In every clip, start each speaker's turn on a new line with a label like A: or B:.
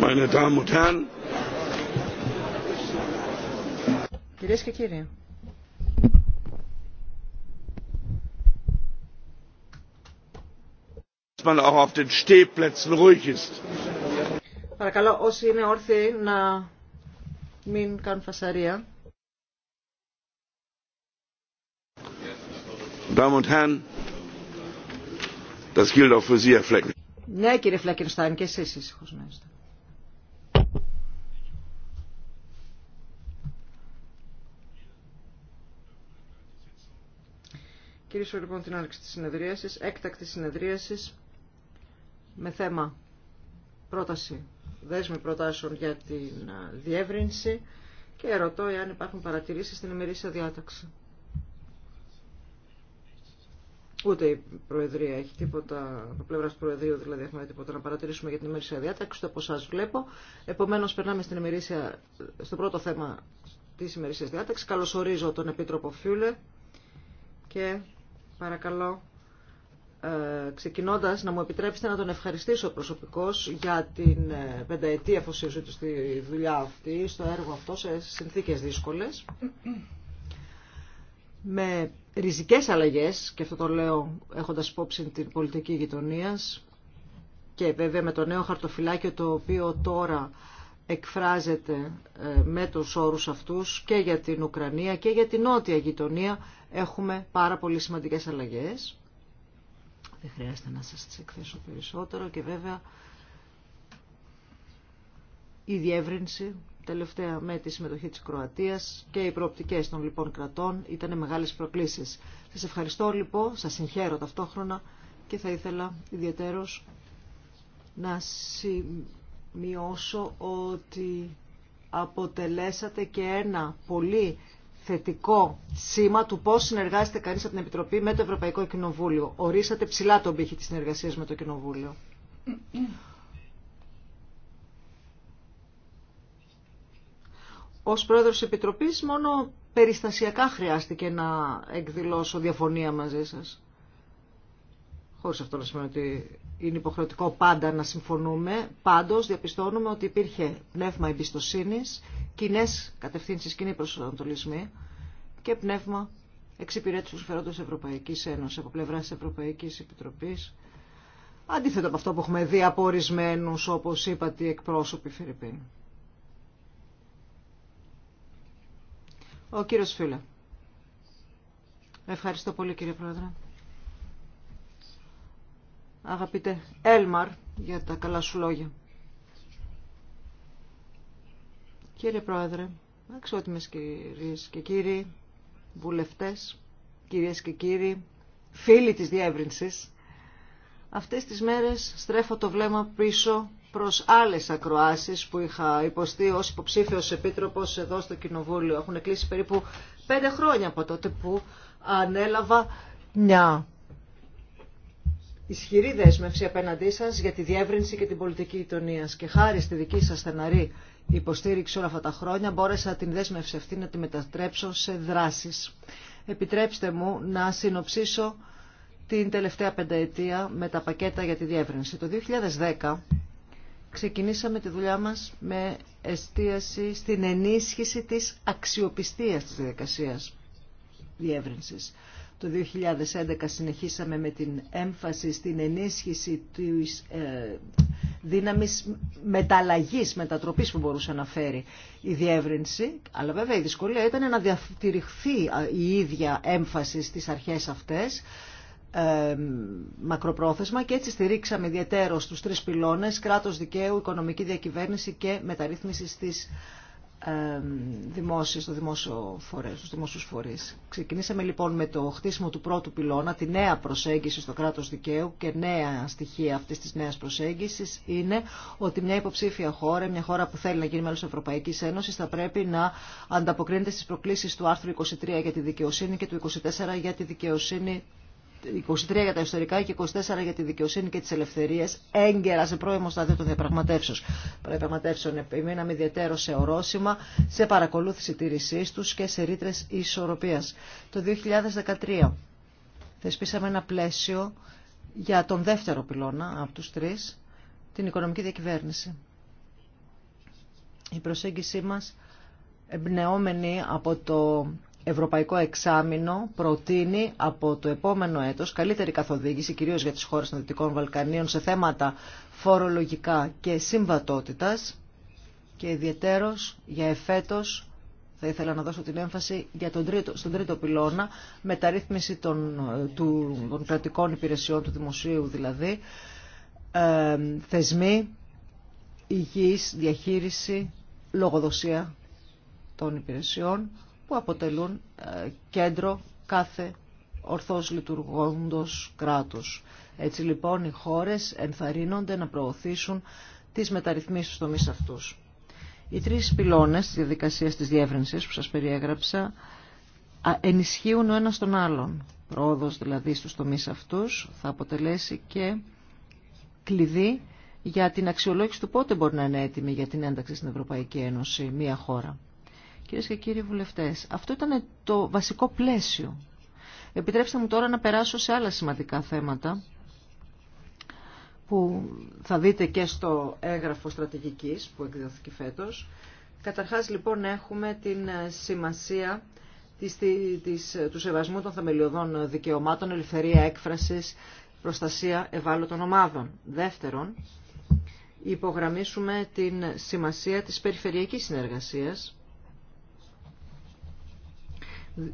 A: Meine Damen und Herren.
B: Κυρίες και κύριοι.
C: man auch auf den
D: Stehplätzen ruhig ist.
B: Παρακαλώ όσοι είναι όρθιοι να μην κάνουν φασαρία.
A: Damen und Herren, Das gilt auch für Sie, Herr
B: Ναι, κύριε Φλέκενστάιν, και εσείς ήσυχος να είστε. Κυρίσω λοιπόν την άνοιξη της συνεδρίασης, έκτακτη συνεδρίασης, με θέμα πρόταση, δέσμη προτάσεων για την διεύρυνση και ρωτώ εάν υπάρχουν παρατηρήσεις στην ημερήσια διάταξη ούτε η Προεδρία έχει τίποτα, από πλευρά του Προεδρείου δηλαδή έχουμε τίποτα να παρατηρήσουμε για την ημερήσια διάταξη, το από εσά βλέπω. Επομένω, περνάμε στην ημερήσια, στο πρώτο θέμα τη ημερήσια διάταξη. Καλωσορίζω τον Επίτροπο Φιούλε και παρακαλώ ε, ξεκινώντας να μου επιτρέψετε να τον ευχαριστήσω προσωπικώς για την ε, πενταετή αφοσίωση του στη δουλειά αυτή, στο έργο αυτό, σε συνθήκες δύσκολε με ριζικές αλλαγές, και αυτό το λέω έχοντας υπόψη την πολιτική γειτονία και βέβαια με το νέο χαρτοφυλάκιο το οποίο τώρα εκφράζεται ε, με τους όρους αυτούς και για την Ουκρανία και για την νότια γειτονία έχουμε πάρα πολύ σημαντικές αλλαγές. Δεν χρειάζεται να σας τις εκθέσω περισσότερο και βέβαια η διεύρυνση τελευταία με τη συμμετοχή της Κροατίας και οι προοπτικές των λοιπόν κρατών ήταν μεγάλες προκλήσεις. Σας ευχαριστώ λοιπόν, σας συγχαίρω ταυτόχρονα και θα ήθελα ιδιαίτερος να σημειώσω ότι αποτελέσατε και ένα πολύ θετικό σήμα του πώς συνεργάζεται κανείς από την Επιτροπή με το Ευρωπαϊκό Κοινοβούλιο. Ορίσατε ψηλά τον πύχη της συνεργασίας με το Κοινοβούλιο. ως πρόεδρος της Επιτροπής μόνο περιστασιακά χρειάστηκε να εκδηλώσω διαφωνία μαζί σας. Χωρίς αυτό να σημαίνει ότι είναι υποχρεωτικό πάντα να συμφωνούμε. Πάντως διαπιστώνουμε ότι υπήρχε πνεύμα εμπιστοσύνη, κοινέ κατευθύνσεις, κοινή προσανατολισμοί και πνεύμα εξυπηρέτηση του συμφερόντος Ευρωπαϊκή Ένωση από πλευρά τη Ευρωπαϊκή Επιτροπή. Αντίθετα από αυτό που έχουμε δει από ορισμένου, όπως είπατε, εκπρόσωποι Ο κύριος Φίλε. Ευχαριστώ πολύ κύριε Πρόεδρε. Αγαπητέ Έλμαρ για τα καλά σου λόγια. Κύριε Πρόεδρε, αξιότιμες κυρίες και κύριοι, βουλευτές, κυρίες και κύριοι, φίλοι της διεύρυνσης, αυτές τις μέρες στρέφω το βλέμμα πίσω προς άλλες ακροάσεις που είχα υποστεί ως υποψήφιος επίτροπος εδώ στο Κοινοβούλιο. Έχουν κλείσει περίπου πέντε χρόνια από τότε που ανέλαβα μια ισχυρή δέσμευση απέναντί σας για τη διεύρυνση και την πολιτική γειτονία. Και χάρη στη δική σας στεναρή υποστήριξη όλα αυτά τα χρόνια μπόρεσα την δέσμευση αυτή να τη μετατρέψω σε δράσεις. Επιτρέψτε μου να συνοψίσω την τελευταία πενταετία με τα πακέτα για τη διεύρυνση. Το 2010 ξεκινήσαμε τη δουλειά μας με εστίαση στην ενίσχυση της αξιοπιστίας της διαδικασίας διεύρυνσης. Το 2011 συνεχίσαμε με την έμφαση στην ενίσχυση της ε, δύναμης μεταλλαγής, μετατροπής που μπορούσε να φέρει η διεύρυνση. Αλλά βέβαια η δυσκολία ήταν να διατηρηθεί η ίδια έμφαση στις αρχές αυτές μακροπρόθεσμα και έτσι στηρίξαμε ιδιαίτερο στους τρεις πυλώνες κράτος δικαίου, οικονομική διακυβέρνηση και μεταρρύθμιση στις δημόσιες, στο δημόσιο φορές, στους δημόσιους φορείς. Ξεκινήσαμε λοιπόν με το χτίσιμο του πρώτου πυλώνα, τη νέα προσέγγιση στο κράτος δικαίου και νέα στοιχεία αυτής της νέας προσέγγισης είναι ότι μια υποψήφια χώρα, μια χώρα που θέλει να γίνει μέλος της Ευρωπαϊκής Ένωσης θα πρέπει να ανταποκρίνεται στις προκλήσεις του άρθρου 23 για τη δικαιοσύνη και του 24 για τη δικαιοσύνη 23 για τα ιστορικά και 24 για τη δικαιοσύνη και τις ελευθερίες έγκαιρα σε πρώιμο στάδιο των διαπραγματεύσεων. Προεπραγματεύσεων επιμείναμε ιδιαίτερο σε ορόσημα, σε παρακολούθηση τήρησής τους και σε ρήτρε ισορροπίας. Το 2013 θεσπίσαμε ένα πλαίσιο για τον δεύτερο πυλώνα από τους τρεις, την οικονομική διακυβέρνηση. Η προσέγγιση μας εμπνεόμενη από το Ευρωπαϊκό Εξάμεινο προτείνει από το επόμενο έτος καλύτερη καθοδήγηση, κυρίως για τις χώρες των Δυτικών Βαλκανίων, σε θέματα φορολογικά και συμβατότητας και ιδιαιτέρως για εφέτος θα ήθελα να δώσω την έμφαση για τον τρίτο, στον τρίτο πυλώνα, μεταρρύθμιση των, του, κρατικών υπηρεσιών, του δημοσίου δηλαδή, ε, θεσμοί, υγιής διαχείριση, λογοδοσία των υπηρεσιών, που αποτελούν ε, κέντρο κάθε ορθώς λειτουργώντος κράτους. Έτσι λοιπόν οι χώρες ενθαρρύνονται να προωθήσουν τις μεταρρυθμίσεις στους τομείς αυτούς. Οι τρεις πυλώνες της διαδικασίας της διεύρυνσης που σας περιέγραψα ενισχύουν ο ένας τον άλλον. Πρόοδος δηλαδή στους τομείς αυτούς θα αποτελέσει και κλειδί για την αξιολόγηση του πότε μπορεί να είναι έτοιμη για την ένταξη στην Ευρωπαϊκή Ένωση μια χώρα. Κυρίε και κύριοι βουλευτές, αυτό ήταν το βασικό πλαίσιο. Επιτρέψτε μου τώρα να περάσω σε άλλα σημαντικά θέματα που θα δείτε και στο έγγραφο στρατηγικής που εκδόθηκε φέτος. Καταρχάς λοιπόν έχουμε την σημασία της, της, του σεβασμού των θεμελιωδών δικαιωμάτων, ελευθερία έκφρασης, προστασία ευάλωτων ομάδων. Δεύτερον, υπογραμμίσουμε την σημασία της περιφερειακής συνεργασίας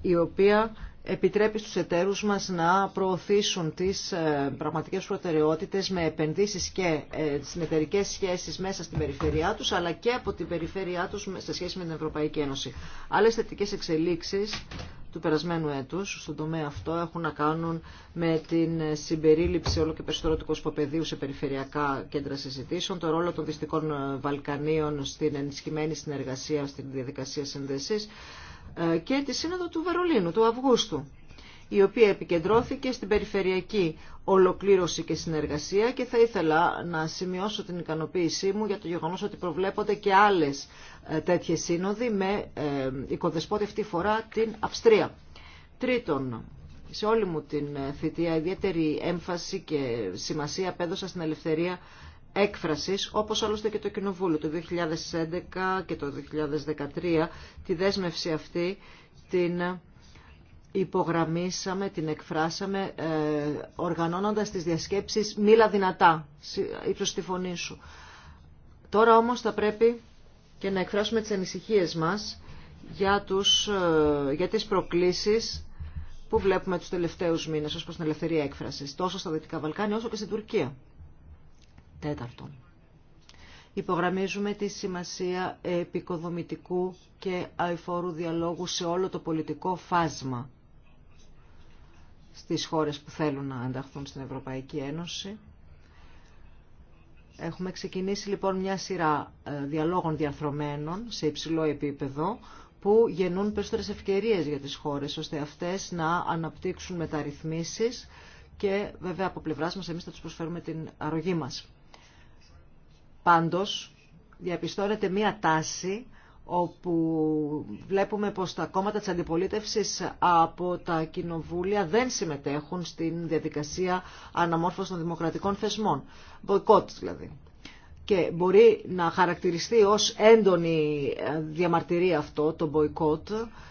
B: η οποία επιτρέπει στους εταίρους μας να προωθήσουν τις ε, πραγματικές προτεραιότητες με επενδύσεις και συνεταιρικές ε, σχέσεις μέσα στην περιφέρειά τους, αλλά και από την περιφέρειά τους σε σχέση με την Ευρωπαϊκή Ένωση. Άλλες θετικές εξελίξεις του περασμένου έτους στον τομέα αυτό έχουν να κάνουν με την συμπερίληψη όλο και περισσότερο του κοσμοπεδίου σε περιφερειακά κέντρα συζητήσεων, το ρόλο των δυστικών ε, Βαλκανίων στην ενισχυμένη συνεργασία στην διαδικασία σύνδεσης, ε, και τη Σύνοδο του Βερολίνου του Αυγούστου η οποία επικεντρώθηκε στην περιφερειακή ολοκλήρωση και συνεργασία και θα ήθελα να σημειώσω την ικανοποίησή μου για το γεγονός ότι προβλέπονται και άλλες ε, τέτοιες σύνοδοι με ε, οικοδεσπότη αυτή φορά την Αυστρία. Τρίτον, σε όλη μου την θητεία ιδιαίτερη έμφαση και σημασία απέδωσα στην ελευθερία έκφρασης, όπως άλλωστε και το Κοινοβούλιο το 2011 και το 2013, τη δέσμευση αυτή την υπογραμμίσαμε, την εκφράσαμε, ε, οργανώνοντας τις διασκέψεις «Μίλα δυνατά, ύψος τη φωνή σου». Τώρα όμως θα πρέπει και να εκφράσουμε τις ανησυχίες μας για, τους, ε, για τις προκλήσεις που βλέπουμε τους τελευταίους μήνες ως προς την ελευθερία έκφρασης, τόσο στα Δυτικά Βαλκάνια όσο και στην Τουρκία. Τέταρτον, υπογραμμίζουμε τη σημασία επικοδομητικού και αηφόρου διαλόγου σε όλο το πολιτικό φάσμα στις χώρες που θέλουν να ανταχθούν στην Ευρωπαϊκή Ένωση. Έχουμε ξεκινήσει λοιπόν μια σειρά ε, διαλόγων διαρθρωμένων σε υψηλό επίπεδο που γεννούν περισσότερες ευκαιρίες για τις χώρες ώστε αυτές να αναπτύξουν μεταρρυθμίσεις και βέβαια από πλευράς μας εμείς θα τους προσφέρουμε την αρρωγή μας. Πάντως, διαπιστώνεται μία τάση όπου βλέπουμε πως τα κόμματα της αντιπολίτευσης από τα κοινοβούλια δεν συμμετέχουν στην διαδικασία αναμόρφωσης των δημοκρατικών θεσμών. Μποϊκότ δηλαδή. Και μπορεί να χαρακτηριστεί ως έντονη ε, διαμαρτυρία αυτό, το μποϊκότ,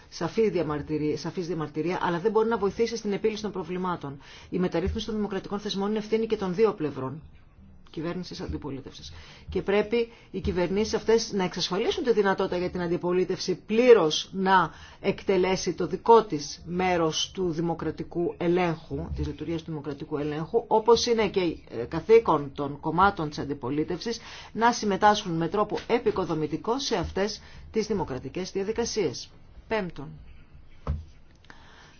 B: σαφή διαμαρτυρία, σαφής διαμαρτυρία, αλλά δεν μπορεί να βοηθήσει στην επίλυση των προβλημάτων. Η μεταρρύθμιση των δημοκρατικών θεσμών είναι ευθύνη και των δύο πλευρών. Κυβέρνηση αντιπολίτευσης. Και πρέπει οι κυβερνήσει αυτές να εξασφαλίσουν τη δυνατότητα για την αντιπολίτευση πλήρω να εκτελέσει το δικό της μέρος του δημοκρατικού ελέγχου, της λειτουργία του δημοκρατικού ελέγχου, όπως είναι και ε, καθήκον των κομμάτων της αντιπολίτευσης να συμμετάσχουν με τρόπο επικοδομητικό σε αυτέ τι δημοκρατικέ διαδικασίε. Πέμπτον.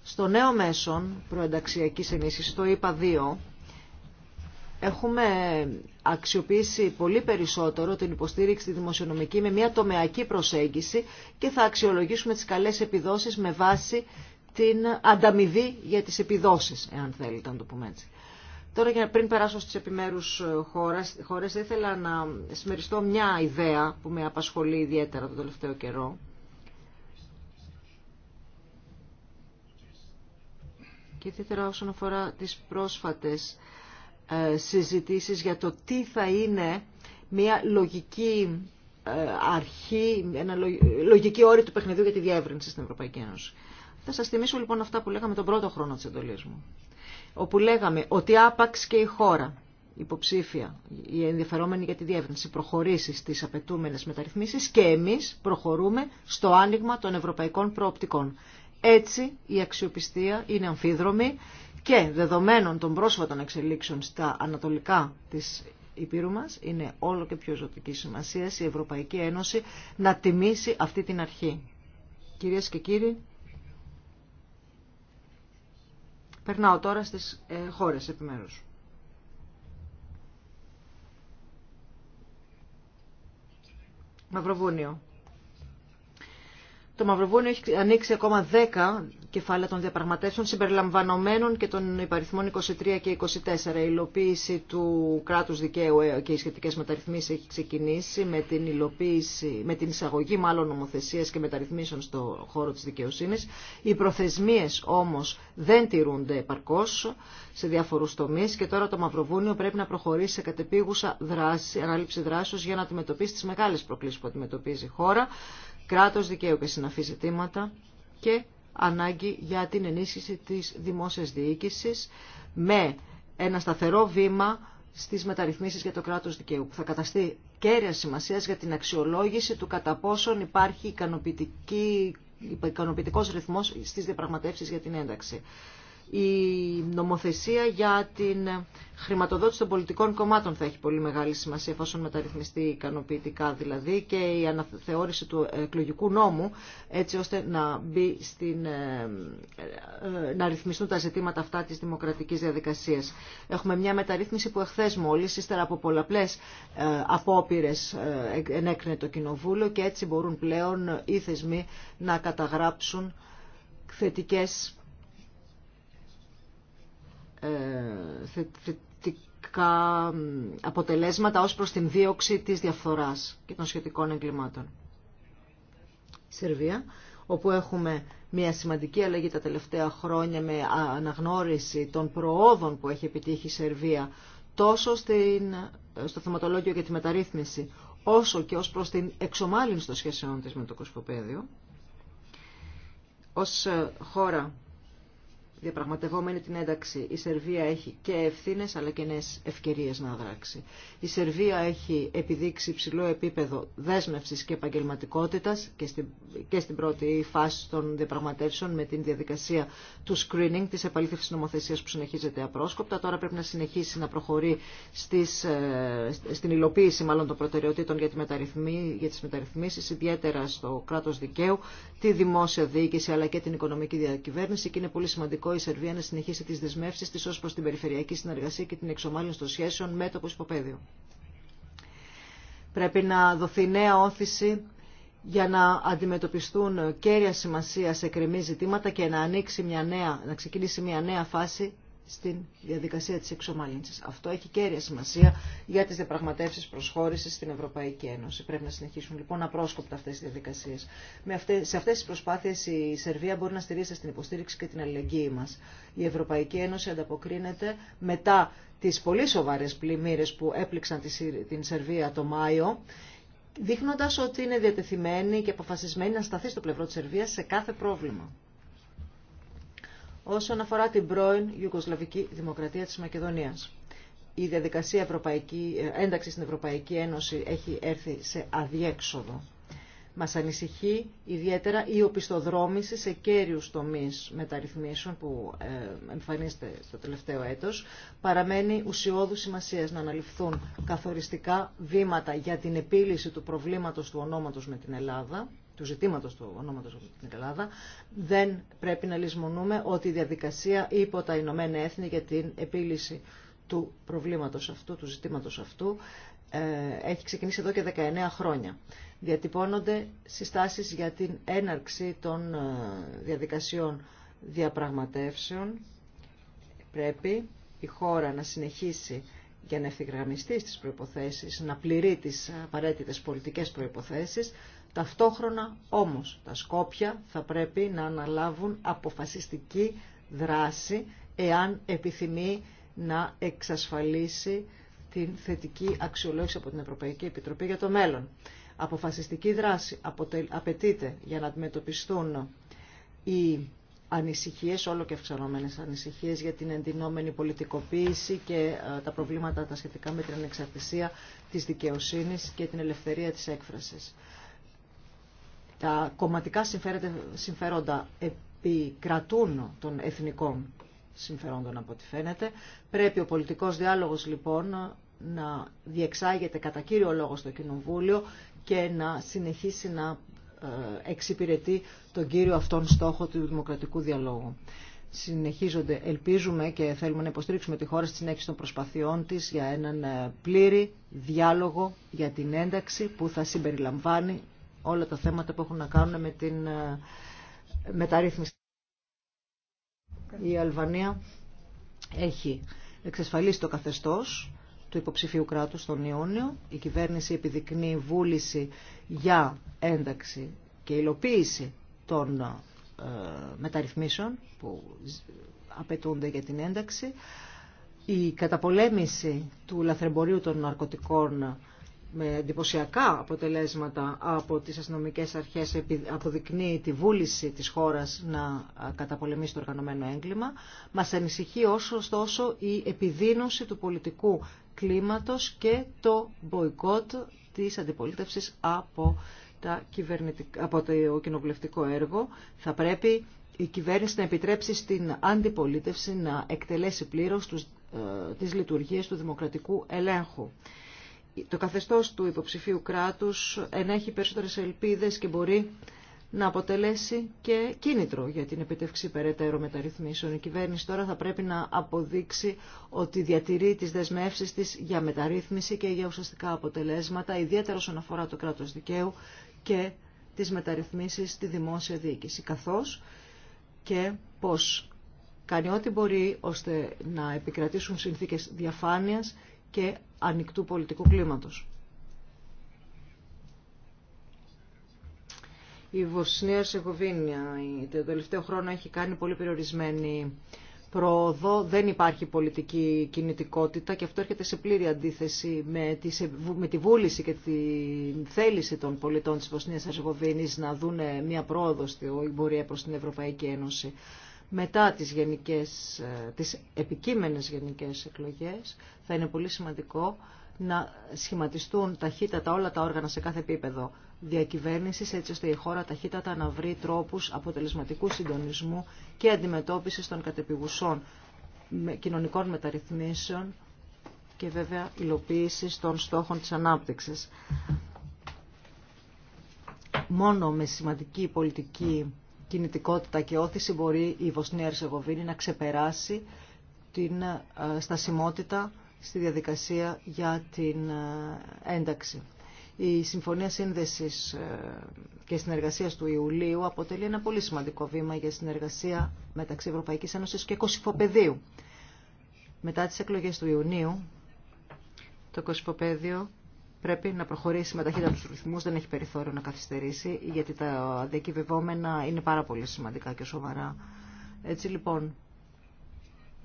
B: Στο νέο μέσον προενταξιακής ενίσχυσης, το είπα έχουμε αξιοποιήσει πολύ περισσότερο την υποστήριξη τη δημοσιονομική με μια τομεακή προσέγγιση και θα αξιολογήσουμε τις καλές επιδόσεις με βάση την ανταμοιβή για τις επιδόσεις, εάν θέλετε να το πούμε έτσι. Τώρα πριν περάσω στις επιμέρους ε, χώρες, χώρες ήθελα να συμμεριστώ μια ιδέα που με απασχολεί ιδιαίτερα τον τελευταίο καιρό. Και όσον αφορά τις πρόσφατες ε, συζητήσεις για το τι θα είναι μια λογική ε, αρχή, ένα λογική όρη του παιχνιδιού για τη διεύρυνση στην Ευρωπαϊκή Ένωση. Θα σας θυμίσω λοιπόν αυτά που λέγαμε τον πρώτο χρόνο της εντολής μου, όπου λέγαμε ότι άπαξ και η χώρα υποψήφια, η ενδιαφερόμενη για τη διεύρυνση προχωρήσει στις απαιτούμενες μεταρρυθμίσεις και εμείς προχωρούμε στο άνοιγμα των ευρωπαϊκών προοπτικών. Έτσι η αξιοπιστία είναι αμφίδρομη και δεδομένων των πρόσφατων εξελίξεων στα ανατολικά της Υπήρου μας, είναι όλο και πιο ζωτική σημασία η Ευρωπαϊκή Ένωση να τιμήσει αυτή την αρχή. Κυρίες και κύριοι, περνάω τώρα στις ε, χώρες επιμέρους. Μαυροβούνιο. Το Μαυροβούνιο έχει ανοίξει ακόμα 10 κεφάλαια των διαπραγματεύσεων συμπεριλαμβανομένων και των υπαριθμών 23 και 24. Η υλοποίηση του κράτους δικαίου ε, και οι σχετικές μεταρρυθμίσεις έχει ξεκινήσει με την, υλοποίηση, με την εισαγωγή μάλλον νομοθεσίας και μεταρρυθμίσεων στο χώρο της δικαιοσύνης. Οι προθεσμίες όμως δεν τηρούνται επαρκώς σε διάφορους τομείς και τώρα το Μαυροβούνιο πρέπει να προχωρήσει σε κατεπίγουσα δράση, ανάληψη δράσεως για να αντιμετωπίσει τις μεγάλες προκλήσεις που αντιμετωπίζει η χώρα κράτος δικαίου και συναφή ζητήματα και ανάγκη για την ενίσχυση της δημόσιας διοίκησης με ένα σταθερό βήμα στις μεταρρυθμίσεις για το κράτος δικαίου που θα καταστεί κέρια σημασία για την αξιολόγηση του κατά πόσον υπάρχει ικανοποιητικός ρυθμός στις διαπραγματεύσεις για την ένταξη η νομοθεσία για την χρηματοδότηση των πολιτικών κομμάτων θα έχει πολύ μεγάλη σημασία εφόσον μεταρρυθμιστεί ικανοποιητικά δηλαδή και η αναθεώρηση του εκλογικού νόμου έτσι ώστε να, μπει στην, ε, ε, να ρυθμιστούν τα ζητήματα αυτά της δημοκρατικής διαδικασίας. Έχουμε μια μεταρρύθμιση που εχθές μόλις, ύστερα από πολλαπλές ε, απόπειρε ενέκρινε το Κοινοβούλιο και έτσι μπορούν πλέον οι θεσμοί να καταγράψουν θετικές ε, θετικά αποτελέσματα ως προς την δίωξη της διαφθοράς και των σχετικών εγκλημάτων. Σερβία, όπου έχουμε μια σημαντική αλλαγή τα τελευταία χρόνια με αναγνώριση των προόδων που έχει επιτύχει η Σερβία τόσο στην, στο θεματολόγιο για τη μεταρρύθμιση όσο και ως προς την εξομάλυνση των σχέσεών της με το κοσμοπέδιο. Ως ε, χώρα διαπραγματευόμενη την ένταξη. Η Σερβία έχει και ευθύνε αλλά και νέε ευκαιρίε να δράξει. Η Σερβία έχει επιδείξει υψηλό επίπεδο δέσμευση και επαγγελματικότητα και, και στην πρώτη φάση των διαπραγματεύσεων με την διαδικασία του screening, τη επαλήθευση νομοθεσία που συνεχίζεται απρόσκοπτα. Τώρα πρέπει να συνεχίσει να προχωρεί στις, ε, στην υλοποίηση μάλλον των προτεραιοτήτων για, για τις μεταρρυθμίσεις, ιδιαίτερα στο κράτο δικαίου, τη δημόσια διοίκηση αλλά και την οικονομική διακυβέρνηση και είναι πολύ σημαντικό η Σερβία να συνεχίσει τι δεσμεύσει τη ω προ την περιφερειακή συνεργασία και την εξομάλυνση των σχέσεων με το Πρέπει να δοθεί νέα όθηση για να αντιμετωπιστούν κέρια σημασία σε κρεμή ζητήματα και να ανοίξει μια νέα, να ξεκινήσει μια νέα φάση στην διαδικασία της εξομάλυνσης. Αυτό έχει κέρια σημασία για τις διαπραγματεύσεις προσχώρησης στην Ευρωπαϊκή Ένωση. Πρέπει να συνεχίσουν λοιπόν απρόσκοπτα αυτές τις διαδικασίες. Με αυτές, σε αυτές τις προσπάθειες η Σερβία μπορεί να στηρίζεται στην υποστήριξη και την αλληλεγγύη μας. Η Ευρωπαϊκή Ένωση ανταποκρίνεται μετά τις πολύ σοβαρές πλημμύρες που έπληξαν την Σερβία το Μάιο δείχνοντας ότι είναι διατεθειμένη και αποφασισμένη να σταθεί στο πλευρό της Σερβίας σε κάθε πρόβλημα όσον αφορά την πρώην Ιουγκοσλαβική Δημοκρατία της Μακεδονίας. Η διαδικασία Ευρωπαϊκή, ε, ένταξη στην Ευρωπαϊκή Ένωση έχει έρθει σε αδιέξοδο. Μας ανησυχεί ιδιαίτερα η οπισθοδρόμηση σε κέριους τομείς μεταρρυθμίσεων που ε, εμφανίζεται στο τελευταίο έτος. Παραμένει ουσιώδου σημασία να αναλυφθούν καθοριστικά βήματα για την επίλυση του προβλήματος του ονόματος με την Ελλάδα του ζητήματο του ονόματος από την Ελλάδα, δεν πρέπει να λησμονούμε ότι η διαδικασία υπό τα Ηνωμένα Έθνη για την επίλυση του προβλήματος αυτού, του ζητήματος αυτού, ε, έχει ξεκινήσει εδώ και 19 χρόνια. Διατυπώνονται συστάσεις για την έναρξη των ε, διαδικασιών διαπραγματεύσεων. Πρέπει η χώρα να συνεχίσει για να ευθυγραμμιστεί στις προϋποθέσεις, να πληρεί τις απαραίτητες πολιτικές προϋποθέσεις, Ταυτόχρονα όμως τα Σκόπια θα πρέπει να αναλάβουν αποφασιστική δράση εάν επιθυμεί να εξασφαλίσει την θετική αξιολόγηση από την Ευρωπαϊκή Επιτροπή για το μέλλον. Αποφασιστική δράση απαιτείται για να αντιμετωπιστούν οι ανησυχίες, όλο και αυξανόμενες ανησυχίες για την εντυνόμενη πολιτικοποίηση και ε, τα προβλήματα τα σχετικά με την ανεξαρτησία της δικαιοσύνης και την ελευθερία της έκφρασης τα κομματικά συμφέροντα επικρατούν των εθνικών συμφερόντων από ό,τι φαίνεται. Πρέπει ο πολιτικός διάλογος λοιπόν να διεξάγεται κατά κύριο λόγο στο Κοινοβούλιο και να συνεχίσει να ε, εξυπηρετεί τον κύριο αυτόν στόχο του δημοκρατικού διαλόγου. Συνεχίζονται, ελπίζουμε και θέλουμε να υποστηρίξουμε τη χώρα στη συνέχιση των προσπαθειών της για έναν ε, πλήρη διάλογο για την ένταξη που θα συμπεριλαμβάνει όλα τα θέματα που έχουν να κάνουν με την ε, μεταρρύθμιση. Η Αλβανία έχει εξασφαλίσει το καθεστώς του υποψηφίου κράτους στον Ιόνιο. Η κυβέρνηση επιδεικνύει βούληση για ένταξη και υλοποίηση των ε, μεταρρυθμίσεων που απαιτούνται για την ένταξη. Η καταπολέμηση του λαθρεμπορίου των ναρκωτικών με εντυπωσιακά αποτελέσματα από τις αστυνομικές αρχές αποδεικνύει τη βούληση της χώρας να καταπολεμήσει το οργανωμένο έγκλημα. Μας ανησυχεί όσο ωστόσο η επιδείνωση του πολιτικού κλίματος και το μποϊκότ της αντιπολίτευσης από, τα από το κοινοβουλευτικό έργο. Θα πρέπει η κυβέρνηση να επιτρέψει στην αντιπολίτευση να εκτελέσει πλήρως τους, ε, τις λειτουργίες του δημοκρατικού ελέγχου το καθεστώς του υποψηφίου κράτους ενέχει περισσότερες ελπίδες και μπορεί να αποτελέσει και κίνητρο για την επιτευξή περαιτέρω μεταρρυθμίσεων. Η κυβέρνηση τώρα θα πρέπει να αποδείξει ότι διατηρεί τις δεσμεύσεις της για μεταρρύθμιση και για ουσιαστικά αποτελέσματα, ιδιαίτερα όσον αφορά το κράτος δικαίου και τις μεταρρυθμίσεις στη δημόσια διοίκηση, καθώς και πώς κάνει ό,τι μπορεί ώστε να επικρατήσουν συνθήκες διαφάνειας και ανοιχτού πολιτικού κλίματος. Η Βοσνία Σεγοβίνια το τελευταίο χρόνο έχει κάνει πολύ περιορισμένη πρόοδο, δεν υπάρχει πολιτική κινητικότητα και αυτό έρχεται σε πλήρη αντίθεση με, τη βούληση και τη θέληση των πολιτών της Βοσνίας Σεγοβίνης να δουν μια πρόοδο στην πορεία προς την Ευρωπαϊκή Ένωση μετά τις, γενικές, ε, τις επικείμενες γενικές εκλογές θα είναι πολύ σημαντικό να σχηματιστούν ταχύτατα όλα τα όργανα σε κάθε επίπεδο διακυβέρνησης έτσι ώστε η χώρα ταχύτατα να βρει τρόπους αποτελεσματικού συντονισμού και αντιμετώπισης των κατεπηγουσών κοινωνικών μεταρρυθμίσεων και βέβαια υλοποίηση των στόχων της ανάπτυξης. Μόνο με σημαντική πολιτική κινητικότητα και όθηση μπορεί η Βοσνία Ερσεγοβίνη να ξεπεράσει την ε, στασιμότητα στη διαδικασία για την ε, ένταξη. Η Συμφωνία Σύνδεσης ε, και Συνεργασίας του Ιουλίου αποτελεί ένα πολύ σημαντικό βήμα για συνεργασία μεταξύ Ευρωπαϊκής Ένωσης και Κωσυφοπεδίου. Μετά τις εκλογές του Ιουνίου, το Κωσυφοπέδιο πρέπει να προχωρήσει με ταχύτητα του ρυθμού, δεν έχει περιθώριο να καθυστερήσει, γιατί τα διακυβευόμενα είναι πάρα πολύ σημαντικά και σοβαρά. Έτσι λοιπόν,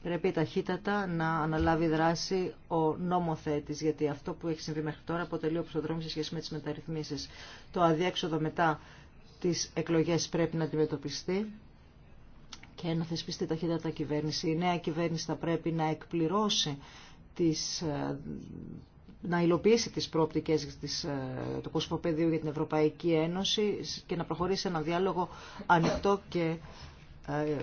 B: πρέπει ταχύτατα να αναλάβει δράση ο νόμοθέτης, γιατί αυτό που έχει συμβεί μέχρι τώρα αποτελεί δρόμο σε σχέση με τι μεταρρυθμίσει. Το αδιέξοδο μετά τι εκλογέ, πρέπει να αντιμετωπιστεί και να θεσπιστεί ταχύτατα κυβέρνηση. Η νέα κυβέρνηση θα πρέπει να εκπληρώσει τις ε, να υλοποιήσει τις πρόπτικες της, ε, του κοσμοπεδίου για την Ευρωπαϊκή Ένωση και να προχωρήσει ένα διάλογο ανοιχτό και ε,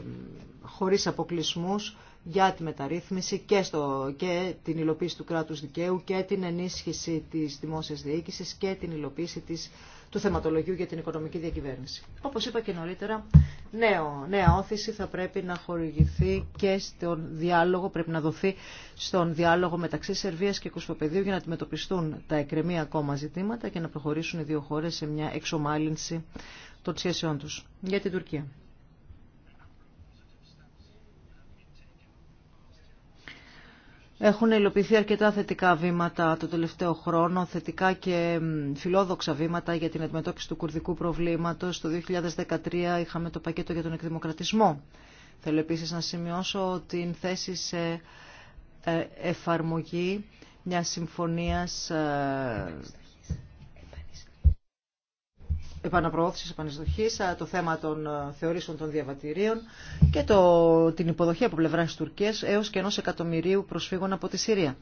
B: χωρίς αποκλεισμούς για τη μεταρρύθμιση και, στο, και την υλοποίηση του κράτους δικαίου και την ενίσχυση της δημόσιας διοίκησης και την υλοποίηση της του θεματολογίου για την οικονομική διακυβέρνηση. Όπω είπα και νωρίτερα, νέο, νέα όθηση θα πρέπει να χορηγηθεί και στον διάλογο, πρέπει να δοθεί στον διάλογο μεταξύ Σερβίας και Κουσποπεδίου για να αντιμετωπιστούν τα εκκρεμή ακόμα ζητήματα και να προχωρήσουν οι δύο χώρες σε μια εξομάλυνση των σχέσεών του για την Τουρκία. Έχουν υλοποιηθεί αρκετά θετικά βήματα το τελευταίο χρόνο, θετικά και φιλόδοξα βήματα για την αντιμετώπιση του κουρδικού προβλήματος. Το 2013 είχαμε το πακέτο για τον εκδημοκρατισμό. Θέλω επίσης να σημειώσω την θέση σε ε, εφαρμογή μιας συμφωνίας ε, επαναπροώθησης, επανεισδοχής, το θέμα των θεωρήσεων των διαβατηρίων και το, την υποδοχή από πλευρά της Τουρκία, έως και ενός εκατομμυρίου προσφύγων από τη Συρία.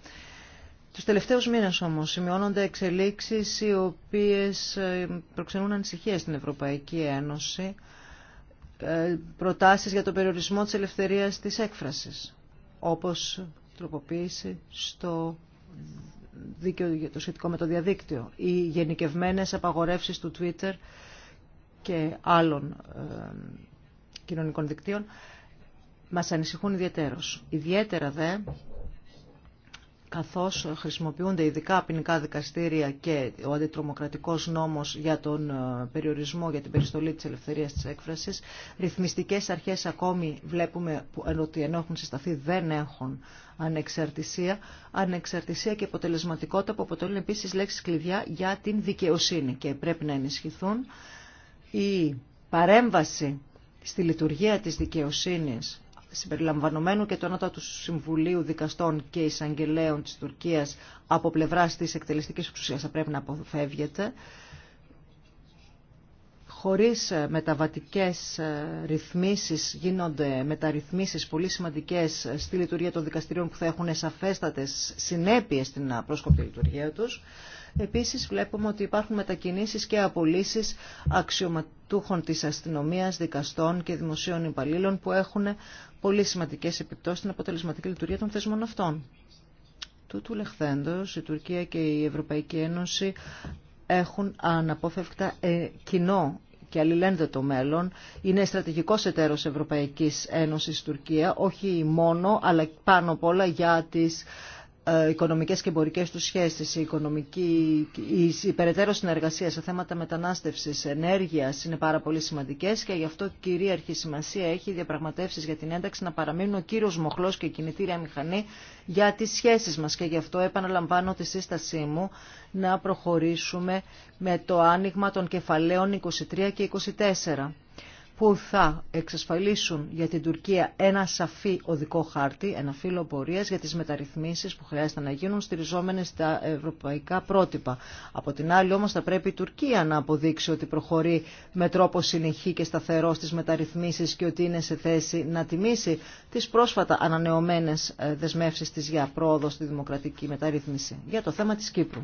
B: Τους τελευταίους μήνες όμως σημειώνονται εξελίξεις οι οποίες ε, προξενούν ανησυχία στην Ευρωπαϊκή Ένωση, ε, προτάσεις για τον περιορισμό της ελευθερίας της έκφρασης, όπως τροποποίηση στο δίκαιο το σχετικό με το διαδίκτυο, οι γενικευμένες απαγορεύσεις του Twitter και άλλων ε, κοινωνικών δικτύων μας ανησυχούν ιδιαίτερως. Ιδιαίτερα δε καθώς χρησιμοποιούνται ειδικά ποινικά δικαστήρια και ο αντιτρομοκρατικός νόμος για τον ε, περιορισμό, για την περιστολή της ελευθερίας της έκφρασης, ρυθμιστικές αρχές ακόμη βλέπουμε που ότι ενώ έχουν συσταθεί δεν έχουν ανεξαρτησία. Ανεξαρτησία και αποτελεσματικότητα που αποτελούν επίσης λέξεις κλειδιά για την δικαιοσύνη και πρέπει να ενισχυθούν. Η παρέμβαση στη λειτουργία της δικαιοσύνης συμπεριλαμβανομένου και του Συμβουλίου Δικαστών και Εισαγγελέων της Τουρκίας από πλευράς της εκτελεστικής εξουσίας θα πρέπει να αποφεύγεται χωρίς ε, μεταβατικές ε, ρυθμίσεις γίνονται μεταρρυθμίσεις πολύ σημαντικές ε, στη λειτουργία των δικαστηρίων που θα έχουν σαφέστατες συνέπειες στην πρόσκοπτη λειτουργία τους. Επίσης βλέπουμε ότι υπάρχουν μετακινήσεις και απολύσεις αξιωματούχων της αστυνομίας, δικαστών και δημοσίων υπαλλήλων που έχουν πολύ σημαντικές επιπτώσεις στην αποτελεσματική λειτουργία των θεσμών αυτών. Τούτου λεχθέντος, η Τουρκία και η Ευρωπαϊκή Ένωση έχουν αναπόφευκτα ε, κοινό και το μέλλον. Είναι στρατηγικό εταίρος Ευρωπαϊκή Ένωση Τουρκία, όχι μόνο, αλλά πάνω απ' όλα για τι ε, οικονομικές και εμπορικές του σχέσεις, η, οικονομική, η περαιτέρω συνεργασία σε θέματα μετανάστευσης, ενέργειας είναι πάρα πολύ σημαντικές και γι' αυτό κυρίαρχη σημασία έχει οι διαπραγματεύσεις για την ένταξη να παραμείνουν ο κύριος μοχλός και η κινητήρια μηχανή για τις σχέσεις μας και γι' αυτό επαναλαμβάνω τη σύστασή μου να προχωρήσουμε με το άνοιγμα των κεφαλαίων 23 και 24 που θα εξασφαλίσουν για την Τουρκία ένα σαφή οδικό χάρτη, ένα φύλλο πορείας για τις μεταρρυθμίσεις που χρειάζεται να γίνουν στηριζόμενες στα ευρωπαϊκά πρότυπα. Από την άλλη όμως θα πρέπει η Τουρκία να αποδείξει ότι προχωρεί με τρόπο συνεχή και σταθερό στις μεταρρυθμίσεις και ότι είναι σε θέση να τιμήσει τις πρόσφατα ανανεωμένες ε, δεσμεύσεις της για πρόοδο στη δημοκρατική μεταρρύθμιση. Για το θέμα της Κύπρου.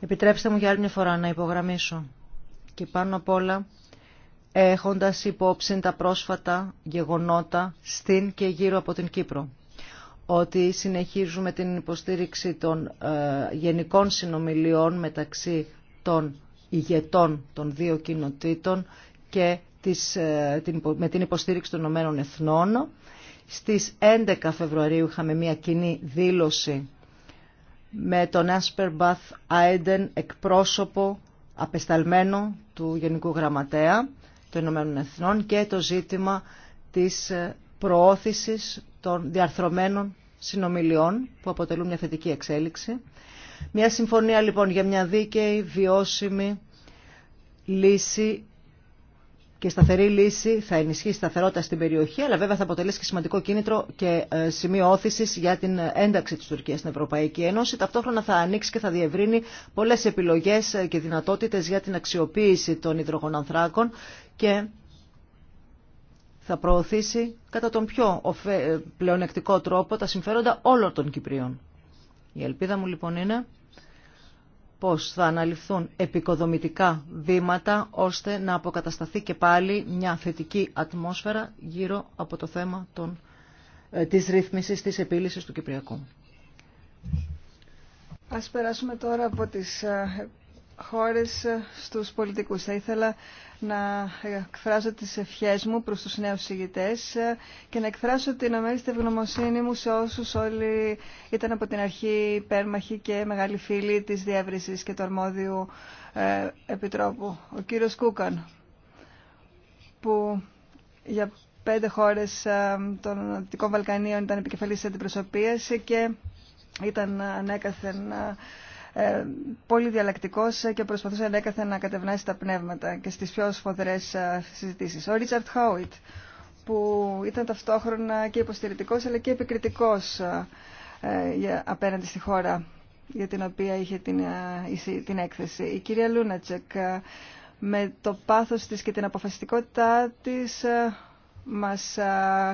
B: Επιτρέψτε μου για άλλη μια φορά να υπογραμμίσω και πάνω απ' όλα έχοντας υπόψη τα πρόσφατα γεγονότα στην και γύρω από την Κύπρο. Ότι συνεχίζουμε την υποστήριξη των ε, γενικών συνομιλιών μεταξύ των ηγετών των δύο κοινοτήτων και της, ε, με την υποστήριξη των Ηνωμένων Εθνών. Στις 11 Φεβρουαρίου είχαμε μια κοινή δήλωση με τον Άσπερ Μπαθ Άιντεν εκπρόσωπο απεσταλμένο του Γενικού Γραμματέα των Ηνωμένων Εθνών και το ζήτημα της ε, προώθησης των διαρθρωμένων συνομιλιών που αποτελούν μια θετική εξέλιξη. Μια συμφωνία λοιπόν για μια δίκαιη, βιώσιμη λύση και σταθερή λύση θα ενισχύσει σταθερότητα στην περιοχή, αλλά βέβαια θα αποτελέσει και σημαντικό κίνητρο και ε, σημείο όθηση για την ένταξη τη Τουρκία στην Ευρωπαϊκή Ένωση. Ταυτόχρονα θα ανοίξει και θα διευρύνει πολλέ επιλογέ ε, και δυνατότητε για την αξιοποίηση των υδρογονανθράκων και θα προωθήσει κατά τον πιο ε, πλεονεκτικό τρόπο τα συμφέροντα όλων των Κυπρίων. Η ελπίδα μου λοιπόν είναι πως θα αναλυφθούν επικοδομητικά βήματα ώστε να αποκατασταθεί και πάλι μια θετική ατμόσφαιρα γύρω από το θέμα των, ε, της ρύθμισης της επίλυσης του Κυπριακού.
A: Ας περάσουμε τώρα από τις ε, χώρες ε, στους πολιτικούς. Θα ήθελα να εκφράσω τις ευχές μου προς τους νέους συγητές ε, και να εκφράσω την αμέριστη ευγνωμοσύνη μου σε όσους όλοι ήταν από την αρχή υπέρμαχοι και μεγάλοι φίλοι της διεύρυνσης και του αρμόδιου ε, επιτρόπου. Ο κύριος Κούκαν, που για πέντε χώρες των Δυτικών Βαλκανίων ήταν επικεφαλής της και ήταν ανέκαθεν ε, πολύ διαλλακτικός και προσπαθούσε ανέκαθεν να κατευνάσει τα πνεύματα και στις πιο σφοδρές ε, συζητήσεις. Ο Ρίτσαρτ Χάουιτ, που ήταν ταυτόχρονα και υποστηρητικός αλλά και επικριτικός ε, απέναντι στη χώρα για την οποία είχε την, την έκθεση. Η κυρία Λούνατσεκ με το πάθος της και την αποφασιστικότητά της μας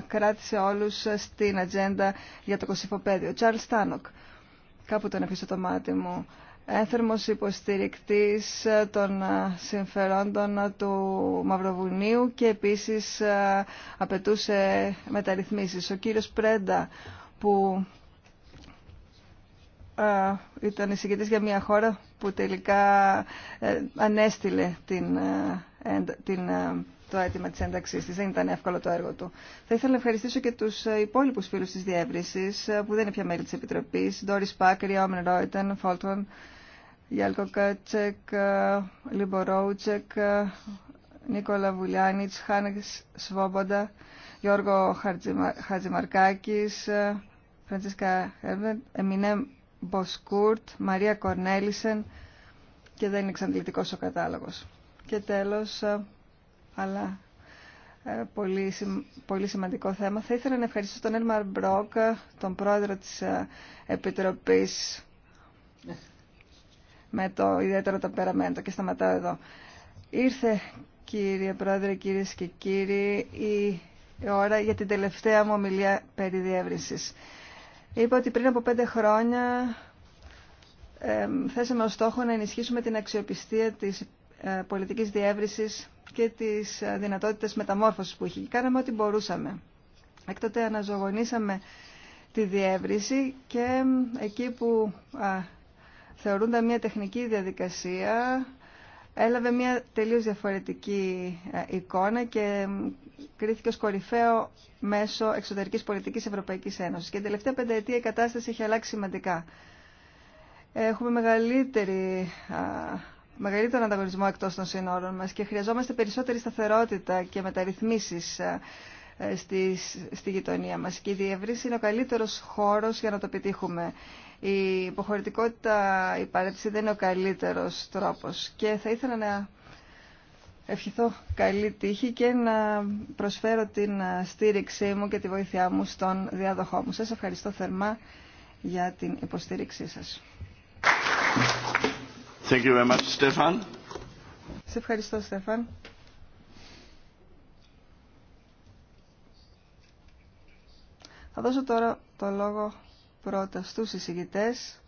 A: κράτησε όλους στην ατζέντα για το κοσυφοπέδιο. Τσάρλ Στάνοκ κάπου τον αφήσω το μάτι μου. Ένθερμος υποστηρικτής των συμφερόντων του Μαυροβουνίου και επίσης ε, απαιτούσε μεταρρυθμίσεις. Ο κύριος Πρέντα που ε, ήταν εισηγητής για μια χώρα που τελικά ε, ανέστηλε την, την το αίτημα της ένταξής της. Δεν ήταν εύκολο το έργο του. Θα ήθελα να ευχαριστήσω και τους υπόλοιπους φίλους της διεύρυνσης, που δεν είναι πια μέλη της Επιτροπής, Ντόρι Πάκρη, Όμεν Ρόιτεν, Φόλτον, Γιάλκο Κάτσεκ, Ρόουτσεκ, Νίκολα Βουλιάνιτς, Χάνεξ Σβόμποντα, Γιώργο Χατζημαρκάκης, Φραντσίσκα Χέρβεν, Εμινέ Μποσκούρτ, Μαρία Κορνέλισεν και δεν είναι εξαντλητικός ο κατάλογος. Και τέλος, αλλά ε, πολύ, σημαντικό θέμα. Θα ήθελα να ευχαριστήσω τον Έλμαρ Μπρόκ, τον πρόεδρο της ε, Επιτροπής με το ιδιαίτερο ταπεραμέντο και σταματάω εδώ. Ήρθε κύριε πρόεδρε, κύριε και κύριοι η ώρα για την τελευταία μου ομιλία περί διεύρυνσης. Είπα ότι πριν από πέντε χρόνια ε, θέσαμε ως στόχο να ενισχύσουμε την αξιοπιστία της ε, πολιτικής διεύρυνσης και τις ε, δυνατότητες μεταμόρφωσης που είχε. Κάναμε ό,τι μπορούσαμε. Έκτοτε αναζωογονήσαμε τη διεύρυνση και εκεί που θεωρούνταν μια τεχνική διαδικασία έλαβε μια τελείως διαφορετική ε, εικόνα και κρίθηκε ως κορυφαίο μέσο εξωτερικής πολιτικής Ευρωπαϊκής Ένωσης. Και την τελευταία πενταετία η κατάσταση έχει αλλάξει σημαντικά. Έχουμε μεγαλύτερη μεγαλύτερο ανταγωνισμό εκτός των σύνορων μας και χρειαζόμαστε περισσότερη σταθερότητα και μεταρρυθμίσεις ε, στη, γειτονία μας. Και η διεύρύνση είναι ο καλύτερος χώρος για να το πετύχουμε. Η υποχωρητικότητα, η παρέτηση δεν είναι ο καλύτερος τρόπος. Και θα ήθελα να ευχηθώ καλή τύχη και να προσφέρω την στήριξή μου και τη βοήθειά μου στον διάδοχό μου. Σας ευχαριστώ θερμά για την υποστήριξή σας.
C: Σε
A: ευχαριστώ, Στέφαν. Θα δώσω τώρα το λόγο πρώτα στους εισηγητές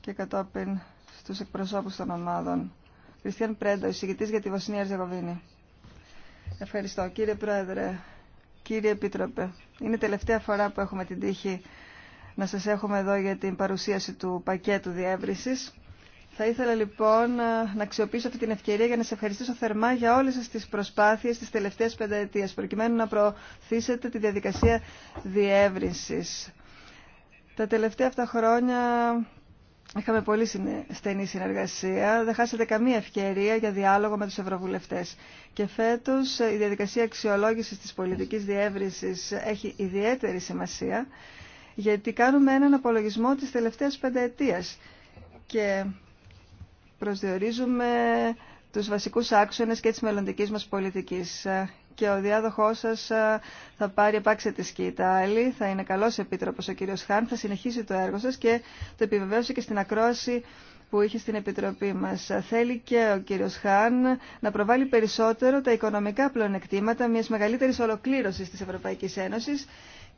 A: και κατόπιν στους εκπροσώπους των ομάδων. Κριστιαν Πρέντο, εισηγητής για τη Βοσνία Ζεγοβίνη. Ευχαριστώ. Κύριε Πρόεδρε, κύριε Επίτροπε, είναι η τελευταία φορά που έχουμε την τύχη να σας έχουμε εδώ για την παρουσίαση του πακέτου διεύρυνσης. Θα ήθελα λοιπόν να αξιοποιήσω αυτή την ευκαιρία για να σε ευχαριστήσω θερμά για όλες σας τις προσπάθειες τις τελευταίες πενταετίες προκειμένου να προωθήσετε τη διαδικασία διεύρυνσης. Τα τελευταία αυτά χρόνια είχαμε πολύ στενή συνεργασία. Δεν χάσατε καμία ευκαιρία για διάλογο με τους ευρωβουλευτές. Και φέτος η διαδικασία αξιολόγησης της πολιτικής διεύρυνσης έχει ιδιαίτερη σημασία γιατί κάνουμε έναν απολογισμό της τελευταίας πενταετίας και προσδιορίζουμε τους βασικούς άξονες και της μελλοντικής μας πολιτικής. Και ο διάδοχός σας ε, θα πάρει επάξια τη σκήτα. Άλλη θα είναι καλός επίτροπος ο κύριος Χάν, θα συνεχίσει το έργο σας και το επιβεβαίωσε και στην ακρόαση που είχε στην Επιτροπή μας. Θέλει και ο κύριος Χάν να προβάλλει περισσότερο τα οικονομικά πλεονεκτήματα μιας μεγαλύτερης ολοκλήρωσης της Ευρωπαϊκής Ένωσης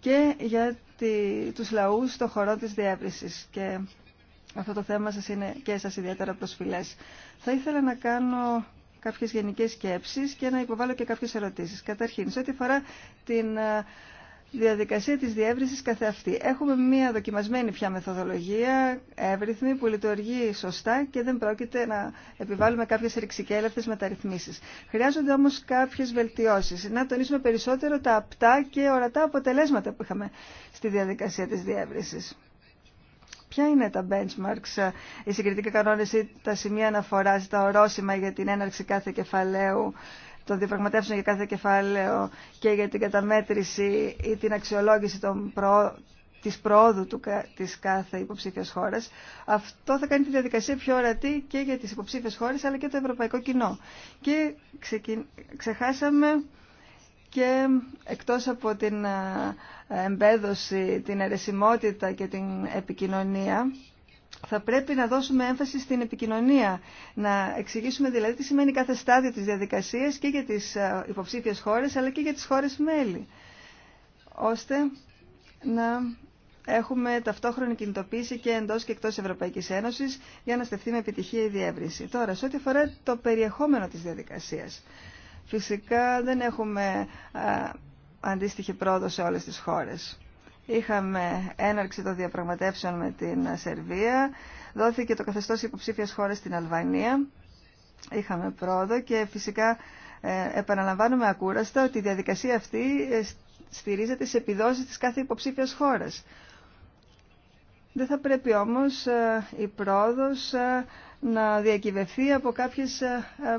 A: και για τη, τους λαούς στο χώρο της διεύρυνσης. Και αυτό το θέμα σας είναι και σας ιδιαίτερα προσφυλές. Θα ήθελα να κάνω κάποιες γενικές σκέψεις και να υποβάλω και κάποιες ερωτήσεις. Καταρχήν, σε ό,τι αφορά την ε, διαδικασία της διεύρυνσης αυτή. Έχουμε μια δοκιμασμένη πια μεθοδολογία, εύρυθμη, που λειτουργεί σωστά και δεν πρόκειται να επιβάλλουμε κάποιες ρηξικέλευτες μεταρρυθμίσεις. Χρειάζονται όμως κάποιες βελτιώσεις. Να τονίσουμε περισσότερο τα απτά και ορατά αποτελέσματα που είχαμε στη διαδικασία της διεύρυνσης. Ποια είναι τα benchmarks, η συγκριτική κανόνες ή τα σημεία αναφοράς, τα ορόσημα για την έναρξη κάθε κεφαλαίου το διαπραγματεύσεων για κάθε κεφάλαιο και για την καταμέτρηση ή την αξιολόγηση των της προόδου του... της κάθε υποψήφιας χώρας. Αυτό θα κάνει τη διαδικασία πιο ορατή και για τις υποψήφιες χώρες αλλά και το ευρωπαϊκό κοινό. Και ξεχάσαμε και εκτός από την ε, εμπέδωση, την αιρεσιμότητα και την επικοινωνία θα πρέπει να δώσουμε έμφαση στην επικοινωνία, να εξηγήσουμε δηλαδή τι σημαίνει κάθε στάδιο της διαδικασίας και για τις ε, υποψήφιες χώρες αλλά και για τις χώρες μέλη, ώστε να έχουμε ταυτόχρονη κινητοποίηση και εντός και εκτός Ευρωπαϊκής Ένωσης για να στεφθεί με επιτυχία η διεύρυνση. Τώρα, σε ό,τι αφορά το περιεχόμενο της διαδικασίας. Φυσικά δεν έχουμε ε, αντίστοιχη πρόοδο σε όλες τις χώρες. Είχαμε έναρξη των διαπραγματεύσεων με την Σερβία, δόθηκε το καθεστώς υποψήφιας χώρας στην Αλβανία, είχαμε πρόοδο και φυσικά ε, επαναλαμβάνουμε ακούραστα ότι η διαδικασία αυτή ε, στηρίζεται σε επιδόσεις της κάθε υποψήφιας χώρας. Δεν θα πρέπει όμως ε, η πρόοδος να διακυβευτεί από κάποιες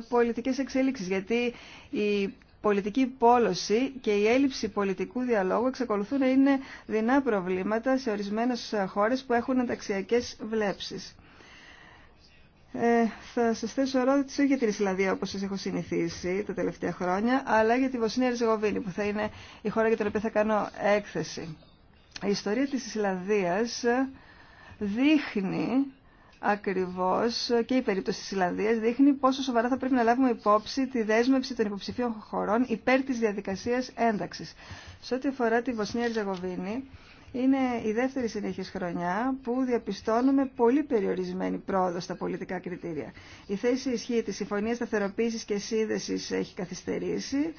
A: πολιτικές εξέλιξεις, γιατί η πολιτική πόλωση και η έλλειψη πολιτικού διαλόγου εξακολουθούν να είναι δεινά προβλήματα σε ορισμένες χώρες που έχουν ενταξιακές βλέψεις. Ε, θα σα θέσω ερώτηση για την Ισλανδία όπω σα έχω συνηθίσει τα τελευταία χρόνια, αλλά για τη Βοσνία Ριζεγοβίνη που θα είναι η χώρα για την οποία θα κάνω έκθεση. Η ιστορία τη Ισλανδία δείχνει ακριβώς και η περίπτωση της Ισλανδίας δείχνει πόσο σοβαρά θα πρέπει να λάβουμε υπόψη τη δέσμευση των υποψηφίων χωρών υπέρ της διαδικασίας ένταξης. Σε ό,τι αφορά τη Βοσνία Ερζεγοβίνη, είναι η δεύτερη συνέχεια χρονιά που διαπιστώνουμε πολύ περιορισμένη πρόοδο στα πολιτικά κριτήρια. Η θέση ισχύ της Συμφωνίας Σταθεροποίησης και Σύνδεσης έχει καθυστερήσει.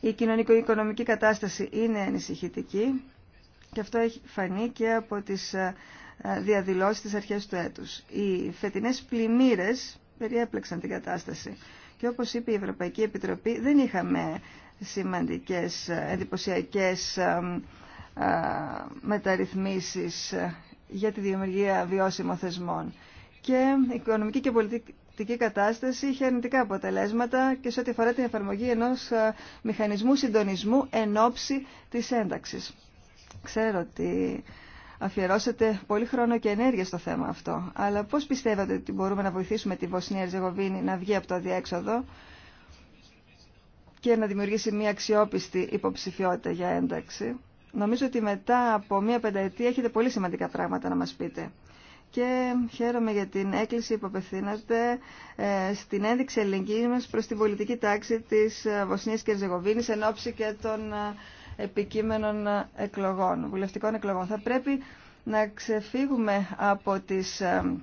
A: Η κοινωνικο-οικονομική κατάσταση είναι ανησυχητική και αυτό έχει φανεί και από τις ε, ε, διαδηλώσει στις αρχές του έτους. Οι φετινές πλημμύρες περιέπλεξαν την κατάσταση. Και όπως είπε η Ευρωπαϊκή Επιτροπή, δεν είχαμε σημαντικές ε, εντυπωσιακέ ε, μεταρρυθμίσεις για τη δημιουργία βιώσιμων θεσμών. Και η οικονομική και πολιτική κατάσταση είχε αρνητικά αποτελέσματα και σε ό,τι αφορά την εφαρμογή ενός μηχανισμού συντονισμού εν ώψη της ένταξης. Ξέρω ότι αφιερώσατε πολύ χρόνο και ενέργεια στο θέμα αυτό. Αλλά πώς πιστεύετε ότι μπορούμε να βοηθήσουμε τη Βοσνία Ερζεγοβίνη να βγει από το αδιέξοδο και να δημιουργήσει μια αξιόπιστη υποψηφιότητα για ένταξη. Νομίζω ότι μετά από μια πενταετία έχετε πολύ σημαντικά πράγματα να μας πείτε. Και χαίρομαι για την έκκληση που απευθύνατε ε, στην ένδειξη ελληνική μας προς την πολιτική τάξη της ε, Βοσνίας και Ερζεγοβίνης εν ώψη και των ε, επικείμενων εκλογών, βουλευτικών εκλογών. Θα πρέπει να ξεφύγουμε από, τις, ε,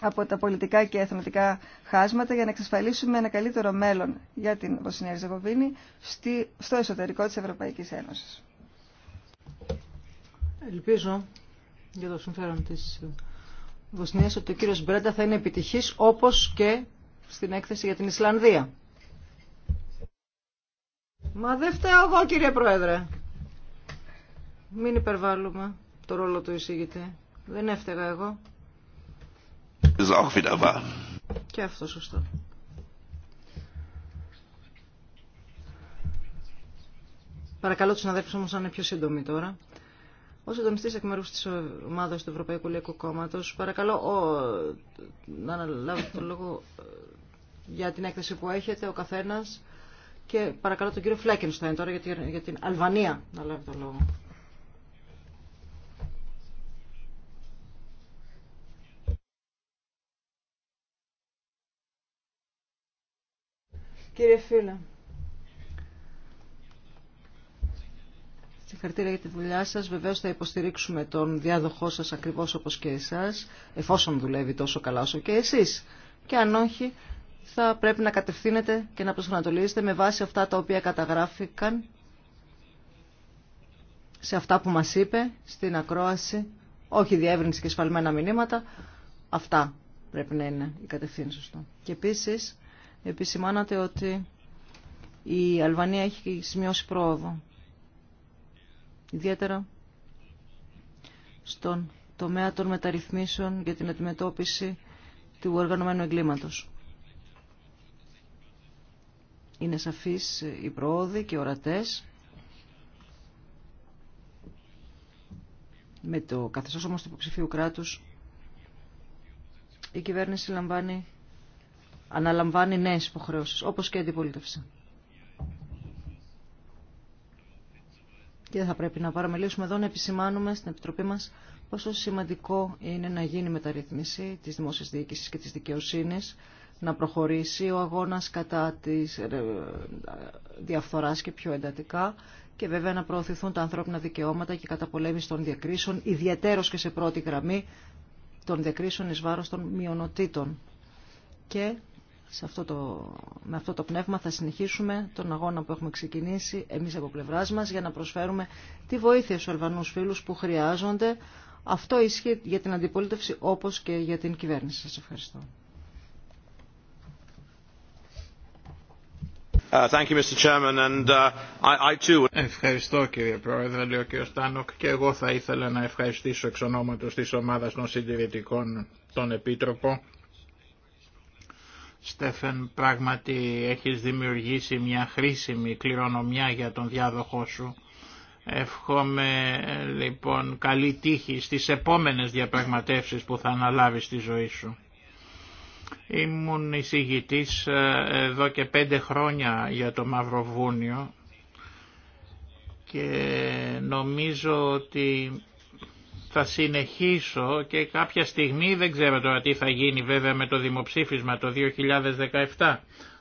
A: από τα πολιτικά και εθνοτικά χάσματα για να εξασφαλίσουμε ένα καλύτερο μέλλον για την Βοσνία Ριζεγοβίνη στο εσωτερικό της Ευρωπαϊκής Ένωσης.
B: Ελπίζω για το συμφέρον της Βοσνίας ότι ο κύριος Μπρέντα θα είναι επιτυχής όπως και στην έκθεση για την Ισλανδία. Μα δεν φταίω εγώ κύριε Πρόεδρε. Μην υπερβάλλουμε το ρόλο του εισηγητή. Δεν έφταιγα εγώ. Και αυτό σωστό. Παρακαλώ τους αδέρφους όμως να είναι πιο σύντομοι τώρα. Ω συντονιστή εκ μέρου τη ομάδα του Ευρωπαϊκού Λαϊκού Κόμματο, παρακαλώ να αναλάβετε το λόγο ε, για την έκθεση που έχετε ο καθένα και παρακαλώ τον κύριο Φλέκενστάιν τώρα για την, για την Αλβανία να λάβει το λόγο.
A: Κύριε Φίλε,
B: συγχαρητήρια για τη δουλειά σας. Βεβαίως θα υποστηρίξουμε τον διάδοχό σας ακριβώς όπως και εσάς, εφόσον δουλεύει τόσο καλά όσο και εσείς. Και αν όχι, θα πρέπει να κατευθύνεται και να προσανατολίζεται με βάση αυτά τα οποία καταγράφηκαν σε αυτά που μας είπε στην ακρόαση, όχι διεύρυνση και σφαλμένα μηνύματα, αυτά πρέπει να είναι η κατευθύνση Και επίσης επισημάνατε ότι η Αλβανία έχει σημειώσει πρόοδο. Ιδιαίτερα στον τομέα των μεταρρυθμίσεων για την αντιμετώπιση του οργανωμένου εγκλήματος. Είναι σαφείς οι πρόοδοι και ορατές. Με το καθεστώς όμως του υποψηφίου κράτους η κυβέρνηση λαμβάνει, αναλαμβάνει νέες υποχρεώσεις, όπως και η αντιπολίτευση. Και θα πρέπει να παραμελήσουμε εδώ να επισημάνουμε στην Επιτροπή μας πόσο σημαντικό είναι να γίνει μεταρρύθμιση της δημόσιας διοίκησης και της δικαιοσύνης να προχωρήσει ο αγώνας κατά της ε, διαφθοράς και πιο εντατικά και βέβαια να προωθηθούν τα ανθρώπινα δικαιώματα και κατά καταπολέμηση των διακρίσεων, ιδιαίτερος και σε πρώτη γραμμή των διακρίσεων εις βάρος των μειονοτήτων. Και σε αυτό το, με αυτό το πνεύμα θα συνεχίσουμε τον αγώνα που έχουμε ξεκινήσει εμείς από πλευρά μας για να προσφέρουμε τη βοήθεια στους Αλβανούς φίλους που χρειάζονται. Αυτό ισχύει για την αντιπολίτευση όπως και για την κυβέρνηση. Σας ευχαριστώ.
C: Uh, uh, Ευχαριστώ κύριε Πρόεδρε, λέει ο κύριο Τάνοκ και εγώ θα ήθελα να ευχαριστήσω εξ ονόματος της ομάδας των συντηρητικών τον Επίτροπο. Στέφεν, πράγματι έχεις δημιουργήσει μια χρήσιμη κληρονομιά για τον διάδοχό σου. Εύχομαι ε, λοιπόν καλή τύχη στις επόμενες διαπραγματεύσεις που θα αναλάβεις στη ζωή σου. Ήμουν εισηγητής ε, εδώ και πέντε χρόνια για το Μαυροβούνιο και νομίζω ότι θα συνεχίσω και κάποια στιγμή δεν ξέρω τώρα τι θα γίνει βέβαια με το δημοψήφισμα το 2017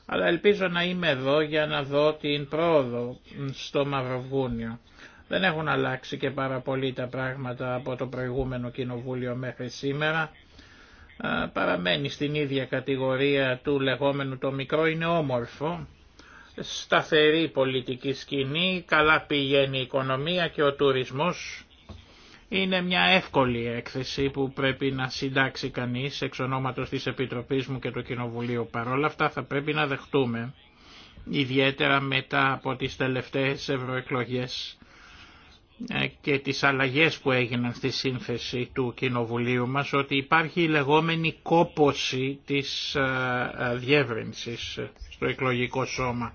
C: αλλά ελπίζω να είμαι εδώ για να δω την πρόοδο στο Μαυροβούνιο. Δεν έχουν αλλάξει και πάρα πολύ τα πράγματα από το προηγούμενο κοινοβούλιο μέχρι σήμερα παραμένει στην ίδια κατηγορία του λεγόμενου το μικρό είναι όμορφο, σταθερή πολιτική σκηνή, καλά πηγαίνει η οικονομία και ο τουρισμός. Είναι μια εύκολη έκθεση που πρέπει να συντάξει κανείς εξ ονόματος της Επιτροπής μου και του Κοινοβουλίου. Παρ' όλα αυτά θα πρέπει να δεχτούμε, ιδιαίτερα μετά από τις τελευταίες ευρωεκλογές, ε, και τις αλλαγές που έγιναν στη σύνθεση του Κοινοβουλίου μας ότι υπάρχει η λεγόμενη κόποση της ε, ε, διεύρυνσης στο εκλογικό σώμα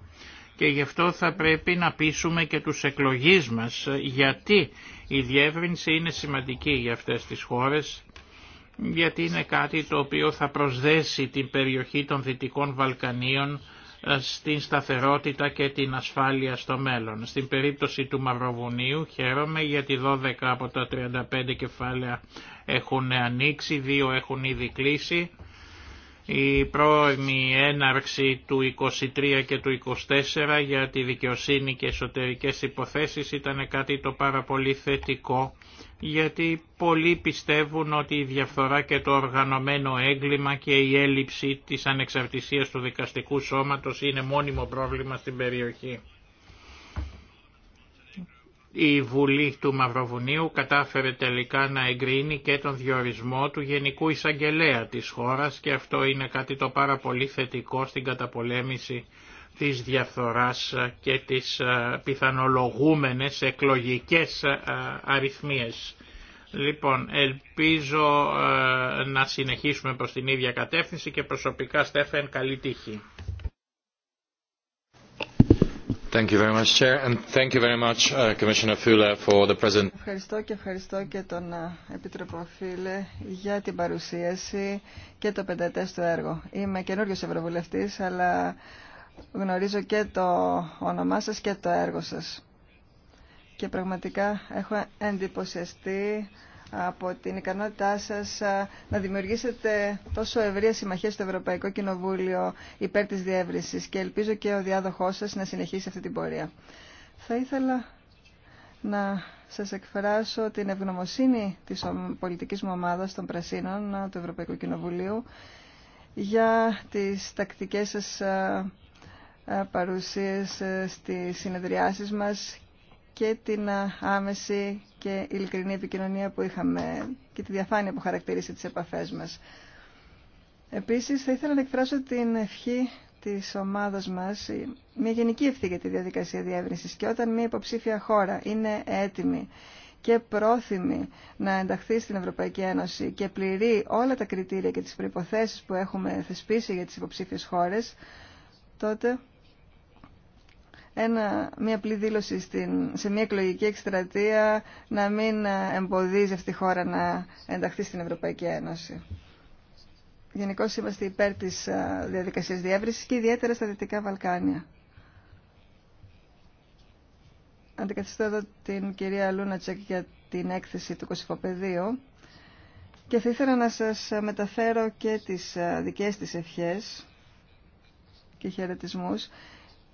C: και γι' αυτό θα πρέπει να πείσουμε και τους εκλογείς μας γιατί η διεύρυνση είναι σημαντική για αυτές τις χώρες γιατί είναι κάτι το οποίο θα προσδέσει την περιοχή των Δυτικών Βαλκανίων στην σταθερότητα και την ασφάλεια στο μέλλον. Στην περίπτωση του Μαυροβουνίου χαίρομαι γιατί 12 από τα 35 κεφάλαια έχουν ανοίξει, δύο έχουν ήδη κλείσει. Η πρώιμη έναρξη του 23 και του 24 για τη δικαιοσύνη και εσωτερικές υποθέσεις ήταν κάτι το πάρα πολύ θετικό γιατί πολλοί πιστεύουν ότι η διαφθορά και το οργανωμένο έγκλημα και η έλλειψη της ανεξαρτησίας του δικαστικού σώματος είναι μόνιμο πρόβλημα στην περιοχή. Η Βουλή του Μαυροβουνίου κατάφερε τελικά να εγκρίνει και τον διορισμό του Γενικού Εισαγγελέα της χώρας και αυτό είναι κάτι το πάρα πολύ θετικό στην καταπολέμηση της διαφθοράς και τις ε, πιθανολογούμενες εκλογικές ε, αριθμίες. Λοιπόν, ελπίζω ε, να συνεχίσουμε προς την ίδια κατεύθυνση και προσωπικά Στέφεν καλή τύχη.
A: Ευχαριστώ και ευχαριστώ και τον Επίτροπο Φίλε για την παρουσίαση και το πεντατέστο έργο. Είμαι καινούριο Ευρωβουλευτής, αλλά γνωρίζω και το όνομά σας και το έργο σας. Και πραγματικά έχω εντυπωσιαστεί από την ικανότητά σας ε, να δημιουργήσετε τόσο ευρεία συμμαχία στο Ευρωπαϊκό Κοινοβούλιο υπέρ της διεύρυνσης και ελπίζω και ο διάδοχός σας να συνεχίσει αυτή την πορεία. Θα ήθελα να σας εκφράσω την ευγνωμοσύνη της πολιτικής μου ομάδας των Πρασίνων ε, του Ευρωπαϊκού Κοινοβουλίου για τις τακτικές σας ε, ε, παρουσίες ε, στις συνεδριάσεις μας και την ε, άμεση και ειλικρινή επικοινωνία που είχαμε και τη διαφάνεια που χαρακτηρίζει τις επαφές μας. Επίσης, θα ήθελα να εκφράσω την ευχή της ομάδας μας μια γενική ευθύ για τη διαδικασία διεύρυνσης και όταν μια υποψήφια χώρα είναι έτοιμη και πρόθυμη να ενταχθεί στην Ευρωπαϊκή Ένωση και πληρεί όλα τα κριτήρια και τις προϋποθέσεις που έχουμε θεσπίσει για τις υποψήφιες χώρες, τότε ένα, μια απλή δήλωση στην, σε μια εκλογική εκστρατεία να μην εμποδίζει αυτή τη χώρα να ενταχθεί στην Ευρωπαϊκή Ένωση. Γενικώ είμαστε υπέρ τη διαδικασία διεύρυνση και ιδιαίτερα στα Δυτικά Βαλκάνια. Αντικαθιστώ εδώ την κυρία Τσέκ για την έκθεση του Κωσυφοπεδίου και θα ήθελα να σας μεταφέρω και τις δικές της ευχές και χαιρετισμού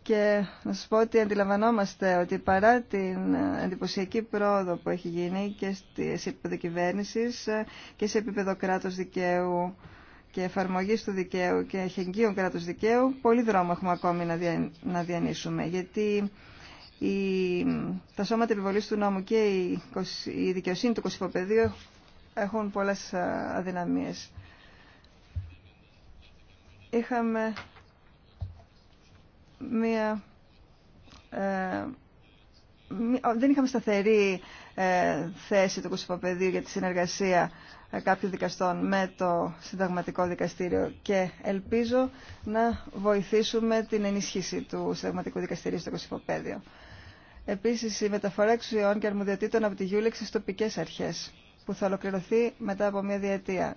A: και να σας πω ότι αντιλαμβανόμαστε ότι παρά την εντυπωσιακή πρόοδο που έχει γίνει και σε επίπεδο κυβέρνηση ε, και σε επίπεδο κράτος δικαίου και εφαρμογή του δικαίου και χεγγύων κράτους δικαίου, πολύ δρόμο έχουμε ακόμη να διανύσουμε. Γιατί η, τα σώματα επιβολής του νόμου και η, δικαιοσύνη του κοσυφοπεδίου έχουν πολλές ε, αδυναμίες. Είχαμε ε, δεν είχαμε σταθερή ε, θέση του Κωσυφοπεδίου για τη συνεργασία ε, κάποιων δικαστών με το Συνταγματικό Δικαστήριο και ελπίζω να βοηθήσουμε την ενίσχυση του Συνταγματικού Δικαστηρίου στο Κωσυφοπέδιο. Επίσης, η μεταφορά εξουσιών και αρμοδιοτήτων από τη Γιούλεξ στις τοπικές αρχές, που θα ολοκληρωθεί μετά από μια διετία.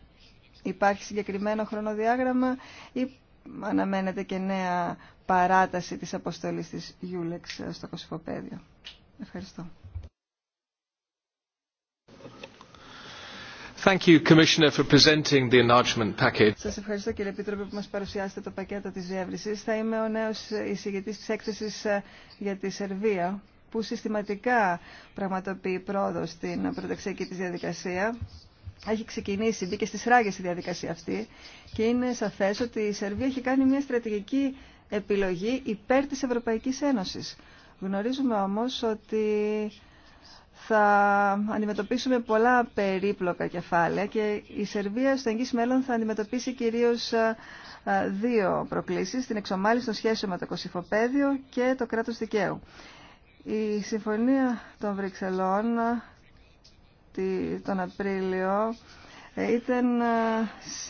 A: Υπάρχει συγκεκριμένο χρονοδιάγραμμα ή αναμένεται και νέα παράταση της αποστολής της Γιούλεξ στο Κωσυφοπαίδιο. Ευχαριστώ.
E: Thank you, Commissioner, for presenting the enlargement package.
A: Σας ευχαριστώ κύριε Επίτροπε που μας παρουσιάσετε το πακέτο της διεύρυνσης. Θα είμαι ο νέος εισηγητής της έκθεσης ε, για τη Σερβία που συστηματικά πραγματοποιεί πρόοδο στην πρωταξιακή της διαδικασία. Έχει ξεκινήσει, μπήκε στις ράγες η διαδικασία αυτή και είναι σαφές ότι η Σερβία έχει κάνει μια στρατηγική επιλογή υπέρ της Ευρωπαϊκής Ένωσης. Γνωρίζουμε όμως ότι θα αντιμετωπίσουμε πολλά περίπλοκα κεφάλαια και η Σερβία στο εγγύς μέλλον θα αντιμετωπίσει κυρίως ε, ε, δύο προκλήσεις, την εξομάλυση των σχέσεων με το Κωσυφοπαίδιο και το κράτος δικαίου. Η Συμφωνία των Βρυξελών ε, τον Απρίλιο ε, ήταν ε,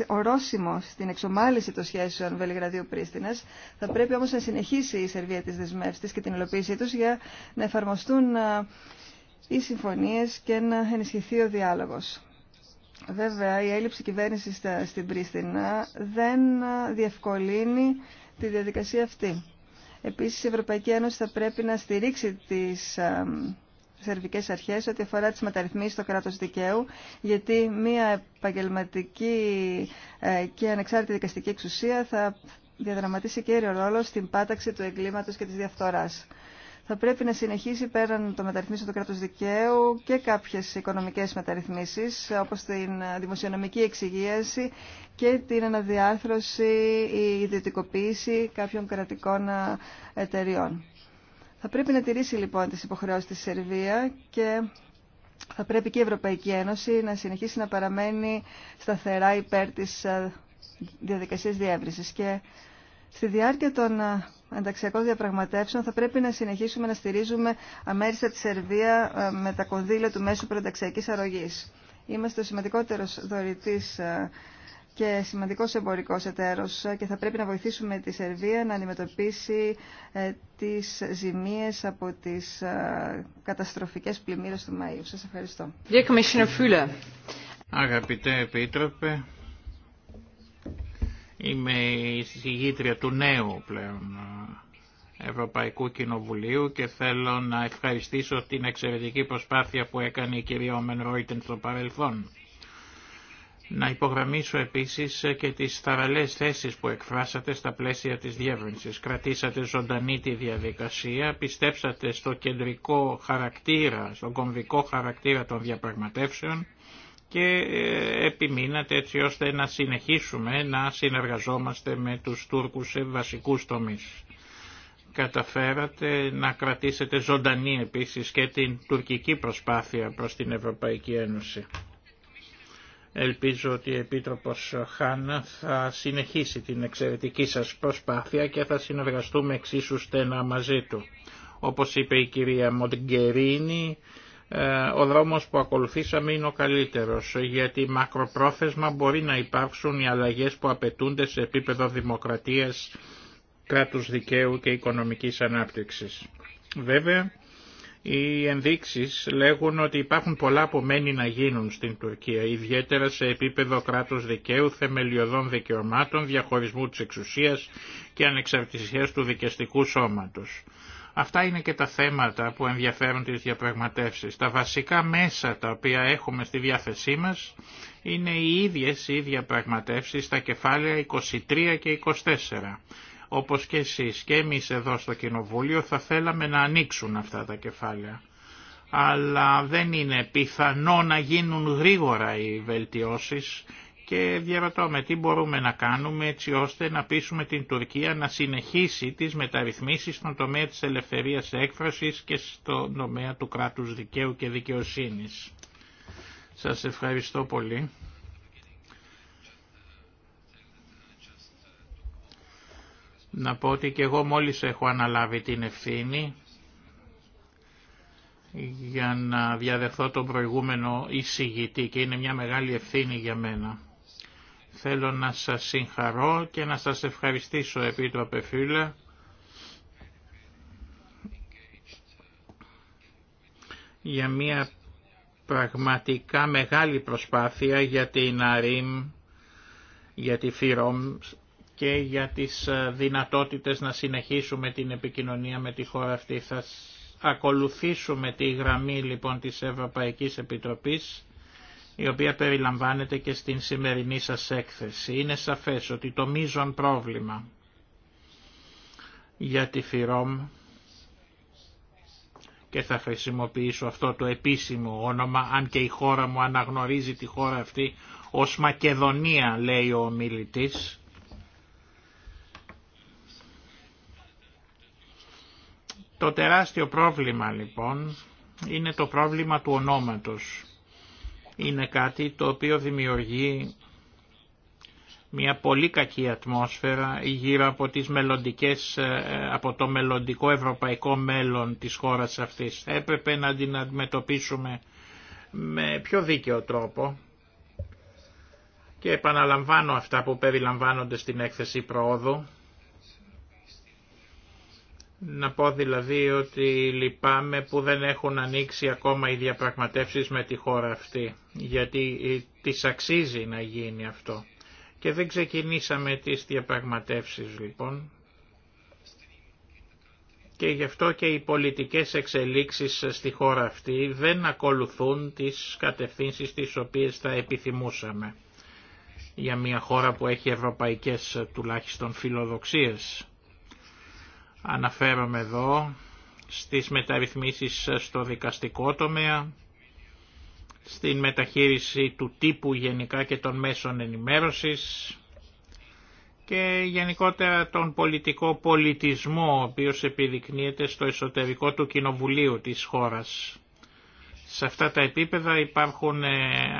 A: ορόσημο στην εξομάλυση των σχέσεων Βελιγραδίου-Πρίστινας. Θα πρέπει όμως να συνεχίσει η Σερβία τις δεσμεύσεις και την υλοποίησή τους για να εφαρμοστούν ε, οι συμφωνίες και να ενισχυθεί ο διάλογος. Βέβαια, η έλλειψη κυβέρνηση στην Πρίστινα δεν διευκολύνει τη διαδικασία αυτή. Επίσης, η Ευρωπαϊκή Ένωση θα πρέπει να στηρίξει τις Σερβικέ αρχέ ό,τι αφορά τι μεταρρυθμίσει στο κράτος δικαίου, γιατί μια επαγγελματική ε, και ανεξάρτητη δικαστική εξουσία θα διαδραματίσει κύριο ρόλο στην πάταξη του εγκλήματος και τη διαφθορά. Θα πρέπει να συνεχίσει πέραν των μεταρρυθμίσεων του κράτου δικαίου και κάποιε οικονομικέ μεταρρυθμίσει, όπω την δημοσιονομική εξυγίαση και την αναδιάρθρωση ή ιδιωτικοποίηση κάποιων κρατικών ε, εταιριών. Θα πρέπει να τηρήσει λοιπόν τις υποχρεώσεις της Σερβία και θα πρέπει και η Ευρωπαϊκή Ένωση να συνεχίσει να παραμένει σταθερά υπέρ της ε, διαδικασίας διεύρυνσης. Και στη διάρκεια των ε, ενταξιακών διαπραγματεύσεων θα πρέπει να συνεχίσουμε να στηρίζουμε αμέριστα τη Σερβία ε, με τα κονδύλια του μέσου προενταξιακής αρρωγής. Είμαστε ο σημαντικότερος δωρητής και σημαντικός εμπορικός εταίρος και θα πρέπει να βοηθήσουμε τη Σερβία να αντιμετωπίσει ε, τι ζημίε από τις ε, καταστροφικέ πλημμύρε του Μαΐου. Σα ευχαριστώ.
C: Αγαπητέ Επίτροπε, είμαι η συγγήτρια του νέου πλέον ε, Ευρωπαϊκού Κοινοβουλίου και θέλω να ευχαριστήσω την εξαιρετική προσπάθεια που έκανε η κυρία Ομεν στο παρελθόν να υπογραμμίσω επίσης και τις θαραλές θέσεις που εκφράσατε στα πλαίσια της διεύρυνσης. Κρατήσατε ζωντανή τη διαδικασία, πιστέψατε στο κεντρικό χαρακτήρα, στον κομβικό χαρακτήρα των διαπραγματεύσεων και ε, επιμείνατε έτσι ώστε να συνεχίσουμε να συνεργαζόμαστε με τους Τούρκους σε βασικούς τομείς. Καταφέρατε να κρατήσετε ζωντανή επίσης και την τουρκική προσπάθεια προς την Ευρωπαϊκή Ένωση. Ελπίζω ότι ο Επίτροπος Χάν θα συνεχίσει την εξαιρετική σας προσπάθεια και θα συνεργαστούμε εξίσου στενά μαζί του. Όπως είπε η κυρία Μοντγκερίνη, ε, ο δρόμος που ακολουθήσαμε είναι ο καλύτερος, γιατί μακροπρόθεσμα μπορεί να υπάρξουν οι αλλαγές που απαιτούνται σε επίπεδο δημοκρατίας, κράτους δικαίου και οικονομικής ανάπτυξης. Βέβαια, οι ενδείξεις λέγουν ότι υπάρχουν πολλά που να γίνουν στην Τουρκία, ιδιαίτερα σε επίπεδο κράτους δικαίου, θεμελιωδών δικαιωμάτων, διαχωρισμού της εξουσίας και ανεξαρτησίας του δικαστικού σώματος. Αυτά είναι και τα θέματα που ενδιαφέρουν τις διαπραγματεύσεις. Τα βασικά μέσα τα οποία έχουμε στη διάθεσή μας είναι οι ίδιες οι διαπραγματεύσεις στα κεφάλαια 23 και 24 όπως και εσείς και εμείς εδώ στο Κοινοβούλιο θα θέλαμε να ανοίξουν αυτά τα κεφάλαια. Αλλά δεν είναι πιθανό να γίνουν γρήγορα οι βελτιώσεις και διαρωτώ με τι μπορούμε να κάνουμε έτσι ώστε να πείσουμε την Τουρκία να συνεχίσει τις μεταρρυθμίσεις στον τομέα της ελευθερίας έκφρασης και στον τομέα του κράτους δικαίου και δικαιοσύνης. Σας ευχαριστώ πολύ. Να πω ότι και εγώ μόλις έχω αναλάβει την ευθύνη για να διαδεχθώ τον προηγούμενο εισηγητή και είναι μια μεγάλη ευθύνη για μένα. Θέλω να σας συγχαρώ και να σας ευχαριστήσω επί του για μια πραγματικά μεγάλη προσπάθεια για την ΑΡΙΜ, για τη ΦΥΡΟΜ και για τις ε, δυνατότητες να συνεχίσουμε την επικοινωνία με τη χώρα αυτή. Θα ακολουθήσουμε τη γραμμή λοιπόν της Ευρωπαϊκής Επιτροπής η οποία περιλαμβάνεται και στην σημερινή σας έκθεση. Είναι σαφές ότι το μείζον πρόβλημα για τη ΦΥΡΟΜ και θα χρησιμοποιήσω αυτό το επίσημο όνομα, αν και η χώρα μου αναγνωρίζει τη χώρα αυτή ως Μακεδονία λέει ο ομιλητής, Το τεράστιο πρόβλημα λοιπόν είναι το πρόβλημα του ονόματος. Είναι κάτι το οποίο δημιουργεί μια πολύ κακή ατμόσφαιρα γύρω από, τις μελλοντικές, ε, από το μελλοντικό ευρωπαϊκό μέλλον της χώρας αυτής. Έπρεπε να την αντιμετωπίσουμε με πιο δίκαιο τρόπο και επαναλαμβάνω αυτά που περιλαμβάνονται στην έκθεση προόδου να πω δηλαδή ότι λυπάμαι που δεν έχουν ανοίξει ακόμα οι διαπραγματεύσεις με τη χώρα αυτή, γιατί ε, της αξίζει να γίνει αυτό. Και δεν ξεκινήσαμε τις διαπραγματεύσεις λοιπόν. Και γι' αυτό και οι πολιτικές εξελίξεις στη χώρα αυτή δεν ακολουθούν τις κατευθύνσεις τις οποίες θα επιθυμούσαμε για μια χώρα που έχει ευρωπαϊκές τουλάχιστον φιλοδοξίες. Αναφέρομαι εδώ στις μεταρρυθμίσεις στο δικαστικό τομέα, στην μεταχείριση του τύπου γενικά και των μέσων ενημέρωσης και γενικότερα τον πολιτικό πολιτισμό ο οποίος επιδεικνύεται στο εσωτερικό του κοινοβουλίου της χώρας. Σε αυτά τα επίπεδα υπάρχουν ε,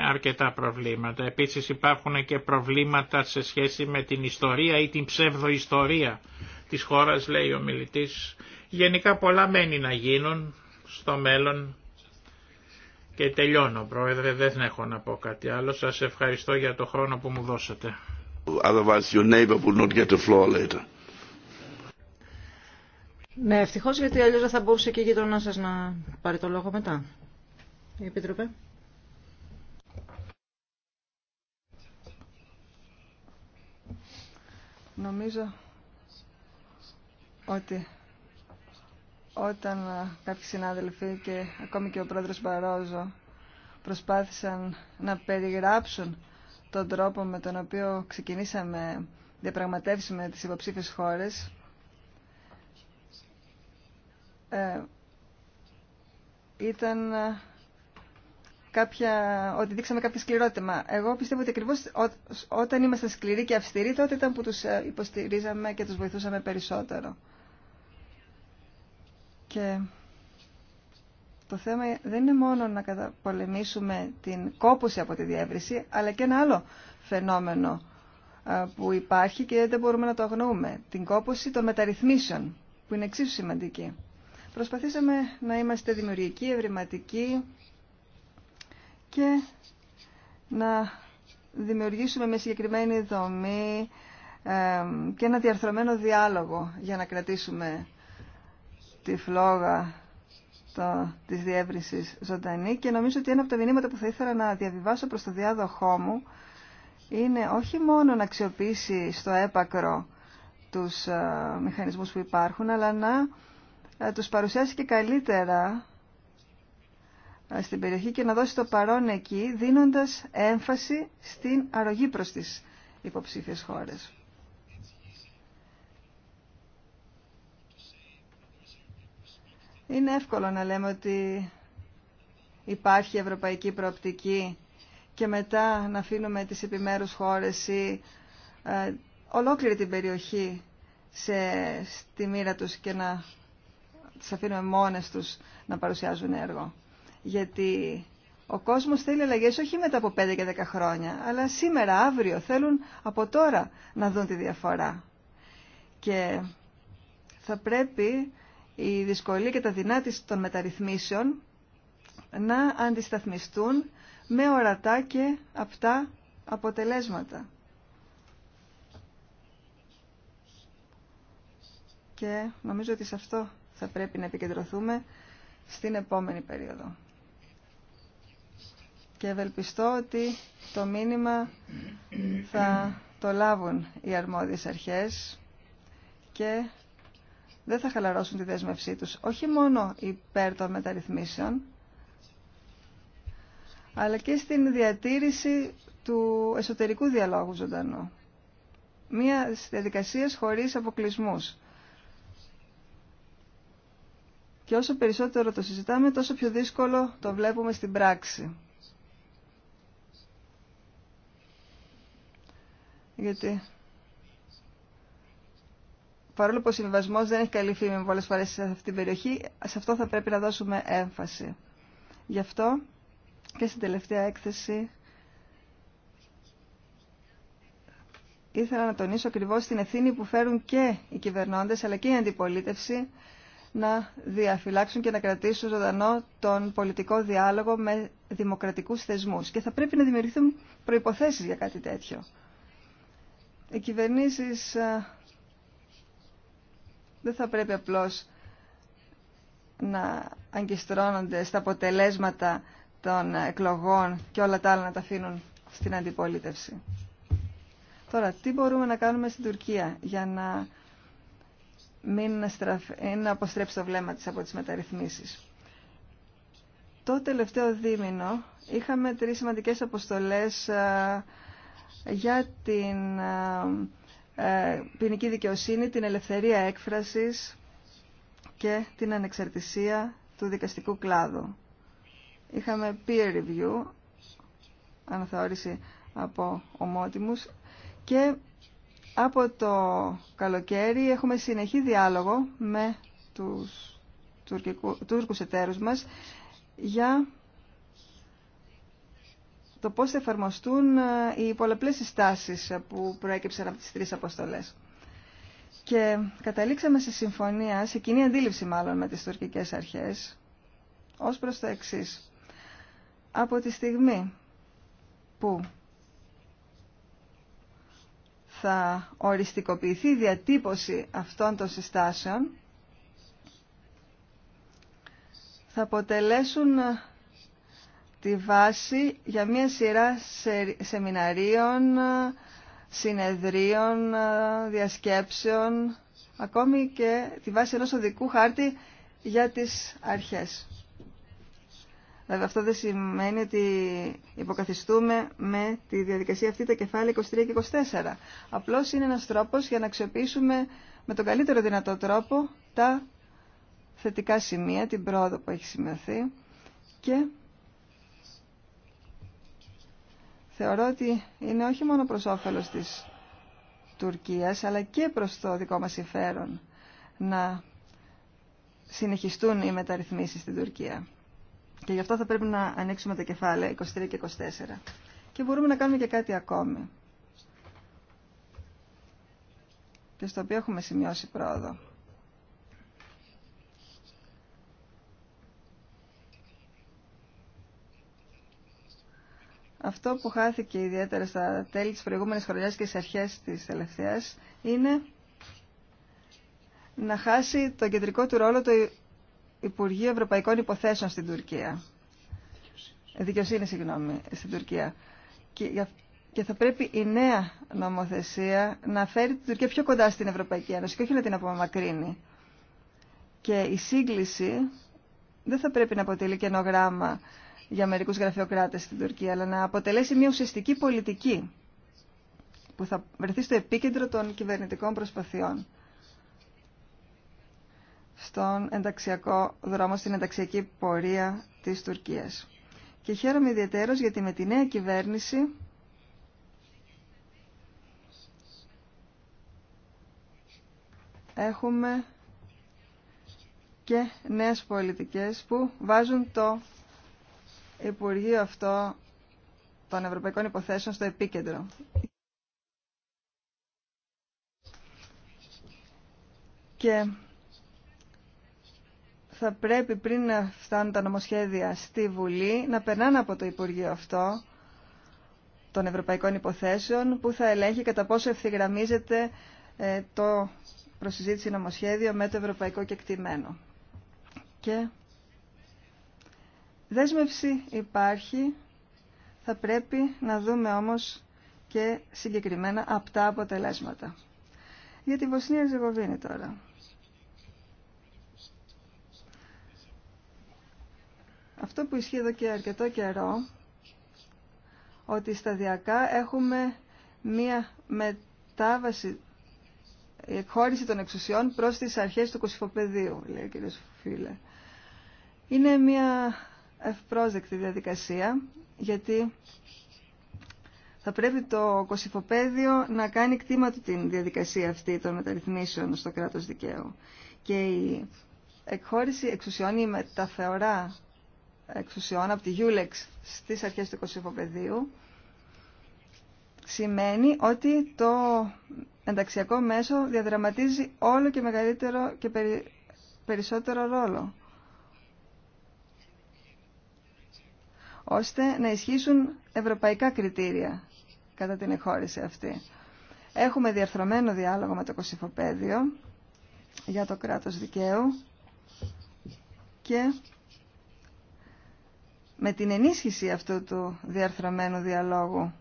C: αρκετά προβλήματα. Επίσης υπάρχουν και προβλήματα σε σχέση με την ιστορία ή την ψευδοϊστορία της χώρας, λέει ο μιλητής. Γενικά πολλά μένει να γίνουν στο μέλλον και τελειώνω, Πρόεδρε, δεν έχω να πω κάτι άλλο. Σας ευχαριστώ για το χρόνο που μου δώσατε.
B: Ναι, ευτυχώ γιατί αλλιώ δεν θα μπορούσε και η γειτονά σα να πάρει το λόγο μετά. Η Επίτροπε.
A: Νομίζω ότι όταν ε, κάποιοι συνάδελφοι και ακόμη και ο πρόεδρος Μπαρόζο προσπάθησαν να περιγράψουν τον τρόπο με τον οποίο ξεκινήσαμε διαπραγματεύσεις με τις υποψήφιες χώρες ε, ήταν ε, κάποια, ότι δείξαμε κάποια σκληρότημα. Εγώ πιστεύω ότι ακριβώ όταν ήμασταν σκληροί και αυστηροί τότε ήταν που τους υποστηρίζαμε και τους βοηθούσαμε περισσότερο. Και το θέμα δεν είναι μόνο να καταπολεμήσουμε την κόπωση από τη διεύρυνση, αλλά και ένα άλλο φαινόμενο που υπάρχει και δεν μπορούμε να το αγνοούμε. Την κόπωση των μεταρρυθμίσεων, που είναι εξίσου σημαντική. Προσπαθήσαμε να είμαστε δημιουργικοί, ευρηματικοί και να δημιουργήσουμε με συγκεκριμένη δομή και ένα διαρθρωμένο διάλογο για να κρατήσουμε τη φλόγα το, της διεύρυνσης ζωντανή και νομίζω ότι ένα από τα μηνύματα που θα ήθελα να διαβιβάσω προς το διάδοχό μου είναι όχι μόνο να αξιοποιήσει στο έπακρο τους ε, μηχανισμούς που υπάρχουν, αλλά να ε, τους παρουσιάσει και καλύτερα ε, στην περιοχή και να δώσει το παρόν εκεί, δίνοντας έμφαση στην αρρωγή προς τις υποψήφιες χώρες. Είναι εύκολο να λέμε ότι υπάρχει ευρωπαϊκή προοπτική και μετά να αφήνουμε τις επιμέρους χώρες ή ε, ολόκληρη την περιοχή σε, στη μοίρα τους και να τις αφήνουμε μόνες τους να παρουσιάζουν έργο. Γιατί ο κόσμος θέλει αλλαγέ όχι μετά από 5 και 10 χρόνια, αλλά σήμερα, αύριο, θέλουν από τώρα να δουν τη διαφορά. Και θα πρέπει η δυσκολία και τα δεινά των μεταρρυθμίσεων να αντισταθμιστούν με ορατά και αυτά αποτελέσματα. Και νομίζω ότι σε αυτό θα πρέπει να επικεντρωθούμε στην επόμενη περίοδο. Και ευελπιστώ ότι το μήνυμα θα το λάβουν οι αρμόδιες αρχές και δεν θα χαλαρώσουν τη δέσμευσή τους, όχι μόνο υπέρ των μεταρρυθμίσεων, αλλά και στην διατήρηση του εσωτερικού διαλόγου ζωντανού. Μία διαδικασία χωρίς αποκλεισμούς. Και όσο περισσότερο το συζητάμε, τόσο πιο δύσκολο το βλέπουμε στην πράξη. Γιατί παρόλο που ο συμβιβασμό δεν έχει καλή φήμη πολλέ φορέ σε αυτή την περιοχή, σε αυτό θα πρέπει να δώσουμε έμφαση. Γι' αυτό και στην τελευταία έκθεση ήθελα να τονίσω ακριβώ την ευθύνη που φέρουν και οι κυβερνώντε αλλά και η αντιπολίτευση να διαφυλάξουν και να κρατήσουν ζωντανό τον πολιτικό διάλογο με δημοκρατικούς θεσμούς. Και θα πρέπει να δημιουργηθούν προϋποθέσεις για κάτι τέτοιο. Οι δεν θα πρέπει απλώς να αγκιστρώνονται στα αποτελέσματα των εκλογών και όλα τα άλλα να τα αφήνουν στην αντιπολίτευση. Τώρα, τι μπορούμε να κάνουμε στην Τουρκία για να μην ε, να αποστρέψει το βλέμμα της από τις μεταρρυθμίσεις. Το τελευταίο δίμηνο είχαμε τρεις σημαντικές αποστολές ε, για την ε, ε, ποινική δικαιοσύνη, την ελευθερία έκφρασης και την ανεξαρτησία του δικαστικού κλάδου. Είχαμε peer review, αναθεώρηση από ομότιμους και από το καλοκαίρι έχουμε συνεχή διάλογο με τους τουρκους εταίρους μας για το πώς θα εφαρμοστούν ε, οι πολλαπλές συστάσεις ε, που προέκυψαν από τις τρεις αποστολές. Και καταλήξαμε σε συμφωνία, σε κοινή αντίληψη μάλλον με τις τουρκικές αρχές, ως προς το εξής. Από τη στιγμή που θα οριστικοποιηθεί η διατύπωση αυτών των συστάσεων, θα αποτελέσουν ε, τη βάση για μια σειρά σεμιναρίων, συνεδρίων, διασκέψεων, ακόμη και τη βάση ενός οδικού χάρτη για τις αρχές. Βέβαια αυτό δεν σημαίνει ότι υποκαθιστούμε με τη διαδικασία αυτή τα κεφάλαια 23 και 24. Απλώς είναι ένας τρόπος για να αξιοποιήσουμε με τον καλύτερο δυνατό τρόπο τα θετικά σημεία, την πρόοδο που έχει σημειωθεί και θεωρώ ότι είναι όχι μόνο προς όφελος της Τουρκίας, αλλά και προς το δικό μας συμφέρον να συνεχιστούν οι μεταρρυθμίσεις στην Τουρκία. Και γι' αυτό θα πρέπει να ανοίξουμε τα κεφάλαια 23 και 24. Και μπορούμε να κάνουμε και κάτι ακόμη. Και στο οποίο έχουμε σημειώσει πρόοδο. Αυτό που χάθηκε ιδιαίτερα στα τέλη της προηγούμενης χρονιάς και στις αρχές της τελευταίας είναι να χάσει το κεντρικό του ρόλο το Υπουργείο Ευρωπαϊκών Υποθέσεων στην Τουρκία. Δικαιοσύνη, συγγνώμη, στην Τουρκία. Και, και θα πρέπει η νέα νομοθεσία να φέρει την Τουρκία πιο κοντά στην Ευρωπαϊκή Ένωση και όχι να την απομακρύνει. Και η σύγκληση δεν θα πρέπει να αποτελεί καινό γράμμα για μερικούς γραφειοκράτες στην Τουρκία, αλλά να αποτελέσει μια ουσιαστική πολιτική που θα βρεθεί στο επίκεντρο των κυβερνητικών προσπαθειών στον ενταξιακό δρόμο, στην ενταξιακή πορεία της Τουρκίας. Και χαίρομαι ιδιαίτερος γιατί με τη νέα κυβέρνηση έχουμε και νέες πολιτικές που βάζουν το Υπουργείο αυτό των Ευρωπαϊκών Υποθέσεων στο επίκεντρο. Και θα πρέπει πριν να φτάνουν τα νομοσχέδια στη Βουλή να περνάνε από το Υπουργείο αυτό των Ευρωπαϊκών Υποθέσεων που θα ελέγχει κατά πόσο ευθυγραμμίζεται ε, το προσυζήτηση νομοσχέδιο με το ευρωπαϊκό κεκτημένο. Και Δέσμευση υπάρχει, θα πρέπει να δούμε όμως και συγκεκριμένα απτά αποτελέσματα. Για τη Βοσνία Ζεγοβίνη τώρα. Αυτό που ισχύει εδώ και αρκετό καιρό, ότι σταδιακά έχουμε μία μετάβαση, η εκχώρηση των εξουσιών προς τις αρχές του κοσυφοπεδίου, λέει ο κ. Φίλε. Είναι μία ευπρόσδεκτη διαδικασία, γιατί θα πρέπει το κοσυφοπαίδιο να κάνει κτήμα του την διαδικασία αυτή των μεταρρυθμίσεων στο κράτος δικαίου. Και η εκχώρηση εξουσιών, η μεταφεωρά εξουσιών από τη Γιούλεξ στις αρχές του κοσυφοπαιδίου, σημαίνει ότι το ενταξιακό μέσο διαδραματίζει όλο και μεγαλύτερο και περισσότερο ρόλο. ώστε να ισχύσουν ευρωπαϊκά κριτήρια κατά την εχώρηση αυτή. Έχουμε διαρθρωμένο διάλογο με το Κωσυφοπαίδιο για το κράτος δικαίου και με την ενίσχυση αυτού του διαρθρωμένου διαλόγου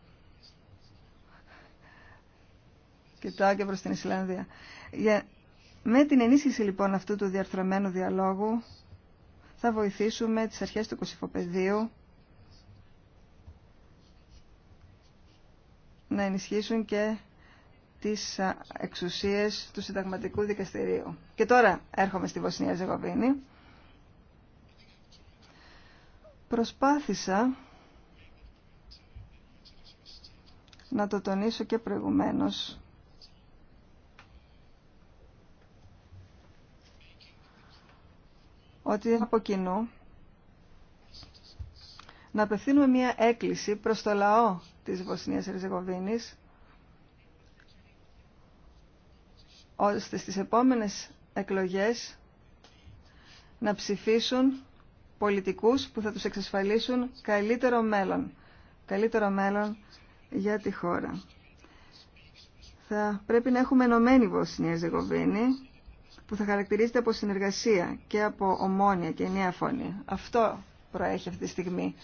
A: και το προς την Ισλανδία για, με την ενίσχυση λοιπόν αυτού του διαρθρωμένου διαλόγου θα βοηθήσουμε τις αρχές του Κωσυφοπεδίου να ενισχύσουν και τις εξουσίες του συνταγματικού δικαστηρίου. Και τώρα έρχομαι στη Βοσνία Ζεγοβίνη. Προσπάθησα να το τονίσω και προηγουμένως ότι από κοινού να απευθύνουμε μια έκκληση προς το λαό της Βοσνίας Ερζεγοβίνης ώστε στις επόμενες εκλογές να ψηφίσουν πολιτικούς που θα τους εξασφαλίσουν καλύτερο μέλλον. Καλύτερο μέλλον για τη χώρα. Θα πρέπει να έχουμε ενωμένη Βοσνία Ζεγοβίνη που θα χαρακτηρίζεται από συνεργασία και από ομόνια και νέα φωνή. Αυτό προέχει αυτή τη στιγμή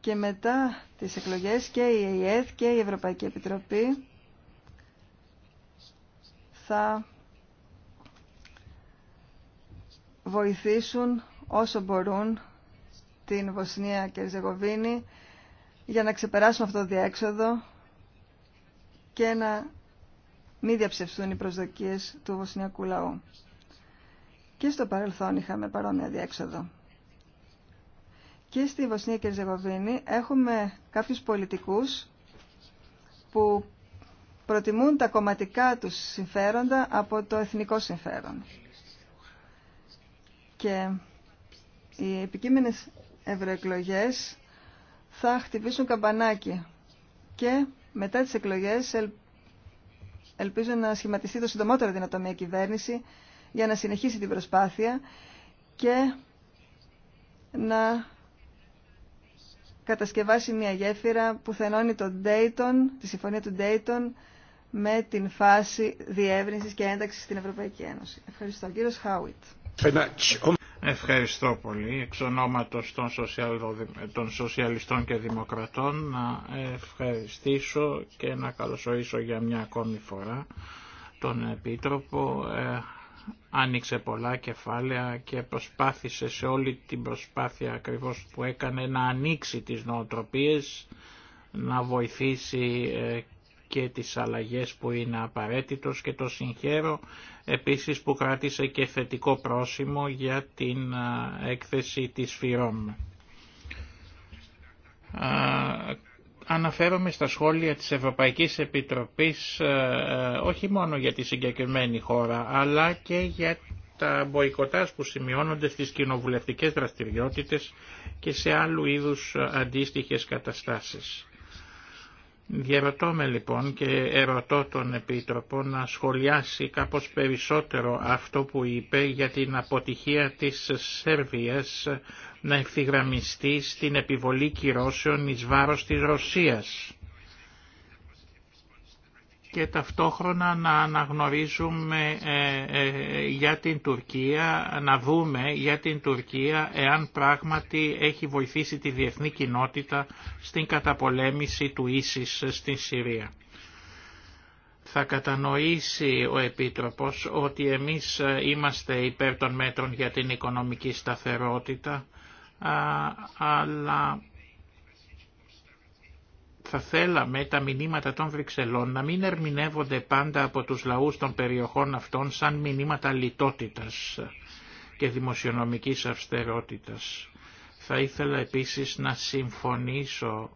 A: και μετά τις εκλογές και η ΕΕ και η Ευρωπαϊκή Επιτροπή θα βοηθήσουν όσο μπορούν την Βοσνία και Ζεγοβίνη για να ξεπεράσουν αυτό το διέξοδο και να μην διαψευστούν οι προσδοκίες του βοσνιακού λαού. Και στο παρελθόν είχαμε παρόμοια διέξοδο. Και στη Βοσνία και Ριζεγοβίνη έχουμε κάποιους πολιτικούς που προτιμούν τα κομματικά τους συμφέροντα από το εθνικό συμφέρον. Και οι επικείμενες ευρωεκλογέ θα χτυπήσουν καμπανάκι και μετά τις εκλογές ελπίζω να σχηματιστεί το συντομότερο δυνατό μια κυβέρνηση για να συνεχίσει την προσπάθεια και να κατασκευάσει μια γέφυρα που θενώνει τον Dayton, τη συμφωνία του Dayton με την φάση διεύρυνσης και ένταξης στην Ευρωπαϊκή Ένωση. Ευχαριστώ. κύριο Χάουιτ.
C: Ευχαριστώ πολύ. Εξ ονόματος των, των Σοσιαλιστών και Δημοκρατών να ευχαριστήσω και να καλωσορίσω για μια ακόμη φορά τον Επίτροπο. Ε, άνοιξε πολλά κεφάλαια και προσπάθησε σε όλη την προσπάθεια ακριβώς που έκανε να ανοίξει τις νοοτροπίες, να βοηθήσει ε, και τις αλλαγές που είναι απαραίτητος και το συγχαίρω επίσης που κράτησε και θετικό πρόσημο για την ε, έκθεση της ΦΥΡΟΜ αναφέρομαι στα σχόλια της Ευρωπαϊκής Επιτροπής ε, ε, όχι μόνο για τη συγκεκριμένη χώρα αλλά και για τα μποϊκοτάς που σημειώνονται στις κοινοβουλευτικές δραστηριότητες και σε άλλου είδους ε, αντίστοιχες καταστάσεις. Διερωτώμε λοιπόν και ερωτώ τον Επίτροπο να σχολιάσει κάπως περισσότερο αυτό που είπε για την αποτυχία της Σέρβιας να ευθυγραμμιστεί στην επιβολή κυρώσεων εις βάρος της Ρωσίας και ταυτόχρονα να αναγνωρίζουμε ε, ε, για την Τουρκία, να δούμε για την Τουρκία εάν πράγματι έχει βοηθήσει τη διεθνή κοινότητα στην καταπολέμηση του ίσης στην Συρία. Θα κατανοήσει ο Επίτροπος ότι εμείς ε, είμαστε υπέρ των μέτρων για την οικονομική σταθερότητα, αλλά θα θέλαμε τα μηνύματα των Βρυξελών να μην ερμηνεύονται πάντα από τους λαούς των περιοχών αυτών σαν μηνύματα λιτότητας και δημοσιονομικής αυστερότητας. Θα ήθελα επίσης να συμφωνήσω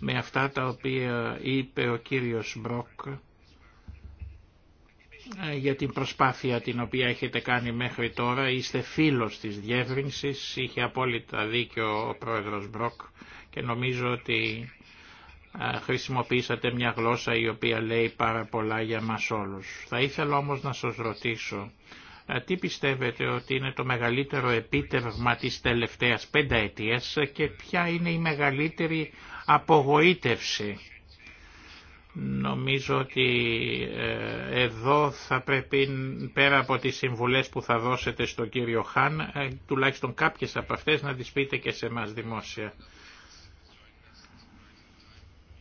C: με αυτά τα οποία είπε ο κύριος Μπροκ ε, για την προσπάθεια την οποία έχετε κάνει μέχρι τώρα. Είστε φίλος της διεύρυνσης, είχε απόλυτα δίκιο ο πρόεδρος Μπροκ και νομίζω ότι χρησιμοποιήσατε μια γλώσσα η οποία λέει πάρα πολλά για μας όλους. Θα ήθελα όμως να σας ρωτήσω, τι πιστεύετε ότι είναι το μεγαλύτερο επίτευγμα της τελευταίας πενταετίας και ποια είναι η μεγαλύτερη απογοήτευση. Νομίζω ότι ε, εδώ θα πρέπει πέρα από τις συμβουλές που θα δώσετε στον κύριο Χάν, ε, τουλάχιστον κάποιες από αυτές να τις πείτε και σε μας δημόσια.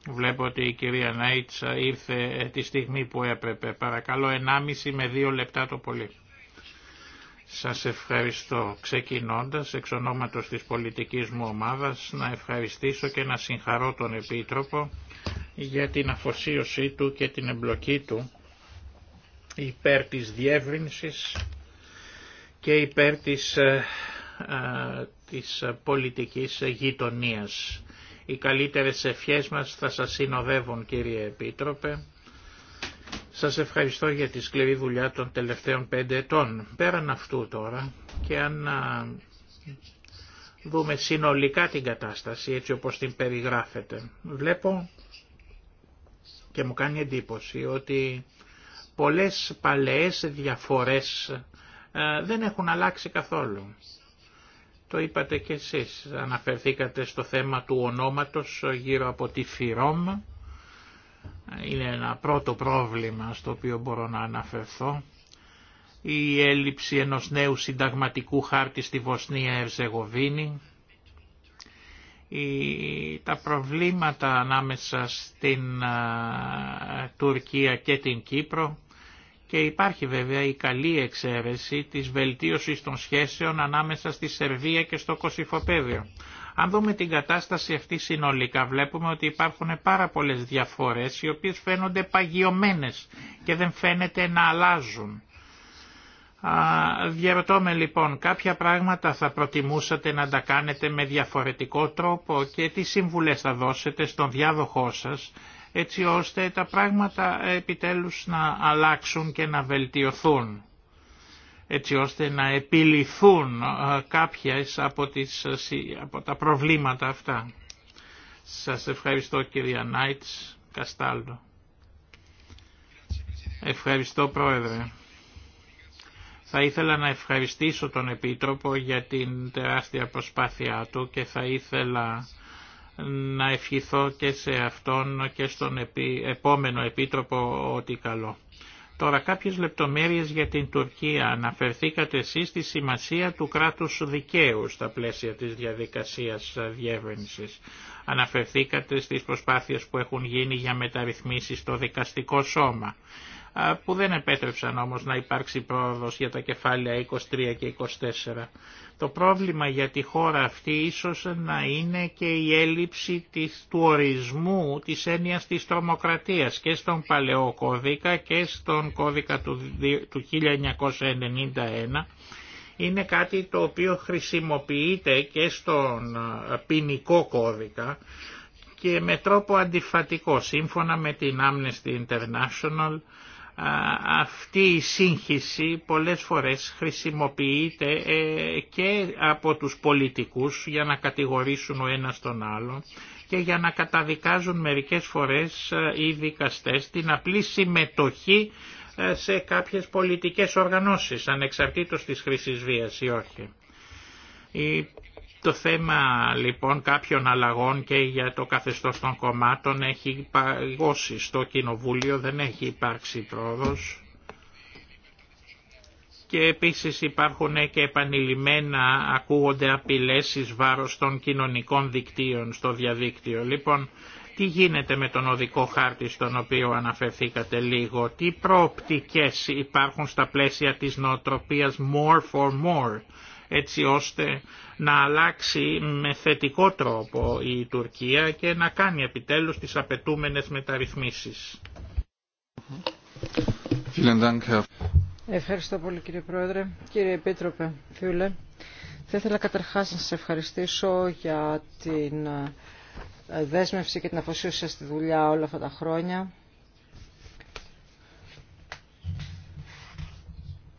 C: Βλέπω ότι η κυρία Νάιτσα ήρθε ε, τη στιγμή που έπρεπε. Παρακαλώ 1,5 με 2 λεπτά το πολύ. Σας ευχαριστώ. Ξεκινώντας εξ ονόματος της πολιτικής μου ομάδας να ευχαριστήσω και να συγχαρώ τον Επίτροπο για την αφοσίωσή του και την εμπλοκή του υπέρ της διεύρυνσης και υπέρ της, ε, ε, της πολιτικής γειτονίας. Οι καλύτερες ευχές μας θα σας συνοδεύουν κύριε Επίτροπε. Σας ευχαριστώ για τη σκληρή δουλειά των τελευταίων πέντε ετών. Πέραν αυτού τώρα και αν δούμε συνολικά την κατάσταση έτσι όπως την περιγράφεται. Βλέπω και μου κάνει εντύπωση ότι πολλές παλαιές διαφορές δεν έχουν αλλάξει καθόλου. Το είπατε και εσείς, αναφερθήκατε στο θέμα του ονόματος γύρω από τη ΦΥΡΟΜ. Είναι ένα πρώτο πρόβλημα στο οποίο μπορώ να αναφερθώ. Η έλλειψη ενός νέου συνταγματικού χάρτη στη Βοσνία Ερζεγοβίνη. Τα προβλήματα ανάμεσα στην Τουρκία και την Κύπρο και υπάρχει βέβαια η καλή εξαίρεση της βελτίωσης των σχέσεων ανάμεσα στη Σερβία και στο Κωσυφοπέδιο. Αν δούμε την κατάσταση αυτή συνολικά βλέπουμε ότι υπάρχουν πάρα πολλές διαφορές οι οποίες φαίνονται παγιωμένες και δεν φαίνεται να αλλάζουν. Διαρωτώ με λοιπόν, κάποια πράγματα θα προτιμούσατε να τα κάνετε με διαφορετικό τρόπο και τι σύμβουλες θα δώσετε στον διάδοχό σας έτσι ώστε τα πράγματα επιτέλους να αλλάξουν και να βελτιωθούν έτσι ώστε να επιληθούν κάποιες από, τις, από τα προβλήματα αυτά. Σας ευχαριστώ κυρία Νάιτς Καστάλτο. Ευχαριστώ πρόεδρε. Θα ήθελα να ευχαριστήσω τον Επίτροπο για την τεράστια προσπάθειά του και θα ήθελα να ευχηθώ και σε αυτόν και στον επόμενο επίτροπο ότι καλό. Τώρα κάποιες λεπτομέρειες για την Τουρκία. Αναφερθήκατε εσείς στη σημασία του κράτους δικαίου στα πλαίσια της διαδικασίας διεύρυνσης. Αναφερθήκατε στις προσπάθειες που έχουν γίνει για μεταρρυθμίσεις στο δικαστικό σώμα που δεν επέτρεψαν όμως να υπάρξει πρόοδος για τα κεφάλαια 23 και 24. Το πρόβλημα για τη χώρα αυτή ίσως να είναι και η έλλειψη της, του ορισμού της έννοιας της τρομοκρατίας και στον παλαιό κώδικα και στον κώδικα του, του 1991 είναι κάτι το οποίο χρησιμοποιείται και στον ποινικό κώδικα και με τρόπο αντιφατικό σύμφωνα με την Amnesty International αυτή η σύγχυση πολλές φορές χρησιμοποιείται ε, και από τους πολιτικούς για να κατηγορήσουν ο ένας τον άλλον και για να καταδικάζουν μερικές φορές ε, οι δικαστές την απλή συμμετοχή ε, σε κάποιες πολιτικές οργανώσεις, ανεξαρτήτως της χρήση βίας ή όχι. Το θέμα λοιπόν κάποιων αλλαγών και για το καθεστώς των κομμάτων έχει παγώσει στο Κοινοβούλιο, δεν έχει υπάρξει πρόοδος. Και επίσης υπάρχουν και επανειλημμένα ακούγονται απειλές εις βάρος των κοινωνικών δικτύων στο διαδίκτυο. Λοιπόν, τι γίνεται με τον οδικό χάρτη στον οποίο αναφερθήκατε λίγο, τι προοπτικές υπάρχουν στα πλαίσια της νοοτροπίας more for more, έτσι ώστε να αλλάξει με θετικό τρόπο η Τουρκία και να κάνει επιτέλους τις απαιτούμενες μεταρρυθμίσεις.
B: Ευχαριστώ πολύ κύριε Πρόεδρε. Κύριε Επίτροπε, Φιούλε, θα ήθελα καταρχάς να σας ευχαριστήσω για την δέσμευση και την αφοσίωση σας στη δουλειά όλα αυτά τα χρόνια.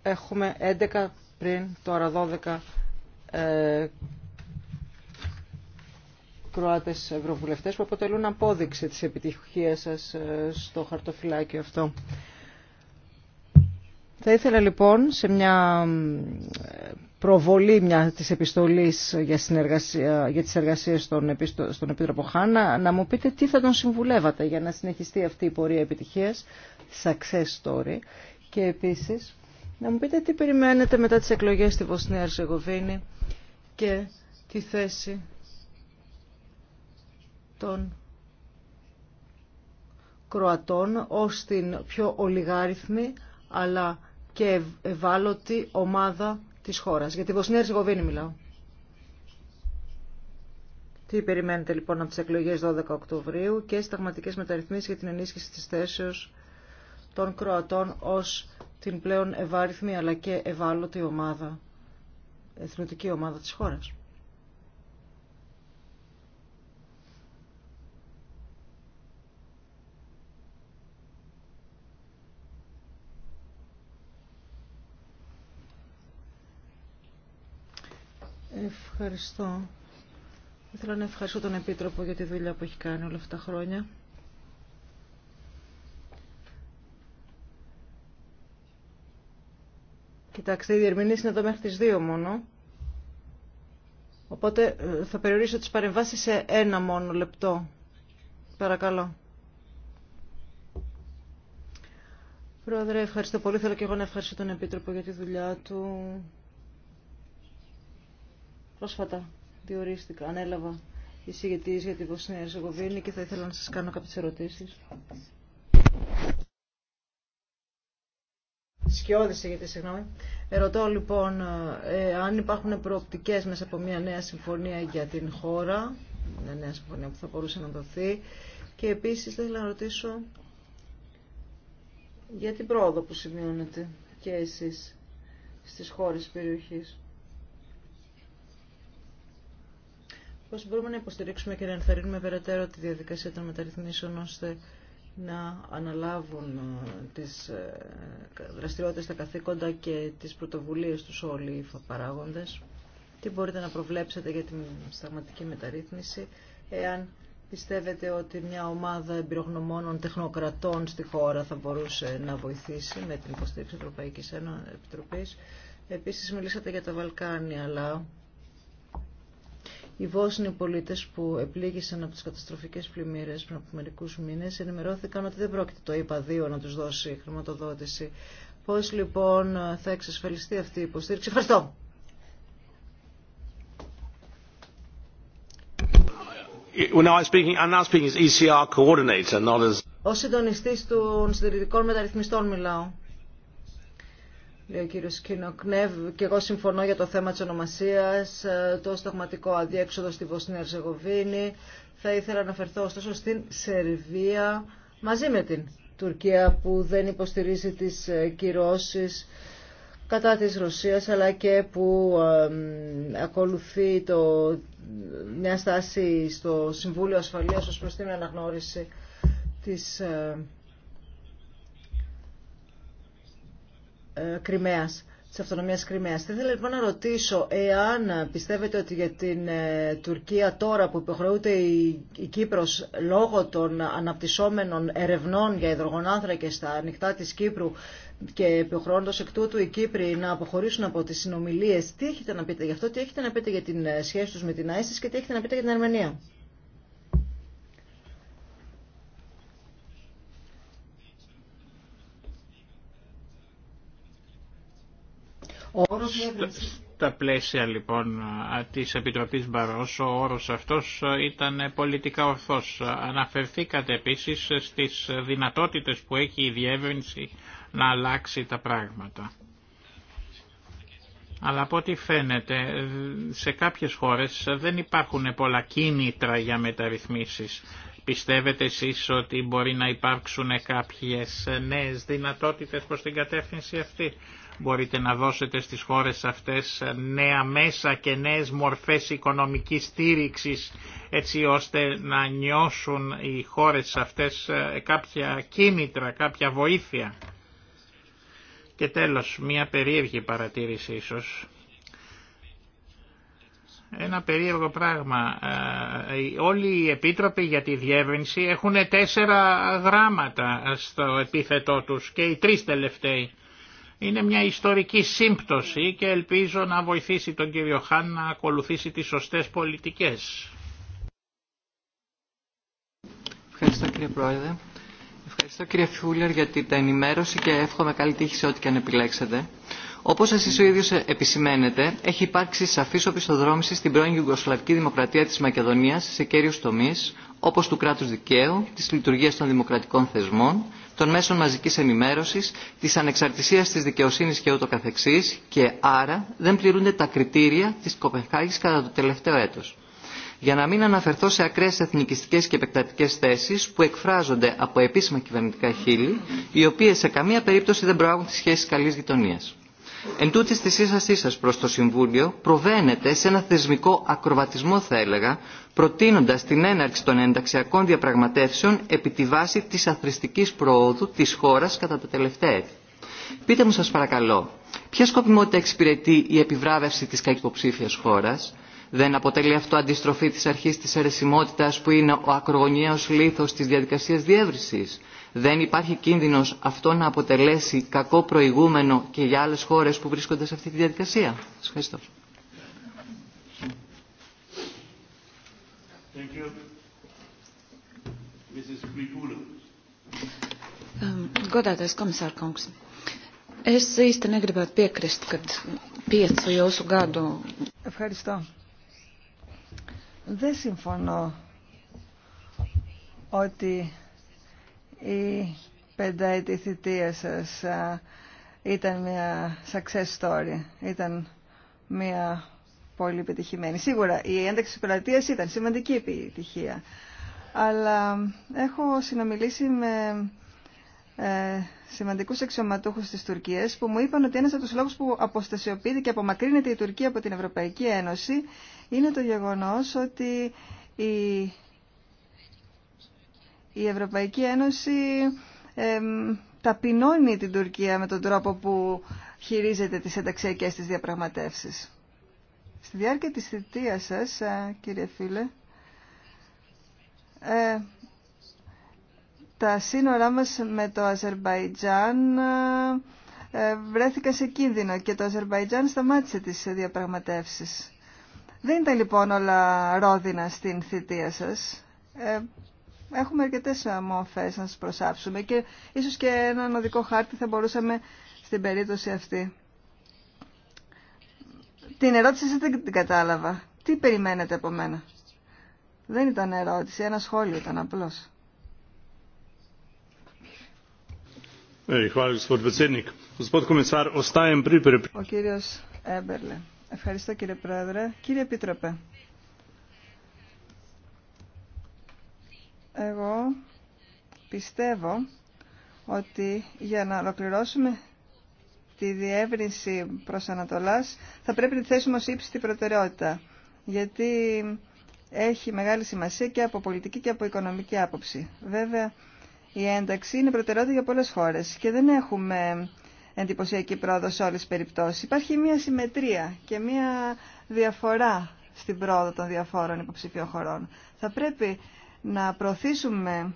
B: Έχουμε 11 πριν, τώρα 12 ε, Κροάτες Ευρωβουλευτές που αποτελούν απόδειξη της επιτυχίας σας ε, στο χαρτοφυλάκιο αυτό. Θα ήθελα λοιπόν σε μια προβολή μια της επιστολής για, συνεργασία, για τις εργασίες στον, στον Επίτροπο Χάνα να μου πείτε τι θα τον συμβουλεύατε για να συνεχιστεί αυτή η πορεία επιτυχίας, success story και επίσης να μου πείτε τι περιμένετε μετά τις εκλογές στη Βοσνία Ριζεγοβίνη και τη θέση των Κροατών ως την πιο ολιγάριθμη αλλά και ευάλωτη ομάδα της χώρας. Για τη Βοσνία Ερζεγοβίνη μιλάω. Τι περιμένετε λοιπόν από τις εκλογές 12 Οκτωβρίου και σταγματικές μεταρρυθμίσεις για την ενίσχυση της θέσεως των Κροατών ως την πλέον ευάριθμη αλλά και ευάλωτη ομάδα, εθνοτική ομάδα της χώρας. Ευχαριστώ. Θέλω να ευχαριστώ τον Επίτροπο για τη δουλειά που έχει κάνει όλα αυτά τα χρόνια. Κοιτάξτε, οι διερμηνείς είναι εδώ μέχρι τις δύο μόνο. Οπότε ε, θα περιορίσω τις παρεμβάσεις σε ένα μόνο λεπτό. Παρακαλώ. Πρόεδρε, ευχαριστώ πολύ. Θέλω και εγώ να ευχαριστώ τον Επίτροπο για τη δουλειά του. Πρόσφατα διορίστηκα, ανέλαβα εισηγητής για τη Βοσνία Ζεγοβίνη και θα ήθελα να σας κάνω κάποιες ερωτήσεις. Σκιώδησε γιατί συγγνώμη. Ερωτώ λοιπόν ε, αν υπάρχουν προοπτικές μέσα από μια νέα συμφωνία για την χώρα, μια νέα συμφωνία που θα μπορούσε να δοθεί και επίσης θα ήθελα να ρωτήσω για την πρόοδο που σημειώνεται και εσείς στις χώρες της περιοχής. πώς μπορούμε να υποστηρίξουμε και να ενθαρρύνουμε περαιτέρω τη διαδικασία των μεταρρυθμίσεων ώστε να αναλάβουν ε, τις ε, δραστηριότητες, τα καθήκοντα και τις πρωτοβουλίες τους όλοι οι παράγοντες. Τι μπορείτε να προβλέψετε για την σταγματική μεταρρύθμιση, εάν πιστεύετε ότι μια ομάδα εμπειρογνωμόνων τεχνοκρατών στη χώρα θα μπορούσε να βοηθήσει με την υποστήριξη Ευρωπαϊκής Επιτροπής. Επίσης μιλήσατε για τα Βαλκάνια, αλλά οι Βόσνοι πολίτες που επλήγησαν από τις καταστροφικές πλημμύρε πριν από μερικού μήνε ενημερώθηκαν ότι δεν πρόκειται το ΕΠΑ 2 να τους δώσει χρηματοδότηση. Πώς λοιπόν θα εξασφαλιστεί αυτή η υποστήριξη. Ευχαριστώ.
C: E
B: Ω συντονιστή των συντηρητικών μεταρρυθμιστών μιλάω λέει ο κύριος Κινοκνεύ ναι, και εγώ συμφωνώ για το θέμα της ονομασίας, ε, το σταγματικό αδιέξοδο στη Βοσνία Ερζεγοβίνη. Θα ήθελα να αναφερθώ ωστόσο στην Σερβία μαζί με την Τουρκία που δεν υποστηρίζει τις ε, κυρώσεις κατά της Ρωσίας αλλά και που ε, ακολουθεί το, μια στάση στο Συμβούλιο Ασφαλείας ως προς την αναγνώριση της Ε, Κρυμαίας, της αυτονομίας Κρυμαίας. Θα ήθελα λοιπόν να ρωτήσω εάν πιστεύετε ότι για την ε, Τουρκία τώρα που υποχρεούται η, η Κύπρος λόγω των αναπτυσσόμενων ερευνών για υδρογονάνθρακες στα ανοιχτά της Κύπρου και επιχρόνοντας εκ τούτου οι Κύπροι να αποχωρήσουν από τις συνομιλίες, τι έχετε να πείτε γι' αυτό, τι έχετε να πείτε για την ε, σχέση τους με την ΆΕΣΙΣ και τι έχετε να πείτε για την Αρμενία. όρος...
C: Στα πλαίσια λοιπόν της Επιτροπής Μπαρός, ο όρος αυτός ήταν πολιτικά ορθός. Αναφερθήκατε επίσης στις δυνατότητες που έχει η διεύρυνση να αλλάξει τα πράγματα. Αλλά από ό,τι φαίνεται σε κάποιες χώρες δεν υπάρχουν πολλά κίνητρα για μεταρρυθμίσεις. Πιστεύετε εσείς ότι μπορεί να υπάρξουν κάποιες νέες δυνατότητες προς την κατεύθυνση αυτή μπορείτε να δώσετε στις χώρες αυτές νέα μέσα και νέες μορφές οικονομικής στήριξης έτσι ώστε να νιώσουν οι χώρες αυτές ε, κάποια κίνητρα, κάποια βοήθεια. Και τέλος, μια περίεργη παρατήρηση ίσως. Ένα περίεργο πράγμα. Ε, ε, όλοι οι επίτροποι για τη διεύρυνση έχουν τέσσερα γράμματα στο επίθετό τους και οι τρεις τελευταίοι. Είναι μια ιστορική σύμπτωση και ελπίζω να βοηθήσει τον κύριο Χάν να ακολουθήσει τις σωστές
F: πολιτικές. Ευχαριστώ κύριε Πρόεδρε. Ευχαριστώ κύριε Φιούλερ για την ενημέρωση και εύχομαι καλή τύχη σε ό,τι και αν επιλέξετε. Όπω εσεί ο ίδιο επισημαίνετε, έχει υπάρξει σαφή οπισθοδρόμηση στην πρώην Ιουγκοσλαβική Δημοκρατία τη Μακεδονία σε κέριου τομεί όπω του κράτου δικαίου, τη λειτουργία των δημοκρατικών θεσμών, των μέσων μαζική ενημέρωση, τη ανεξαρτησία τη δικαιοσύνη και ούτω καθεξή, και άρα δεν πληρούνται τα κριτήρια τη Κοπεχάγη κατά το τελευταίο έτο. Για να μην αναφερθώ σε ακραίε εθνικιστικέ και επεκτατικέ θέσει που εκφράζονται από επίσημα κυβερνητικά χείλη, οι οποίε σε καμία περίπτωση δεν προάγουν τι σχέσει καλή γειτονία. Εν τούτη τη σύστασή σα προς το Συμβούλιο προβαίνεται σε ένα θεσμικό ακροβατισμό θα έλεγα, προτείνοντας την έναρξη των ενταξιακών διαπραγματεύσεων επί τη βάση τη αθρηστική προόδου τη χώρα κατά τα τελευταία έτη. Πείτε μου σα παρακαλώ, ποια σκοπιμότητα εξυπηρετεί η επιβράβευση τη κακυποψήφια χώρα, δεν αποτελεί αυτό αντιστροφή της αρχής της αιρεσιμότητας που είναι ο ακρογωνιαίος λήθο της διαδικασίας διεύρυνσης δεν υπάρχει κίνδυνος αυτό να αποτελέσει κακό προηγούμενο και για άλλες χώρες που βρίσκονται σε αυτή τη διαδικασία. Σας ευχαριστώ.
A: Thank you. Ehm, godātais komisār kungs, es īsti negribētu piekrist, kad piecu jūsu gadu. Ευχαριστώ. Desinfono. Oti. ότι η πενταετή θητεία σας ήταν μια success story, ήταν μια πολύ πετυχημένη. Σίγουρα η ένταξη της πελατείας ήταν σημαντική επιτυχία, αλλά έχω συνομιλήσει με ε, σημαντικούς αξιωματούχους της Τουρκίας που μου είπαν ότι ένας από τους λόγους που αποστασιοποιείται και απομακρύνεται η Τουρκία από την Ευρωπαϊκή Ένωση είναι το γεγονός ότι η η Ευρωπαϊκή Ένωση ταπεινώνει την Τουρκία με τον τρόπο που χειρίζεται τις ενταξιακές της διαπραγματεύσεις. Στη διάρκεια της θητείας σας, ε, κύριε φίλε, ε, τα σύνορά μας με το Αζερβαϊτζάν ε, βρέθηκαν σε κίνδυνο και το Αζερβαϊτζάν σταμάτησε τις διαπραγματεύσεις. Δεν ήταν λοιπόν όλα ρόδινα στην θητεία σας έχουμε αρκετέ ε, μορφέ να σα προσάψουμε και ίσω και έναν οδικό χάρτη θα μπορούσαμε στην περίπτωση αυτή. Την ερώτηση δεν την κατάλαβα. Τι περιμένετε από μένα. Δεν ήταν ερώτηση, ένα σχόλιο ήταν απλώς. Ε, Ο κύριος Έμπερλε. Ευχαριστώ κύριε Πρόεδρε. Κύριε Επίτροπε, Εγώ πιστεύω ότι για να ολοκληρώσουμε τη διεύρυνση προς Ανατολάς θα πρέπει να τη θέσουμε ως την προτεραιότητα γιατί έχει μεγάλη σημασία και από πολιτική και από οικονομική άποψη. Βέβαια η ένταξη είναι προτεραιότητα για πολλές χώρες και δεν έχουμε εντυπωσιακή πρόοδο σε όλες τις περιπτώσεις. Υπάρχει μια συμμετρία και μια διαφορά στην πρόοδο των διαφόρων υποψηφίων χωρών. Θα πρέπει να προωθήσουμε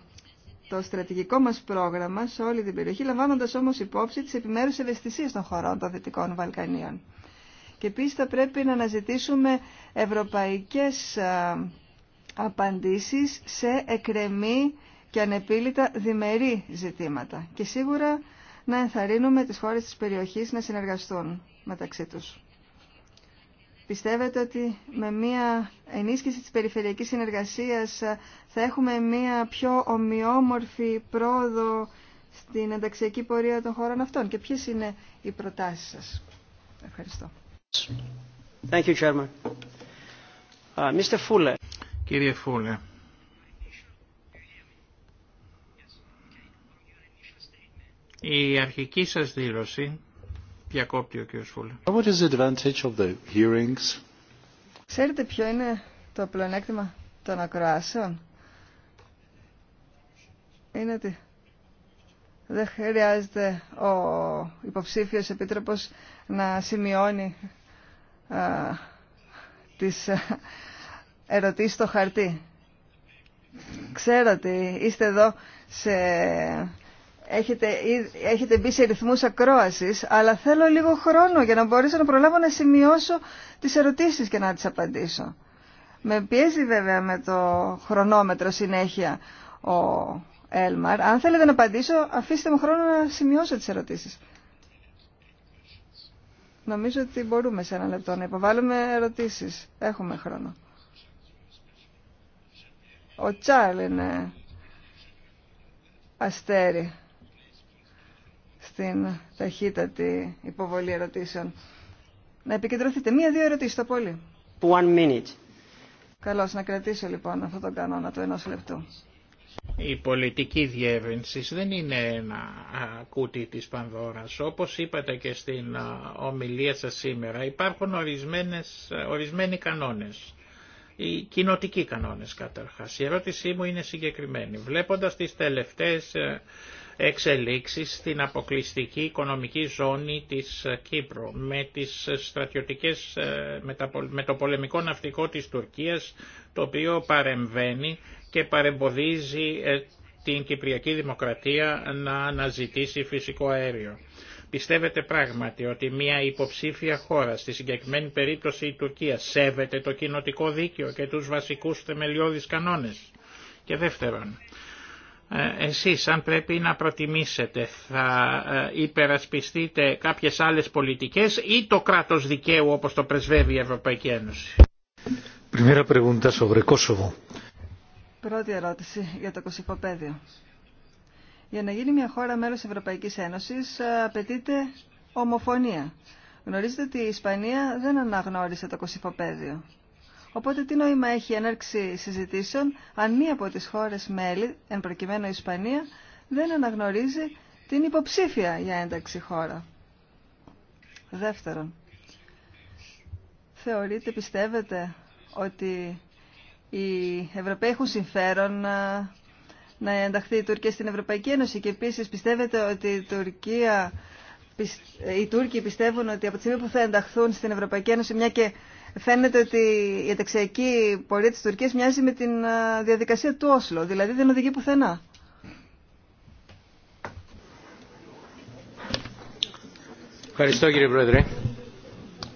A: το στρατηγικό μας πρόγραμμα σε όλη την περιοχή, λαμβάνοντας όμως υπόψη τις επιμέρους ευαισθησίες των χωρών των Δυτικών Βαλκανίων. Και επίσης θα πρέπει να αναζητήσουμε ευρωπαϊκές απαντήσεις σε εκρεμή και ανεπίλητα διμερή ζητήματα. Και σίγουρα να ενθαρρύνουμε τις χώρες της περιοχής να συνεργαστούν μεταξύ τους. Πιστεύετε ότι με μια ενίσχυση της περιφερειακής συνεργασίας θα έχουμε μια πιο ομοιόμορφη πρόοδο στην ενταξιακή πορεία των χώρων αυτών και ποιες είναι οι προτάσεις σας. Ευχαριστώ. Thank you, Chairman. Uh,
C: Mr. Κύριε Φούλε, η αρχική σας δήλωση What
A: is the advantage of the hearings? Ξέρετε ποιο είναι το πλεονέκτημα των ακροάσεων? Είναι ότι δεν χρειάζεται ο υποψήφιος επίτροπος να σημειώνει α, τις ερωτήσεις στο χαρτί. Ξέρω ότι είστε εδώ σε έχετε, έχετε μπει σε ρυθμού ακρόαση, αλλά θέλω λίγο χρόνο για να μπορέσω να προλάβω να σημειώσω τις ερωτήσεις και να τις απαντήσω. Με πιέζει βέβαια με το χρονόμετρο συνέχεια ο Έλμαρ. Αν θέλετε να απαντήσω, αφήστε μου χρόνο να σημειώσω τις ερωτήσεις. Νομίζω ότι μπορούμε σε ένα λεπτό να υποβάλουμε ερωτήσεις. Έχουμε χρόνο. Ο Τσάρλ είναι αστέρι στην ταχύτατη υποβολή ερωτήσεων. Να επικεντρωθείτε. Μία-δύο ερωτήσεις το πολύ.
D: One minute.
A: Καλώς, να κρατήσω λοιπόν αυτό τον κανόνα του ενός λεπτού.
C: Η πολιτική διεύρυνση δεν είναι ένα κούτι της Πανδώρας. Όπως είπατε και στην ομιλία σας σήμερα, υπάρχουν ορισμένες, ορισμένοι κανόνες. Οι κοινοτικοί κανόνες καταρχάς. Η ερώτησή μου είναι συγκεκριμένη. Βλέποντας τις τελευταίες ε, εξελίξεις στην αποκλειστική οικονομική ζώνη της Κύπρου με, τις στρατιωτικές, ε, με το πολεμικό ναυτικό της Τουρκίας το οποίο παρεμβαίνει και παρεμποδίζει ε, την Κυπριακή Δημοκρατία να αναζητήσει φυσικό αέριο. Πιστεύετε πράγματι ότι μια υποψήφια χώρα, στη συγκεκριμένη περίπτωση η Τουρκία, σέβεται το κοινοτικό δίκαιο και τους βασικούς θεμελιώδεις κανόνες. Και δεύτερον, ε, εσείς αν πρέπει να προτιμήσετε θα ε, υπερασπιστείτε κάποιες άλλες πολιτικές ή το κράτος δικαίου όπως το πρεσβεύει η Ευρωπαϊκή Ένωση.
A: Πρώτη ερώτηση για το κοσυφοπαίδιο. Για να γίνει μια χώρα μέλος Ευρωπαϊκής Ένωσης ε, απαιτείται ομοφωνία. Γνωρίζετε ότι η Ισπανία δεν αναγνώρισε το κοσυφοπαίδιο. Οπότε τι νόημα έχει η έναρξη συζητήσεων αν μία από τις χώρες μέλη, εν προκειμένου η Ισπανία, δεν αναγνωρίζει την υποψήφια για ένταξη χώρα. Δεύτερον, θεωρείτε, πιστεύετε ότι οι Ευρωπαίοι έχουν συμφέρον να, ε, να ενταχθεί η Τουρκία στην Ευρωπαϊκή Ένωση και επίσης πιστεύετε ότι η Τουρκία ε, οι Τούρκοι πιστεύουν ότι από τη στιγμή που θα ενταχθούν στην Ευρωπαϊκή Ένωση, μια και φαίνεται ότι η εταξιακή πορεία της Τουρκίας μοιάζει με την διαδικασία του Όσλο, δηλαδή δεν οδηγεί πουθενά.
D: Ευχαριστώ κύριε Πρόεδρε.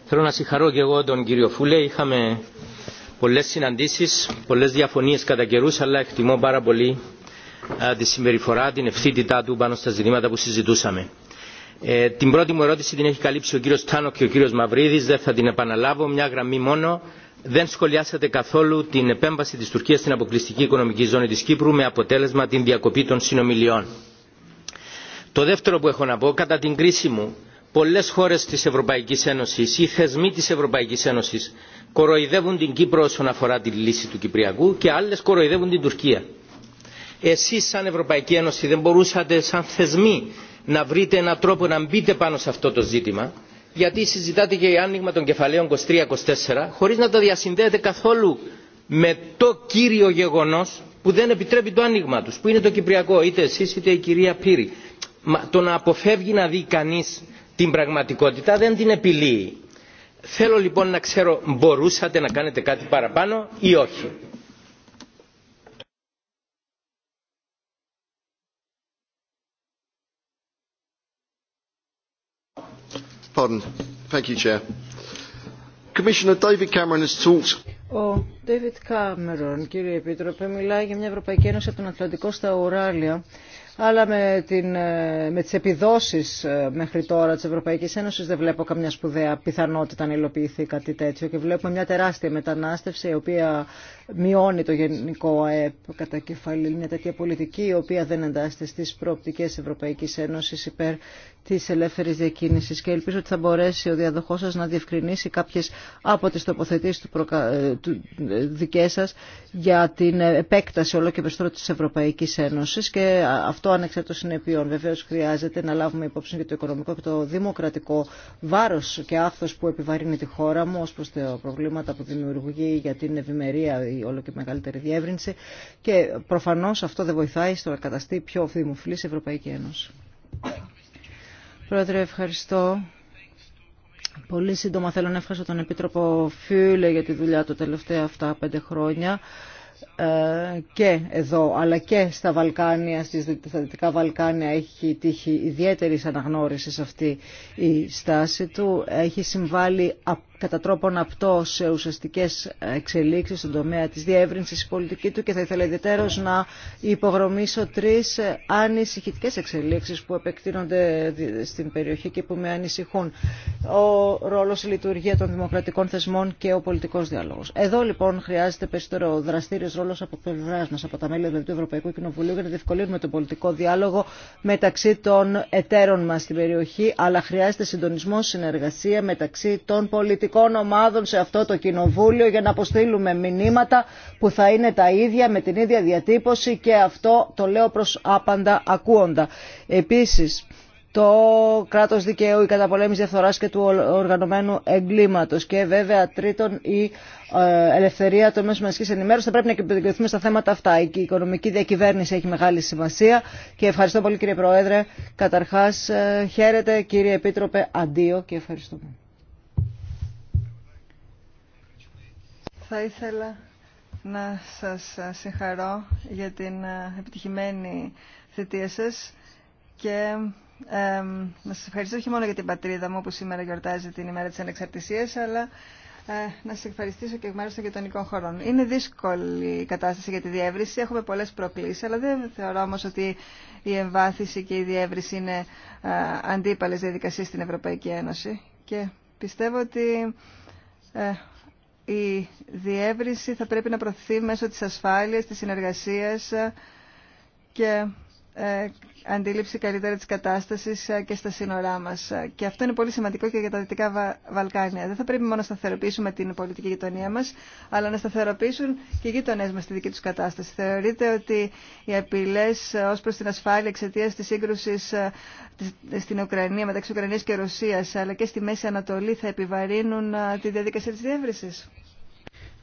D: Θέλω να συγχαρώ και εγώ τον κύριο Φούλε. Είχαμε πολλές συναντήσεις, πολλές διαφωνίες κατά καιρού, αλλά εκτιμώ πάρα πολύ τη συμπεριφορά, την ευθύτητά του πάνω στα ζητήματα που συζητούσαμε. Ε, την πρώτη μου ερώτηση την έχει καλύψει ο κύριος Τάνο και ο κύριος Μαυρίδης, δεν θα την επαναλάβω, μια γραμμή μόνο. Δεν σχολιάσατε καθόλου την επέμβαση της Τουρκίας στην αποκλειστική οικονομική ζώνη της Κύπρου με αποτέλεσμα την διακοπή των συνομιλιών. Το δεύτερο που έχω να πω, κατά την κρίση μου, πολλές χώρες της Ευρωπαϊκής Ένωσης ή θεσμοί της Ευρωπαϊκής Ένωσης κοροϊδεύουν την Κύπρο όσον αφορά τη λύση του Κυπριακού και άλλες κοροϊδεύουν την Τουρκία. Εσείς σαν Ευρωπαϊκή Ένωση δεν μπορούσατε σαν θεσμοί να βρείτε έναν τρόπο να μπείτε πάνω σε αυτό το ζήτημα γιατί συζητάτε και το άνοιγμα των κεφαλαίων 23-24 χωρίς να τα διασυνδέετε καθόλου με το κύριο γεγονός που δεν επιτρέπει το άνοιγμα τους που είναι το κυπριακό είτε εσείς είτε η κυρία Πύρη. το να αποφεύγει να δει κανείς την πραγματικότητα δεν την επιλύει. Θέλω λοιπόν να ξέρω μπορούσατε να κάνετε κάτι παραπάνω ή όχι.
F: Ο
B: David Cameron, κύριε Επίτροπε, μιλάει για μια Ευρωπαϊκή Ένωση από τον Ατλαντικό στα Ουράλια αλλά με, την, ε, με τις επιδόσεις ε, μέχρι τώρα της Ευρωπαϊκής Ένωσης δεν βλέπω καμιά σπουδαία πιθανότητα να υλοποιηθεί κάτι τέτοιο και βλέπουμε μια τεράστια μετανάστευση η οποία μειώνει το γενικό ΑΕΠ κατά κεφαλή, μια τέτοια πολιτική η οποία δεν εντάσσεται στις προοπτικές Ευρωπαϊκής Ένωσης υπέρ τη ελεύθερη διακίνηση και ελπίζω ότι θα μπορέσει ο διαδοχό σα να διευκρινίσει κάποιε από τι τοποθετήσει του, προκα... Ε, του δικές σας για την επέκταση όλο και περισσότερο τη Ευρωπαϊκή Ένωση. και αυτό αυτό ανεξαρτήτως συνεπειών. Βεβαίως χρειάζεται να λάβουμε υπόψη και το οικονομικό και το δημοκρατικό βάρος και άθο που επιβαρύνει τη χώρα μου ως προς τα προβλήματα που δημιουργεί για την ευημερία η όλο και μεγαλύτερη διεύρυνση και προφανώς αυτό δεν βοηθάει στο να καταστεί πιο δημοφιλής Ευρωπαϊκή Ένωση. Πρόεδρε, ευχαριστώ. Πολύ σύντομα θέλω να ευχαριστώ τον Επίτροπο Φιούλε για τη δουλειά του τελευταία αυτά πέντε χρόνια. Ε, και εδώ αλλά και στα Βαλκάνια, στις, στα Δυτικά Βαλκάνια έχει τύχει ιδιαίτερη αναγνώριση αυτή η στάση του. Έχει συμβάλει κατά τρόπον αυτό σε ουσιαστικές εξελίξεις στον τομέα της διεύρυνσης πολιτική του και θα ήθελα ιδιαίτερως να υπογρομίσω τρεις ανησυχητικές εξελίξεις που επεκτείνονται στην περιοχή και που με ανησυχούν. Ο ρόλος, η λειτουργία των δημοκρατικών θεσμών και ο πολιτικός διάλογος. Εδώ λοιπόν χρειάζεται περισσότερο δραστήριο ρόλος από πλευρά μας, από τα μέλη δηλαδή, του Ευρωπαϊκού Κοινοβουλίου για να διευκολύνουμε τον πολιτικό διάλογο μεταξύ των εταίρων μας στην περιοχή, αλλά χρειάζεται συντονισμό συνεργασία μεταξύ των πολιτικών πολιτικών ομάδων σε αυτό το κοινοβούλιο για να αποστείλουμε μηνύματα που θα είναι τα ίδια με την ίδια διατύπωση και αυτό το λέω προς άπαντα ακούοντα. Επίσης, το κράτος δικαίου, η καταπολέμηση διαφθοράς και του οργανωμένου εγκλήματος και βέβαια τρίτον η ε, ελευθερία των μέσων μαζικής ενημέρωσης θα πρέπει να επικεντρωθούμε στα θέματα αυτά. Η οικονομική διακυβέρνηση έχει μεγάλη σημασία και ευχαριστώ πολύ κύριε Πρόεδρε. Καταρχάς ε, χαίρετε κύριε Επίτροπε, αντίο και ευχαριστούμε.
A: Θα ήθελα να σας συγχαρώ για την ε, επιτυχημένη θητεία σας και ε, να σας ευχαριστώ όχι μόνο για την πατρίδα μου που σήμερα γιορτάζει την ημέρα της ανεξαρτησίας αλλά ε, να σας ευχαριστήσω και για των γειτονικών χωρών. Είναι δύσκολη η κατάσταση για τη διεύρυνση, έχουμε πολλές προκλήσεις αλλά δεν θεωρώ όμως ότι η εμβάθυνση και η διεύρυνση είναι ε, αντίπαλες διαδικασίες στην Ευρωπαϊκή Ένωση και πιστεύω ότι ε, η διεύρυνση θα πρέπει να προωθηθεί μέσω της ασφάλειας, της συνεργασίας και ε, αντίληψη καλύτερα της κατάστασης ε, και στα σύνορά μας. Ε, και αυτό είναι πολύ σημαντικό και για τα Δυτικά Βαλκάνια. Δεν θα πρέπει μόνο να σταθεροποιήσουμε την πολιτική γειτονία μας, αλλά να σταθεροποιήσουν και οι γείτονές μας τη δική τους κατάσταση. Θεωρείτε ότι οι απειλές ως προς την ασφάλεια εξαιτία της σύγκρουσης στην Ουκρανία, μεταξύ Ουκρανίας και Ρωσίας, αλλά και στη Μέση Ανατολή θα επιβαρύνουν τη διαδικασία της διεύρυνσης.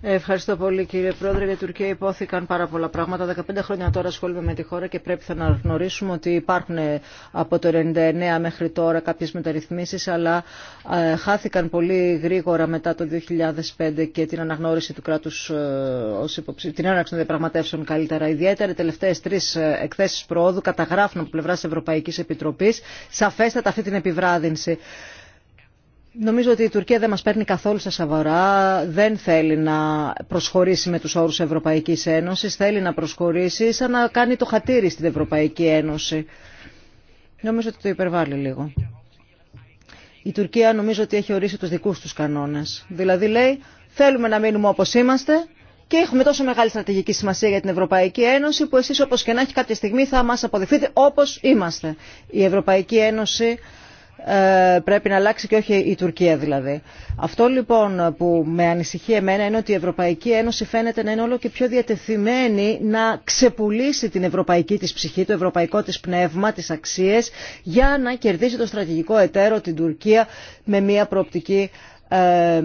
B: Ευχαριστώ πολύ κύριε Πρόεδρε. Για Τουρκία υπόθηκαν πάρα πολλά πράγματα. 15 χρόνια τώρα ασχολούμαι με τη χώρα και πρέπει να αναγνωρίσουμε ότι υπάρχουν από το 1999 μέχρι τώρα κάποιε μεταρρυθμίσει, αλλά ε, χάθηκαν πολύ γρήγορα μετά το 2005 και την αναγνώριση του κράτους ε, ω την έναρξη των διαπραγματεύσεων καλύτερα. Ιδιαίτερα οι τελευταίες τρει ε, εκθέσεις προόδου καταγράφουν από πλευρά Ευρωπαϊκή Επιτροπή. σαφέστατα αυτή την επιβράδυνση. Νομίζω ότι η Τουρκία δεν μας παίρνει καθόλου στα σαβαρά, δεν θέλει να προσχωρήσει με τους όρους Ευρωπαϊκής Ένωσης, θέλει να προσχωρήσει σαν να κάνει το χατήρι στην Ευρωπαϊκή Ένωση. Νομίζω ότι το υπερβάλλει λίγο. Η Τουρκία νομίζω ότι έχει ορίσει τους δικούς τους κανόνες. Δηλαδή λέει θέλουμε να μείνουμε όπως είμαστε και έχουμε τόσο μεγάλη στρατηγική σημασία για την Ευρωπαϊκή Ένωση που εσείς όπως και να έχει κάποια στιγμή θα μα αποδεχθείτε όπως είμαστε. Η Ευρωπαϊκή Ένωση ε, πρέπει να αλλάξει και όχι η Τουρκία δηλαδή. Αυτό λοιπόν που με ανησυχεί εμένα είναι ότι η Ευρωπαϊκή Ένωση φαίνεται να είναι όλο και πιο διατεθειμένη να ξεπουλήσει την ευρωπαϊκή της ψυχή, το ευρωπαϊκό της πνεύμα, τις αξίες για να κερδίσει το στρατηγικό εταίρο την Τουρκία με μια προοπτική ε,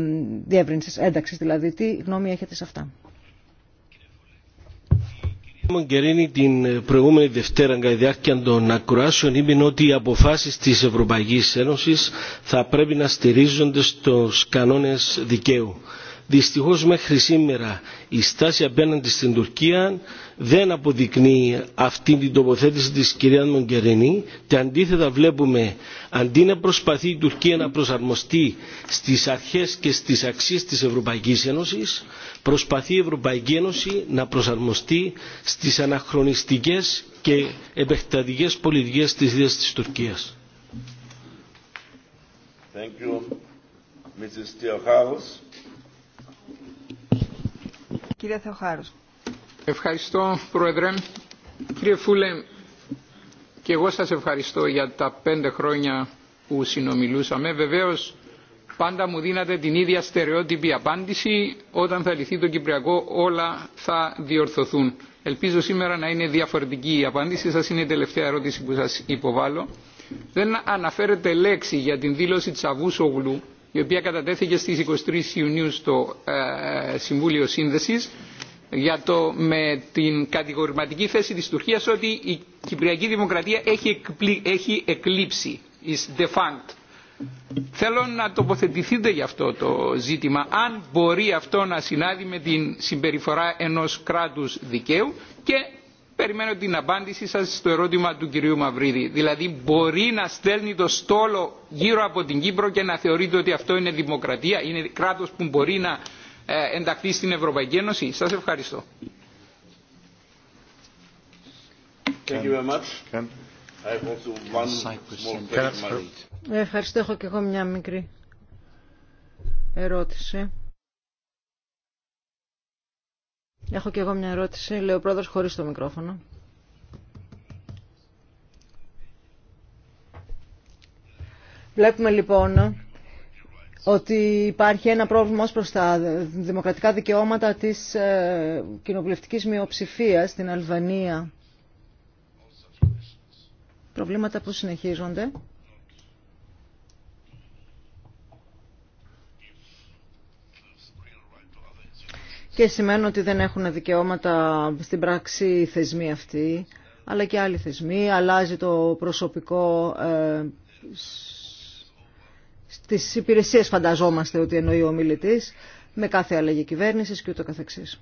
B: διεύρυνσης, δηλαδή. Τι γνώμη έχετε σε αυτά.
D: Μογκερίνη την προηγούμενη Δευτέρα κατά τη διάρκεια των ακροάσεων είπε ότι οι αποφάσεις της Ευρωπαϊκής Ένωσης θα πρέπει να στηρίζονται στους κανόνες δικαίου. Δυστυχώς μέχρι σήμερα η στάση απέναντι στην Τουρκία δεν αποδεικνύει αυτή την τοποθέτηση της κυρία Μογκερενή και αντίθετα βλέπουμε αντί να προσπαθεί η Τουρκία να προσαρμοστεί στις αρχές και στις αξίες της Ευρωπαϊκής Ένωσης προσπαθεί η Ευρωπαϊκή Ένωση να προσαρμοστεί στις αναχρονιστικές και επεκτατικές πολιτικές της ίδιας της Τουρκίας.
A: Thank you.
E: Ευχαριστώ, Πρόεδρε. Κύριε Φούλε, και εγώ σας ευχαριστώ για τα πέντε χρόνια που συνομιλούσαμε. Βεβαίως, πάντα μου δίνατε την ίδια στερεότυπη απάντηση. Όταν θα λυθεί το Κυπριακό, όλα θα διορθωθούν. Ελπίζω σήμερα να είναι διαφορετική η απάντηση σας. Είναι η τελευταία ερώτηση που σας υποβάλλω. Δεν αναφέρεται λέξη για την δήλωση Τσαβούσογλου, η οποία κατατέθηκε στις 23 Ιουνίου στο ε, Συμβούλιο Σύνδεσης για με την κατηγορηματική θέση της Τουρκίας ότι η Κυπριακή Δημοκρατία έχει, έχει εκλείψει, is defunct. Θέλω να τοποθετηθείτε για αυτό το ζήτημα, αν μπορεί αυτό να συνάδει με την συμπεριφορά ενός κράτους δικαίου και περιμένω την απάντηση σας στο ερώτημα του κυρίου Μαυρίδη. Δηλαδή μπορεί να στέλνει το στόλο γύρω από την Κύπρο και να θεωρείτε ότι αυτό είναι δημοκρατία, είναι κράτος που μπορεί να ε, ενταχθεί στην Ευρωπαϊκή Ένωση. Σας ευχαριστώ.
B: Ευχαριστώ. Έχω και εγώ μια μικρή ερώτηση. Έχω και εγώ μια ερώτηση. Λέω πρόεδρος χωρίς το μικρόφωνο. Βλέπουμε λοιπόν ότι υπάρχει ένα πρόβλημα ως προς τα δημοκρατικά δικαιώματα της ε, κοινοβουλευτικής μειοψηφίας στην Αλβανία. Προβλήματα που συνεχίζονται. Και σημαίνει ότι δεν έχουν δικαιώματα στην πράξη οι θεσμοί αυτοί, αλλά και άλλοι θεσμοί. Αλλάζει το προσωπικό ε, στις υπηρεσίες φανταζόμαστε ότι εννοεί ο μιλητή με κάθε αλλαγή κυβέρνηση και ούτω καθεξής.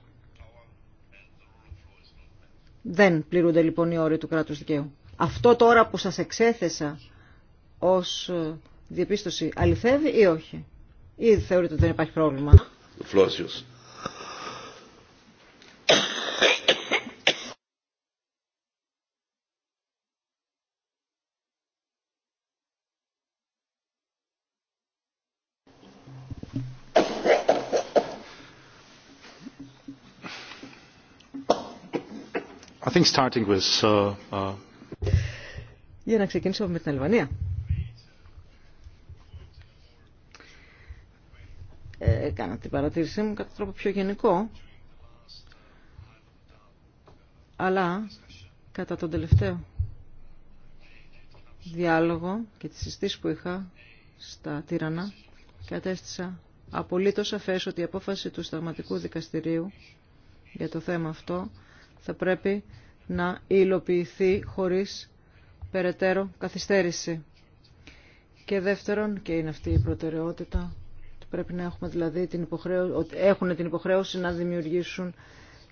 B: Δεν πληρούνται λοιπόν οι όροι του κράτους δικαίου. Αυτό τώρα που σας εξέθεσα ως ε, διαπίστωση αληθεύει ή όχι. Ή θεωρείτε ότι δεν υπάρχει πρόβλημα.
E: Uh, uh,
B: για να ξεκινήσω με την Αλβανία. Ε, έκανα την παρατήρησή μου κατά τρόπο πιο γενικό, αλλά κατά τον τελευταίο διάλογο και τις συστήσεις που είχα στα Τύρανα, κατέστησα απολύτως σαφές ότι η απόφαση του Σταγματικού Δικαστηρίου για το θέμα αυτό θα πρέπει να υλοποιηθεί χωρίς περαιτέρω καθυστέρηση. Και δεύτερον, και είναι αυτή η προτεραιότητα, πρέπει να έχουμε δηλαδή την υποχρέωση, ότι έχουν την υποχρέωση να δημιουργήσουν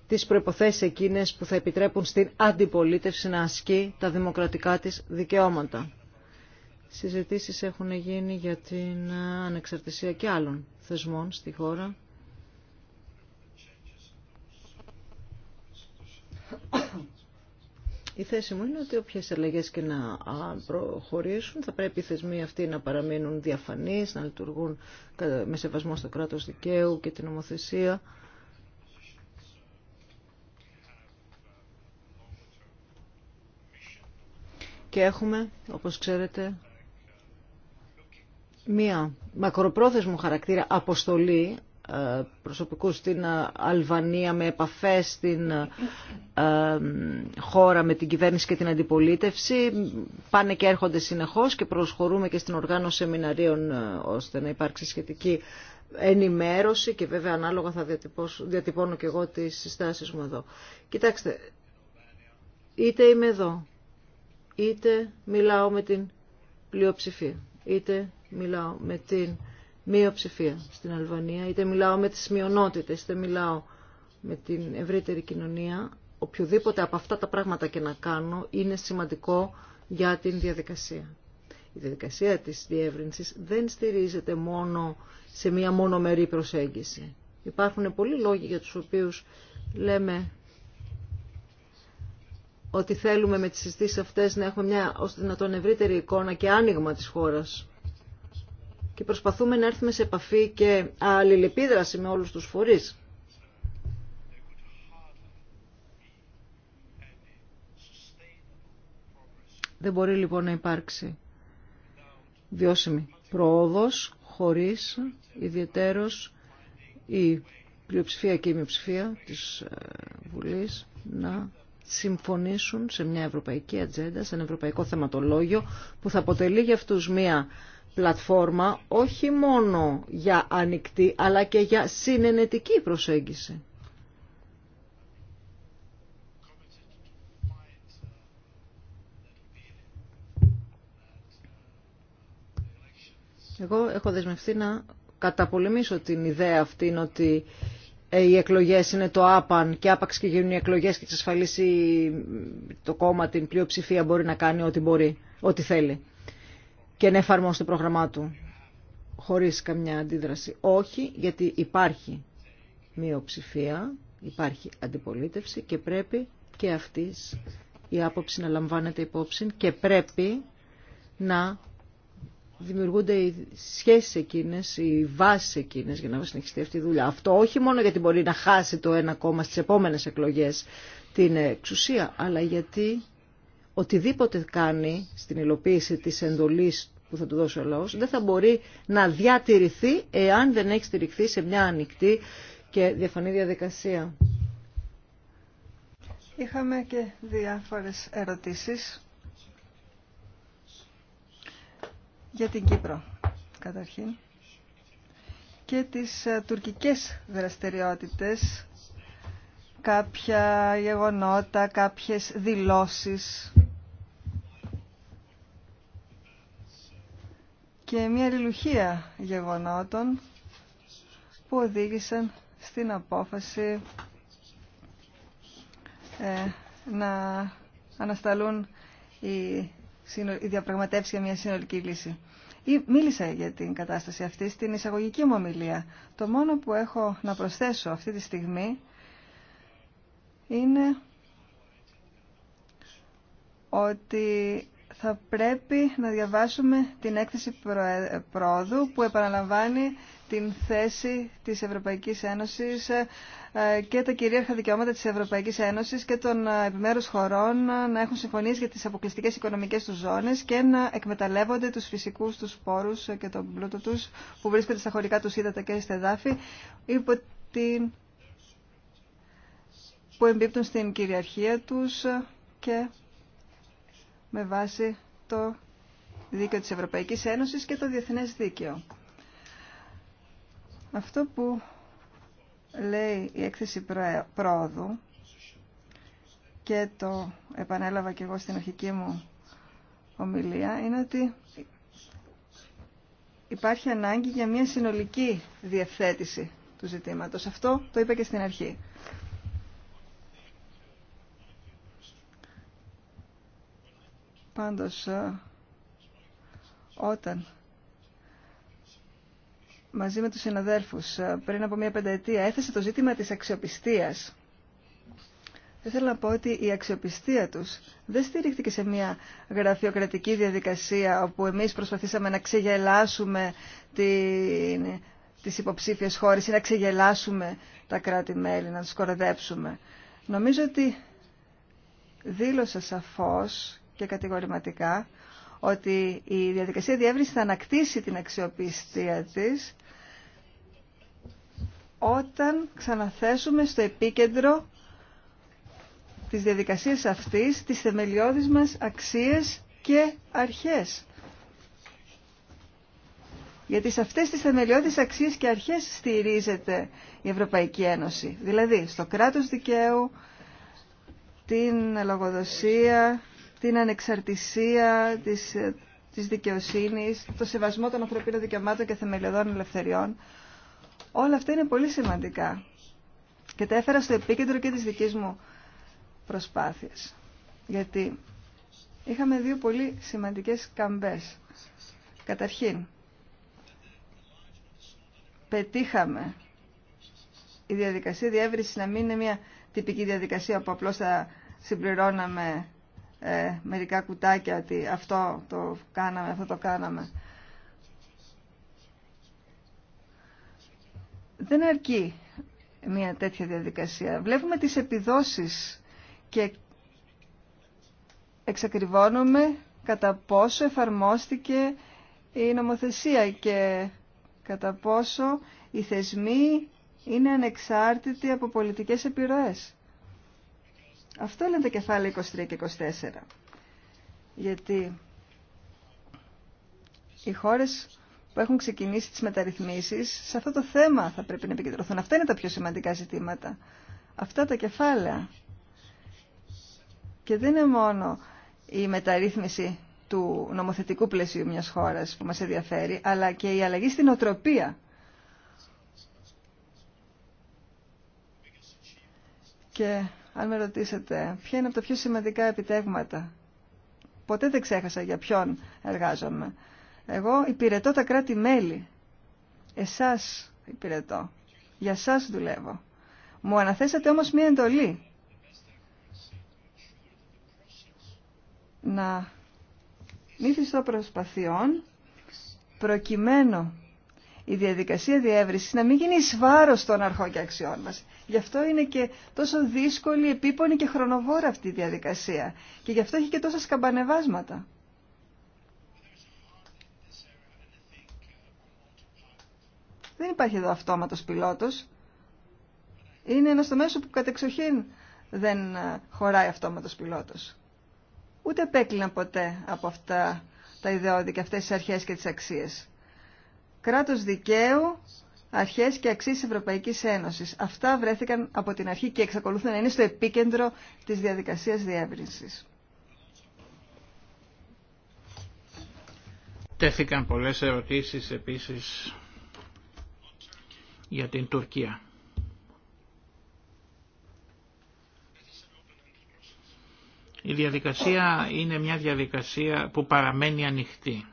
B: τις προϋποθέσεις εκείνες που θα επιτρέπουν στην αντιπολίτευση να ασκεί τα δημοκρατικά της δικαιώματα. Συζητήσεις έχουν γίνει για την ανεξαρτησία και άλλων θεσμών στη χώρα. Η θέση μου είναι ότι όποιε αλλαγέ και να προχωρήσουν θα πρέπει οι θεσμοί αυτοί να παραμείνουν διαφανεί, να λειτουργούν με σεβασμό στο κράτο δικαίου και την νομοθεσία. Και έχουμε, όπως ξέρετε, μία μακροπρόθεσμο χαρακτήρα αποστολή προσωπικού στην ε, Αλβανία με επαφές στην ε, ε, χώρα με την κυβέρνηση και την αντιπολίτευση. Πάνε και έρχονται συνεχώς και προσχωρούμε και στην οργάνωση σεμιναρίων ώστε να υπάρξει σχετική ενημέρωση και βέβαια ανάλογα θα διατυπώνω και εγώ τις συστάσεις μου εδώ. Κοιτάξτε, είτε είμαι εδώ, είτε μιλάω με την πλειοψηφία, είτε μιλάω με την μειοψηφία στην Αλβανία, είτε μιλάω με τις μειονότητες, είτε μιλάω με την ευρύτερη κοινωνία, οποιοδήποτε από αυτά τα πράγματα και να κάνω είναι σημαντικό για την διαδικασία. Η διαδικασία της διεύρυνσης δεν στηρίζεται μόνο σε μία μονομερή προσέγγιση. Υπάρχουν πολλοί λόγοι για τους οποίους λέμε ότι θέλουμε με τις συζητήσεις αυτές να έχουμε μια ως δυνατόν ευρύτερη εικόνα και άνοιγμα της χώρας και προσπαθούμε να έρθουμε σε επαφή και αλληλεπίδραση με όλους τους φορείς. Δεν μπορεί λοιπόν να υπάρξει βιώσιμη πρόοδος χωρίς ιδιαιτέρως η πλειοψηφία και η μειοψηφία της ε, Βουλής να συμφωνήσουν σε μια ευρωπαϊκή ατζέντα, σε ένα ευρωπαϊκό θεματολόγιο που θα αποτελεί για αυτούς μια πλατφόρμα όχι μόνο για ανοιχτή αλλά και για συνενετική προσέγγιση. Εγώ έχω δεσμευτεί να καταπολεμήσω την ιδέα αυτή ότι ε, οι εκλογές είναι το άπαν και άπαξ και γίνουν οι εκλογές και εξασφαλίσει το κόμμα την πλειοψηφία μπορεί να κάνει ό,τι μπορεί, ό,τι θέλει και να εφαρμόσει το πρόγραμμά του χωρίς καμιά αντίδραση. Όχι, γιατί υπάρχει μειοψηφία, υπάρχει αντιπολίτευση και πρέπει και αυτής η άποψη να λαμβάνεται υπόψη και πρέπει να δημιουργούνται οι σχέσεις εκείνες, οι βάσεις εκείνες για να συνεχιστεί αυτή η δουλειά. Αυτό όχι μόνο γιατί μπορεί να χάσει το ένα κόμμα στις επόμενες εκλογές την εξουσία, αλλά γιατί οτιδήποτε κάνει στην υλοποίηση της εντολής που θα του δώσει ο λαός δεν θα μπορεί να διατηρηθεί εάν δεν έχει στηριχθεί σε μια ανοιχτή και διαφανή διαδικασία.
A: Είχαμε και διάφορες ερωτήσεις για την Κύπρο καταρχήν και τις ε, τουρκικές δραστηριότητες κάποια γεγονότα, κάποιες δηλώσεις και μια ρηλουχία γεγονότων που οδήγησαν στην απόφαση ε, να ανασταλούν οι διαπραγματεύσεις για μια συνολική λύση. Μίλησα για την κατάσταση αυτή στην εισαγωγική μου ομιλία. Το μόνο που έχω να προσθέσω αυτή τη στιγμή είναι ότι θα πρέπει να διαβάσουμε την έκθεση πρόοδου που επαναλαμβάνει την θέση της Ευρωπαϊκής Ένωσης ε, και τα κυρίαρχα δικαιώματα της Ευρωπαϊκής Ένωσης και των ε, επιμέρους χωρών να έχουν συμφωνίες για τις αποκλειστικές οικονομικές τους ζώνες και να εκμεταλλεύονται τους φυσικούς τους πόρους ε, και τον πλούτο τους που βρίσκονται στα χωρικά τους ύδατα και στα εδάφη υπό την... που εμπίπτουν στην κυριαρχία τους και με βάση το δίκαιο της Ευρωπαϊκής Ένωσης και το διεθνές δίκαιο. Αυτό που λέει η έκθεση πρόοδου και το επανέλαβα και εγώ στην αρχική μου ομιλία είναι ότι υπάρχει ανάγκη για μια συνολική διευθέτηση του ζητήματος. Αυτό το είπα και στην αρχή. Πάντως, ε, όταν μαζί με τους συναδέλφους ε, πριν από μια πενταετία έθεσε το ζήτημα της αξιοπιστίας, δεν θέλω να πω ότι η αξιοπιστία τους δεν στηρίχθηκε σε μια γραφειοκρατική διαδικασία όπου εμείς προσπαθήσαμε να ξεγελάσουμε την, τις υποψήφιες χώρες ή να ξεγελάσουμε τα κράτη-μέλη, να τους κοροδέψουμε. Νομίζω ότι δήλωσα σαφώς και κατηγορηματικά ότι η διαδικασία διεύρυνση θα ανακτήσει την αξιοπιστία της όταν ξαναθέσουμε στο επίκεντρο της διαδικασίας αυτής τις θεμελιώδεις μας αξίες και αρχές. Γιατί σε αυτές τις θεμελιώδεις αξίες και αρχές στηρίζεται η Ευρωπαϊκή Ένωση. Δηλαδή, στο κράτος δικαίου, την λογοδοσία, την ανεξαρτησία της, της δικαιοσύνης, το σεβασμό των ανθρωπίνων δικαιωμάτων και θεμελιωδών ελευθεριών. Όλα αυτά είναι πολύ σημαντικά και τα έφερα στο επίκεντρο και της δικής μου προσπάθειας. Γιατί είχαμε δύο πολύ σημαντικές καμπές. Καταρχήν, πετύχαμε η διαδικασία διεύρυνση να μην είναι μια τυπική διαδικασία που απλώς θα συμπληρώναμε ε, μερικά κουτάκια ότι αυτό το κάναμε, αυτό το κάναμε. Δεν αρκεί μια τέτοια διαδικασία. Βλέπουμε τις επιδόσεις και εξακριβώνουμε κατά πόσο εφαρμόστηκε η νομοθεσία και κατά πόσο οι θεσμοί είναι ανεξάρτητοι από πολιτικές επιρροές. Αυτό λένε τα κεφάλαια 23 και 24. Γιατί οι χώρες που έχουν ξεκινήσει τις μεταρρυθμίσεις, σε αυτό το θέμα θα πρέπει να επικεντρωθούν. Αυτά είναι τα πιο σημαντικά ζητήματα. Αυτά τα κεφάλαια. Και δεν είναι μόνο η μεταρρύθμιση του νομοθετικού πλαισίου μιας χώρας που μας ενδιαφέρει, αλλά και η αλλαγή στην οτροπία. Και αν με ρωτήσετε ποια είναι από τα πιο σημαντικά επιτεύγματα, ποτέ δεν ξέχασα για ποιον εργάζομαι. Εγώ υπηρετώ τα κράτη-μέλη. Εσάς υπηρετώ. Για σας δουλεύω. Μου αναθέσατε όμως μία εντολή. Να μη φυσώ προσπαθειών προκειμένου η διαδικασία διεύρυνση να μην γίνει ει βάρο των αρχών και αξιών μας. Γι' αυτό είναι και τόσο δύσκολη, επίπονη και χρονοβόρα αυτή η διαδικασία. Και γι' αυτό έχει και τόσα σκαμπανεβάσματα. Δεν υπάρχει εδώ αυτόματος πιλότος. Είναι ένα τομέα που κατεξοχήν δεν ε, χωράει αυτόματος πιλότος. Ούτε επέκλειναν ποτέ από αυτά τα ιδεώδη και αυτές τις αρχές και τις αξίες κράτος δικαίου, αρχές και αξίες Ευρωπαϊκής Ένωσης. Αυτά βρέθηκαν από την αρχή και εξακολουθούν να είναι στο επίκεντρο της διαδικασίας διεύρυνσης.
C: Τέθηκαν πολλές ερωτήσεις επίσης για την Τουρκία. Η διαδικασία είναι μια διαδικασία που παραμένει ανοιχτή.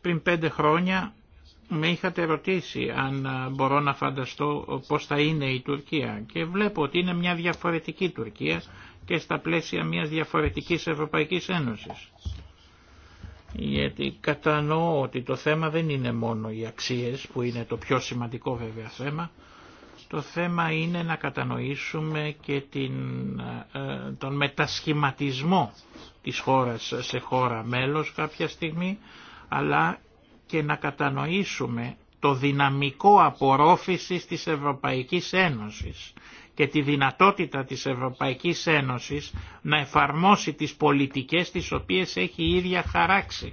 C: Πριν πέντε χρόνια με είχατε ρωτήσει αν ε, μπορώ να φανταστώ πώς θα είναι η Τουρκία και βλέπω ότι είναι μια διαφορετική Τουρκία και στα πλαίσια μιας διαφορετικής Ευρωπαϊκής Ένωσης. Γιατί κατανοώ ότι το θέμα δεν είναι μόνο οι αξίες που είναι το πιο σημαντικό βέβαια θέμα, το θέμα είναι να κατανοήσουμε και την, ε, τον μετασχηματισμό της χώρας σε χώρα μέλος κάποια στιγμή αλλά και να κατανοήσουμε το δυναμικό απορρόφησης της Ευρωπαϊκής Ένωσης και τη δυνατότητα της Ευρωπαϊκής Ένωσης να εφαρμόσει τις πολιτικές τις οποίες έχει η ίδια χαράξει.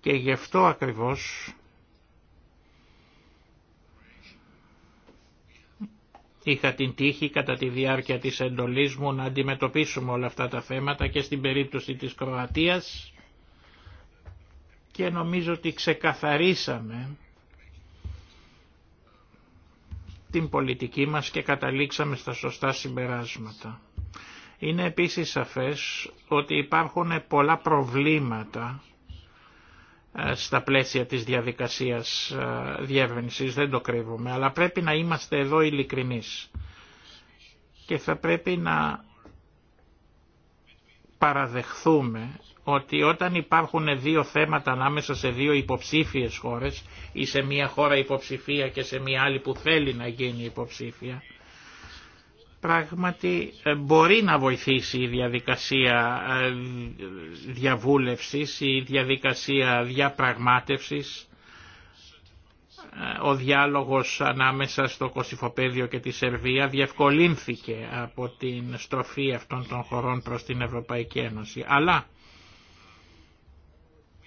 C: Και γι' αυτό ακριβώς Είχα την τύχη κατά τη διάρκεια της εντολής μου να αντιμετωπίσουμε όλα αυτά τα θέματα και στην περίπτωση της Κροατίας και νομίζω ότι ξεκαθαρίσαμε την πολιτική μας και καταλήξαμε στα σωστά συμπεράσματα. Είναι επίσης σαφές ότι υπάρχουν πολλά προβλήματα ε, στα πλαίσια της διαδικασίας ε, διεύρυνσης, δεν το κρύβουμε, αλλά πρέπει να είμαστε εδώ ειλικρινείς και θα πρέπει να παραδεχθούμε ότι όταν υπάρχουν δύο θέματα ανάμεσα σε δύο υποψήφιες χώρες ή σε μία χώρα υποψηφία και σε μία άλλη που θέλει να γίνει υποψήφια, Πράγματι ε, μπορεί να βοηθήσει η διαδικασία ε, διαβούλευσης, η διαδικασία διαπραγμάτευσης, ε, ο διάλογος ανάμεσα στο Κωσυφοπέδιο και τη Σερβία διευκολύνθηκε από την στροφή αυτών των χωρών προς την Ευρωπαϊκή Ένωση. Αλλά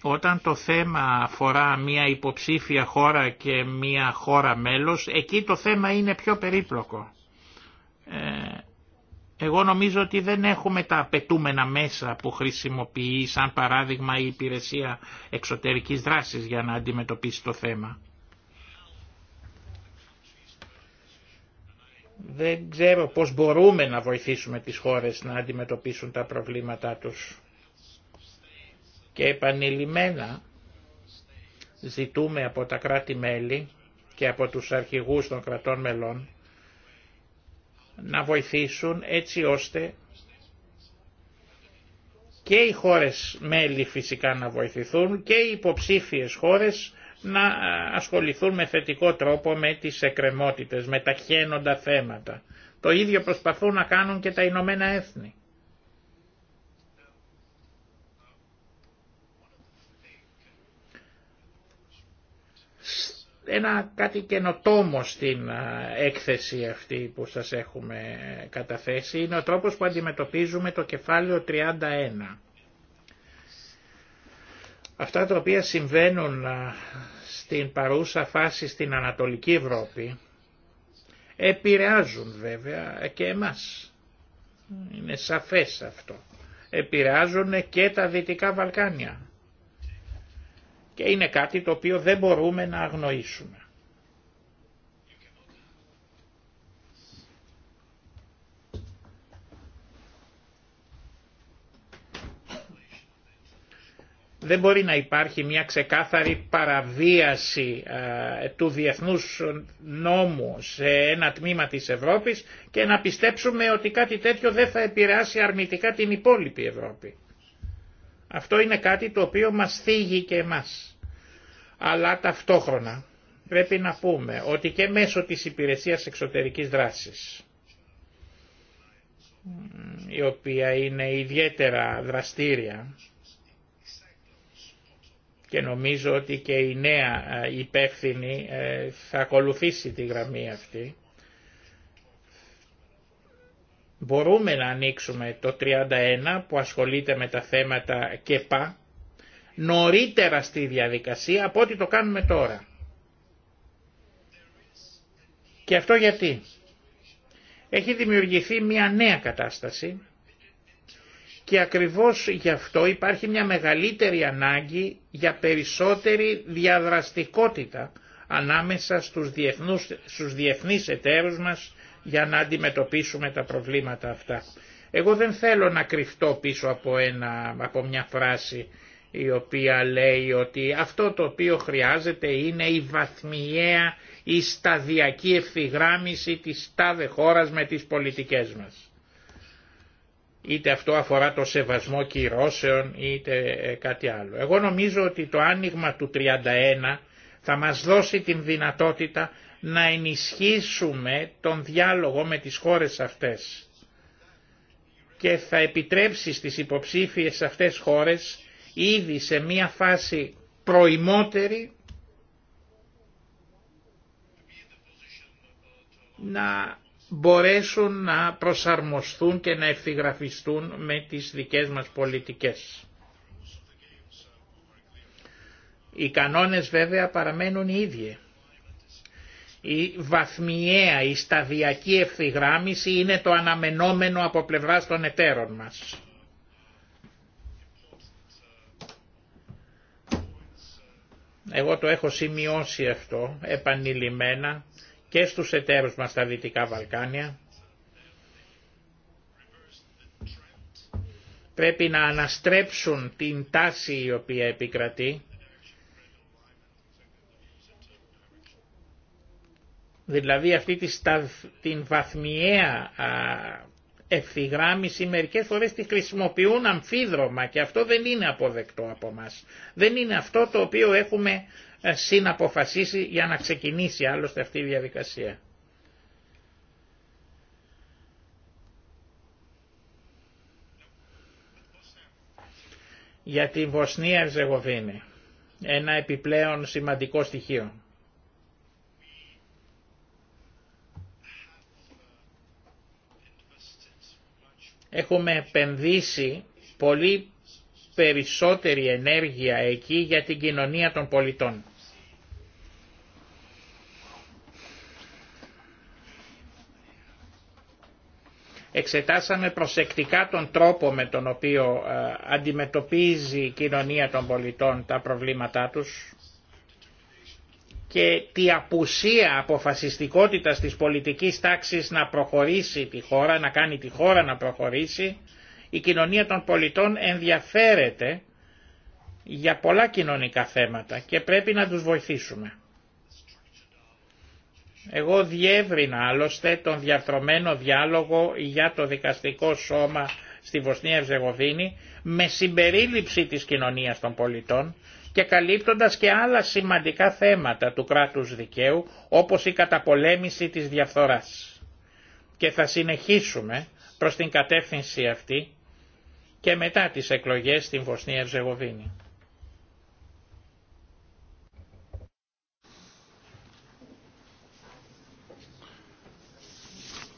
C: όταν το θέμα αφορά μια υποψήφια χώρα και μια χώρα μέλος, εκεί το θέμα είναι πιο περίπλοκο. Ε, εγώ νομίζω ότι δεν έχουμε τα απαιτούμενα μέσα που χρησιμοποιεί σαν παράδειγμα η υπηρεσία εξωτερικής δράσης για να αντιμετωπίσει το θέμα. Δεν ξέρω πώς μπορούμε να βοηθήσουμε τις χώρες να αντιμετωπίσουν τα προβλήματά τους. Και επανειλημμένα ζητούμε από τα κράτη-μέλη και από τους αρχηγούς των κρατών μελών να βοηθήσουν έτσι ώστε και οι χώρες μέλη φυσικά να βοηθηθούν και οι υποψήφιες χώρες να ασχοληθούν με θετικό τρόπο με τις εκκρεμότητες, με τα χαίνοντα θέματα. Το ίδιο προσπαθούν να κάνουν και τα Ηνωμένα Έθνη. ένα κάτι καινοτόμο στην έκθεση αυτή που σας έχουμε ε, καταθέσει είναι ο τρόπος που αντιμετωπίζουμε το κεφάλαιο 31. Αυτά τα οποία συμβαίνουν στην παρούσα φάση στην Ανατολική Ευρώπη επηρεάζουν βέβαια και εμάς. Είναι σαφές αυτό. Επηρεάζουν και τα Δυτικά Βαλκάνια και είναι κάτι το οποίο δεν μπορούμε να αγνοήσουμε. δεν μπορεί να υπάρχει μια ξεκάθαρη παραβίαση του διεθνούς νόμου σε ένα τμήμα της Ευρώπης και να πιστέψουμε ότι κάτι τέτοιο δεν θα επηρεάσει αρνητικά την υπόλοιπη Ευρώπη. Αυτό είναι κάτι το οποίο μας θίγει και εμάς. Αλλά ταυτόχρονα πρέπει να πούμε ότι και μέσω της υπηρεσίας εξωτερικής δράσης, η οποία είναι ιδιαίτερα δραστήρια και νομίζω ότι και η νέα ε, υπεύθυνη ε, θα ακολουθήσει τη γραμμή αυτή, μπορούμε να ανοίξουμε το 31 που ασχολείται με τα θέματα ΚΕΠΑ νωρίτερα στη διαδικασία από ό,τι το κάνουμε τώρα. Και αυτό γιατί. Έχει δημιουργηθεί μια νέα κατάσταση και ακριβώς γι' αυτό υπάρχει μια μεγαλύτερη ανάγκη για περισσότερη διαδραστικότητα ανάμεσα στους, διεθνούς, στους διεθνείς εταίρους μας για να αντιμετωπίσουμε τα προβλήματα αυτά. Εγώ δεν θέλω να κρυφτώ πίσω από, ένα, από μια φράση η οποία λέει ότι αυτό το οποίο χρειάζεται είναι η βαθμιαία, η σταδιακή ευθυγράμμιση της τάδε χώρας με τις πολιτικές μας. Είτε αυτό αφορά το σεβασμό κυρώσεων είτε ε, κάτι άλλο. Εγώ νομίζω ότι το άνοιγμα του 31 θα μας δώσει την δυνατότητα να ενισχύσουμε τον διάλογο με τις χώρες αυτές και θα επιτρέψει στις υποψήφιες αυτές χώρες ήδη σε μία φάση προημότερη να μπορέσουν να προσαρμοστούν και να ευθυγραφιστούν με τις δικές μας πολιτικές. Οι κανόνες βέβαια παραμένουν οι ίδιοι η βαθμιαία, η σταδιακή ευθυγράμμιση είναι το αναμενόμενο από πλευράς των εταίρων μας. Εγώ το έχω σημειώσει αυτό επανειλημμένα και στους εταίρους μας στα Δυτικά Βαλκάνια. Πρέπει να αναστρέψουν την τάση η οποία επικρατεί Δηλαδή αυτή τη στα, την βαθμιαία α, ευθυγράμμιση μερικές φορές τη χρησιμοποιούν αμφίδρομα και αυτό δεν είναι αποδεκτό από μας. Δεν είναι αυτό το οποίο έχουμε ε, συναποφασίσει για να ξεκινήσει άλλωστε αυτή η διαδικασία. Για την Βοσνία Ερζεγοβίνη. Ένα επιπλέον σημαντικό στοιχείο. Έχουμε επενδύσει πολύ περισσότερη ενέργεια εκεί για την κοινωνία των πολιτών. Εξετάσαμε προσεκτικά τον τρόπο με τον οποίο ε, αντιμετωπίζει η κοινωνία των πολιτών τα προβλήματά τους και τη απουσία αποφασιστικότητας της πολιτικής τάξης να προχωρήσει τη χώρα, να κάνει τη χώρα να προχωρήσει, η κοινωνία των πολιτών ενδιαφέρεται για πολλά κοινωνικά θέματα και πρέπει να τους βοηθήσουμε. Εγώ διεύρυνα άλλωστε τον διαρθρωμένο διάλογο για το δικαστικό σώμα στη Βοσνία Ευζεγοβίνη με συμπερίληψη της κοινωνίας των πολιτών και καλύπτοντας και άλλα σημαντικά θέματα του κράτους δικαίου όπως η καταπολέμηση της διαφθοράς. Και θα συνεχίσουμε προς την κατεύθυνση αυτή και μετά τις εκλογές στην Βοσνία Ευζεγοβίνη.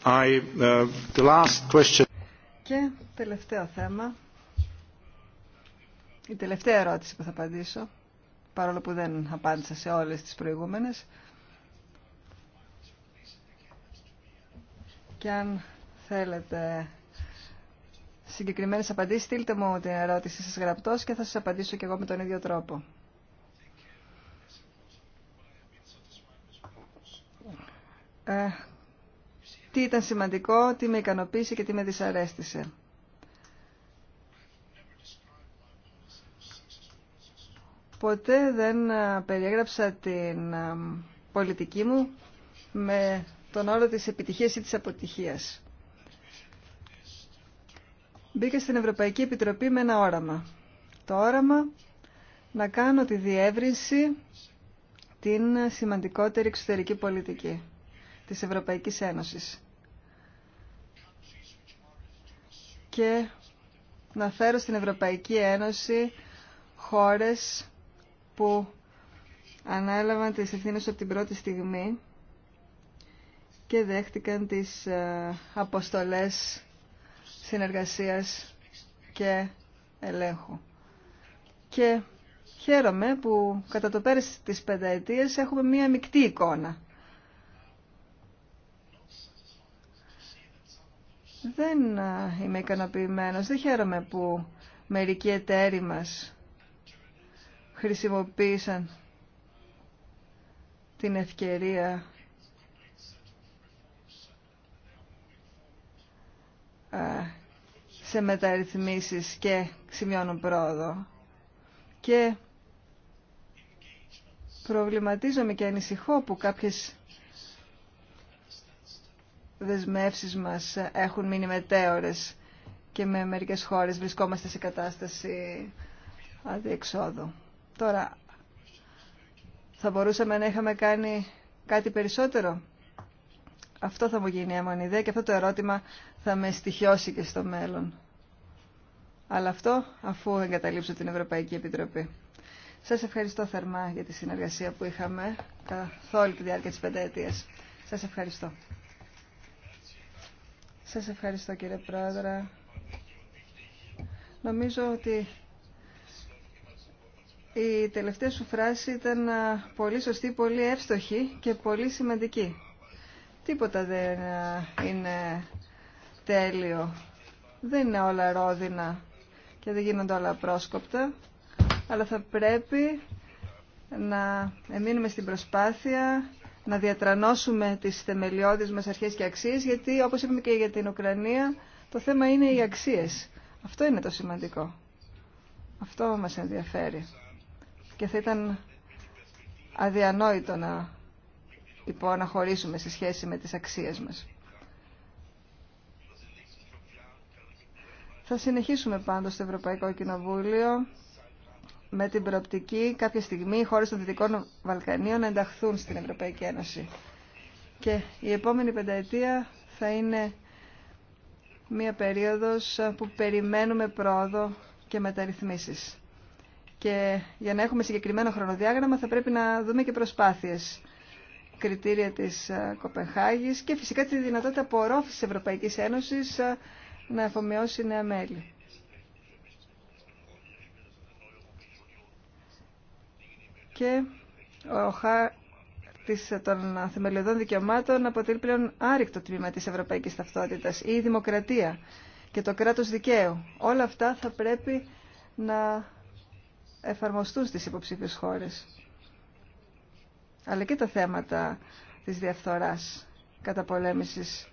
E: I, uh,
A: Και τελευταίο θέμα η τελευταία ερώτηση που θα απαντήσω, παρόλο που δεν απάντησα σε όλες τις προηγούμενες, και αν θέλετε συγκεκριμένες απαντήσεις, στείλτε μου την ερώτησή σας γραπτός και θα σας απαντήσω και εγώ με τον ίδιο τρόπο. Ε, τι ήταν σημαντικό, τι με ικανοποίησε και τι με δυσαρέστησε. ποτέ δεν ε, περιέγραψα την ε, πολιτική μου με τον όρο της επιτυχίας ή της αποτυχίας. Μπήκα στην Ευρωπαϊκή Επιτροπή με ένα όραμα. Το όραμα να κάνω τη διεύρυνση την σημαντικότερη εξωτερική πολιτική της Ευρωπαϊκής Ένωσης. Και να φέρω στην Ευρωπαϊκή Ένωση χώρες που ανάλαβαν τις ευθύνες από την πρώτη στιγμή και δέχτηκαν τις ε, αποστολές συνεργασίας και ελέγχου. Και χαίρομαι που κατά το πέρυσι της πενταετίας έχουμε μία μεικτή εικόνα. Δεν ε, είμαι ικανοποιημένος, δεν χαίρομαι που μερικοί εταίροι μας χρησιμοποίησαν την ευκαιρία σε μεταρρυθμίσεις και σημειώνουν πρόοδο. Και προβληματίζομαι και ανησυχώ που κάποιες δεσμεύσεις μας έχουν μείνει μετέωρες και με μερικές χώρες βρισκόμαστε σε κατάσταση αδιεξόδου. Τώρα, θα μπορούσαμε να είχαμε κάνει κάτι περισσότερο. Αυτό θα μου γίνει η ιδέα και αυτό το ερώτημα θα με στοιχειώσει και στο μέλλον. Αλλά αυτό αφού εγκαταλείψω την Ευρωπαϊκή Επιτροπή. Σας ευχαριστώ θερμά για τη συνεργασία που είχαμε καθ' όλη τη διάρκεια της πενταετίας. Σας ευχαριστώ. Σας ευχαριστώ κύριε Πρόεδρε. Νομίζω ότι η τελευταία σου φράση ήταν πολύ σωστή, πολύ εύστοχη και πολύ σημαντική. Τίποτα δεν είναι τέλειο. Δεν είναι όλα ρόδινα και δεν γίνονται όλα πρόσκοπτα. Αλλά θα πρέπει να εμείνουμε στην προσπάθεια να διατρανώσουμε τις θεμελιώδεις μας αρχές και αξίες, γιατί όπως είπαμε και για την Ουκρανία, το θέμα είναι οι αξίες. Αυτό είναι το σημαντικό. Αυτό μας ενδιαφέρει και θα ήταν αδιανόητο να υποαναχωρήσουμε σε σχέση με τις αξίες μας. Θα συνεχίσουμε πάντως στο Ευρωπαϊκό Κοινοβούλιο με την προοπτική κάποια στιγμή οι χώρες των Δυτικών Βαλκανίων να ενταχθούν στην Ευρωπαϊκή Ένωση. Και η επόμενη πενταετία θα είναι μία περίοδος που περιμένουμε πρόοδο και μεταρρυθμίσεις. Και για να έχουμε συγκεκριμένο χρονοδιάγραμμα θα πρέπει να δούμε και προσπάθειες κριτήρια της ε, Κοπενχάγης και φυσικά τη δυνατότητα απορρόφησης της Ευρωπαϊκής Ένωσης ε, να εφομοιώσει νέα μέλη. Και ο χάρτης των θεμελιωδών δικαιωμάτων αποτελεί πλέον άρρηκτο τμήμα της ευρωπαϊκής ταυτότητας. Η δημοκρατία και το κράτος δικαίου. Όλα αυτά θα πρέπει να εφαρμοστούν στις υποψήφιες χώρες. Αλλά και τα θέματα της διαφθοράς, καταπολέμησης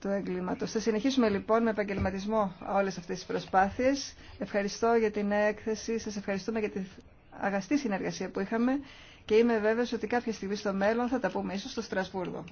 A: του εγκλήματος. Θα συνεχίσουμε λοιπόν με επαγγελματισμό όλες αυτές τις προσπάθειες. Ευχαριστώ για την έκθεση, σας ευχαριστούμε για την αγαστή συνεργασία που είχαμε και είμαι βέβαιος ότι κάποια στιγμή στο μέλλον θα τα πούμε ίσως στο Στρασβούργο.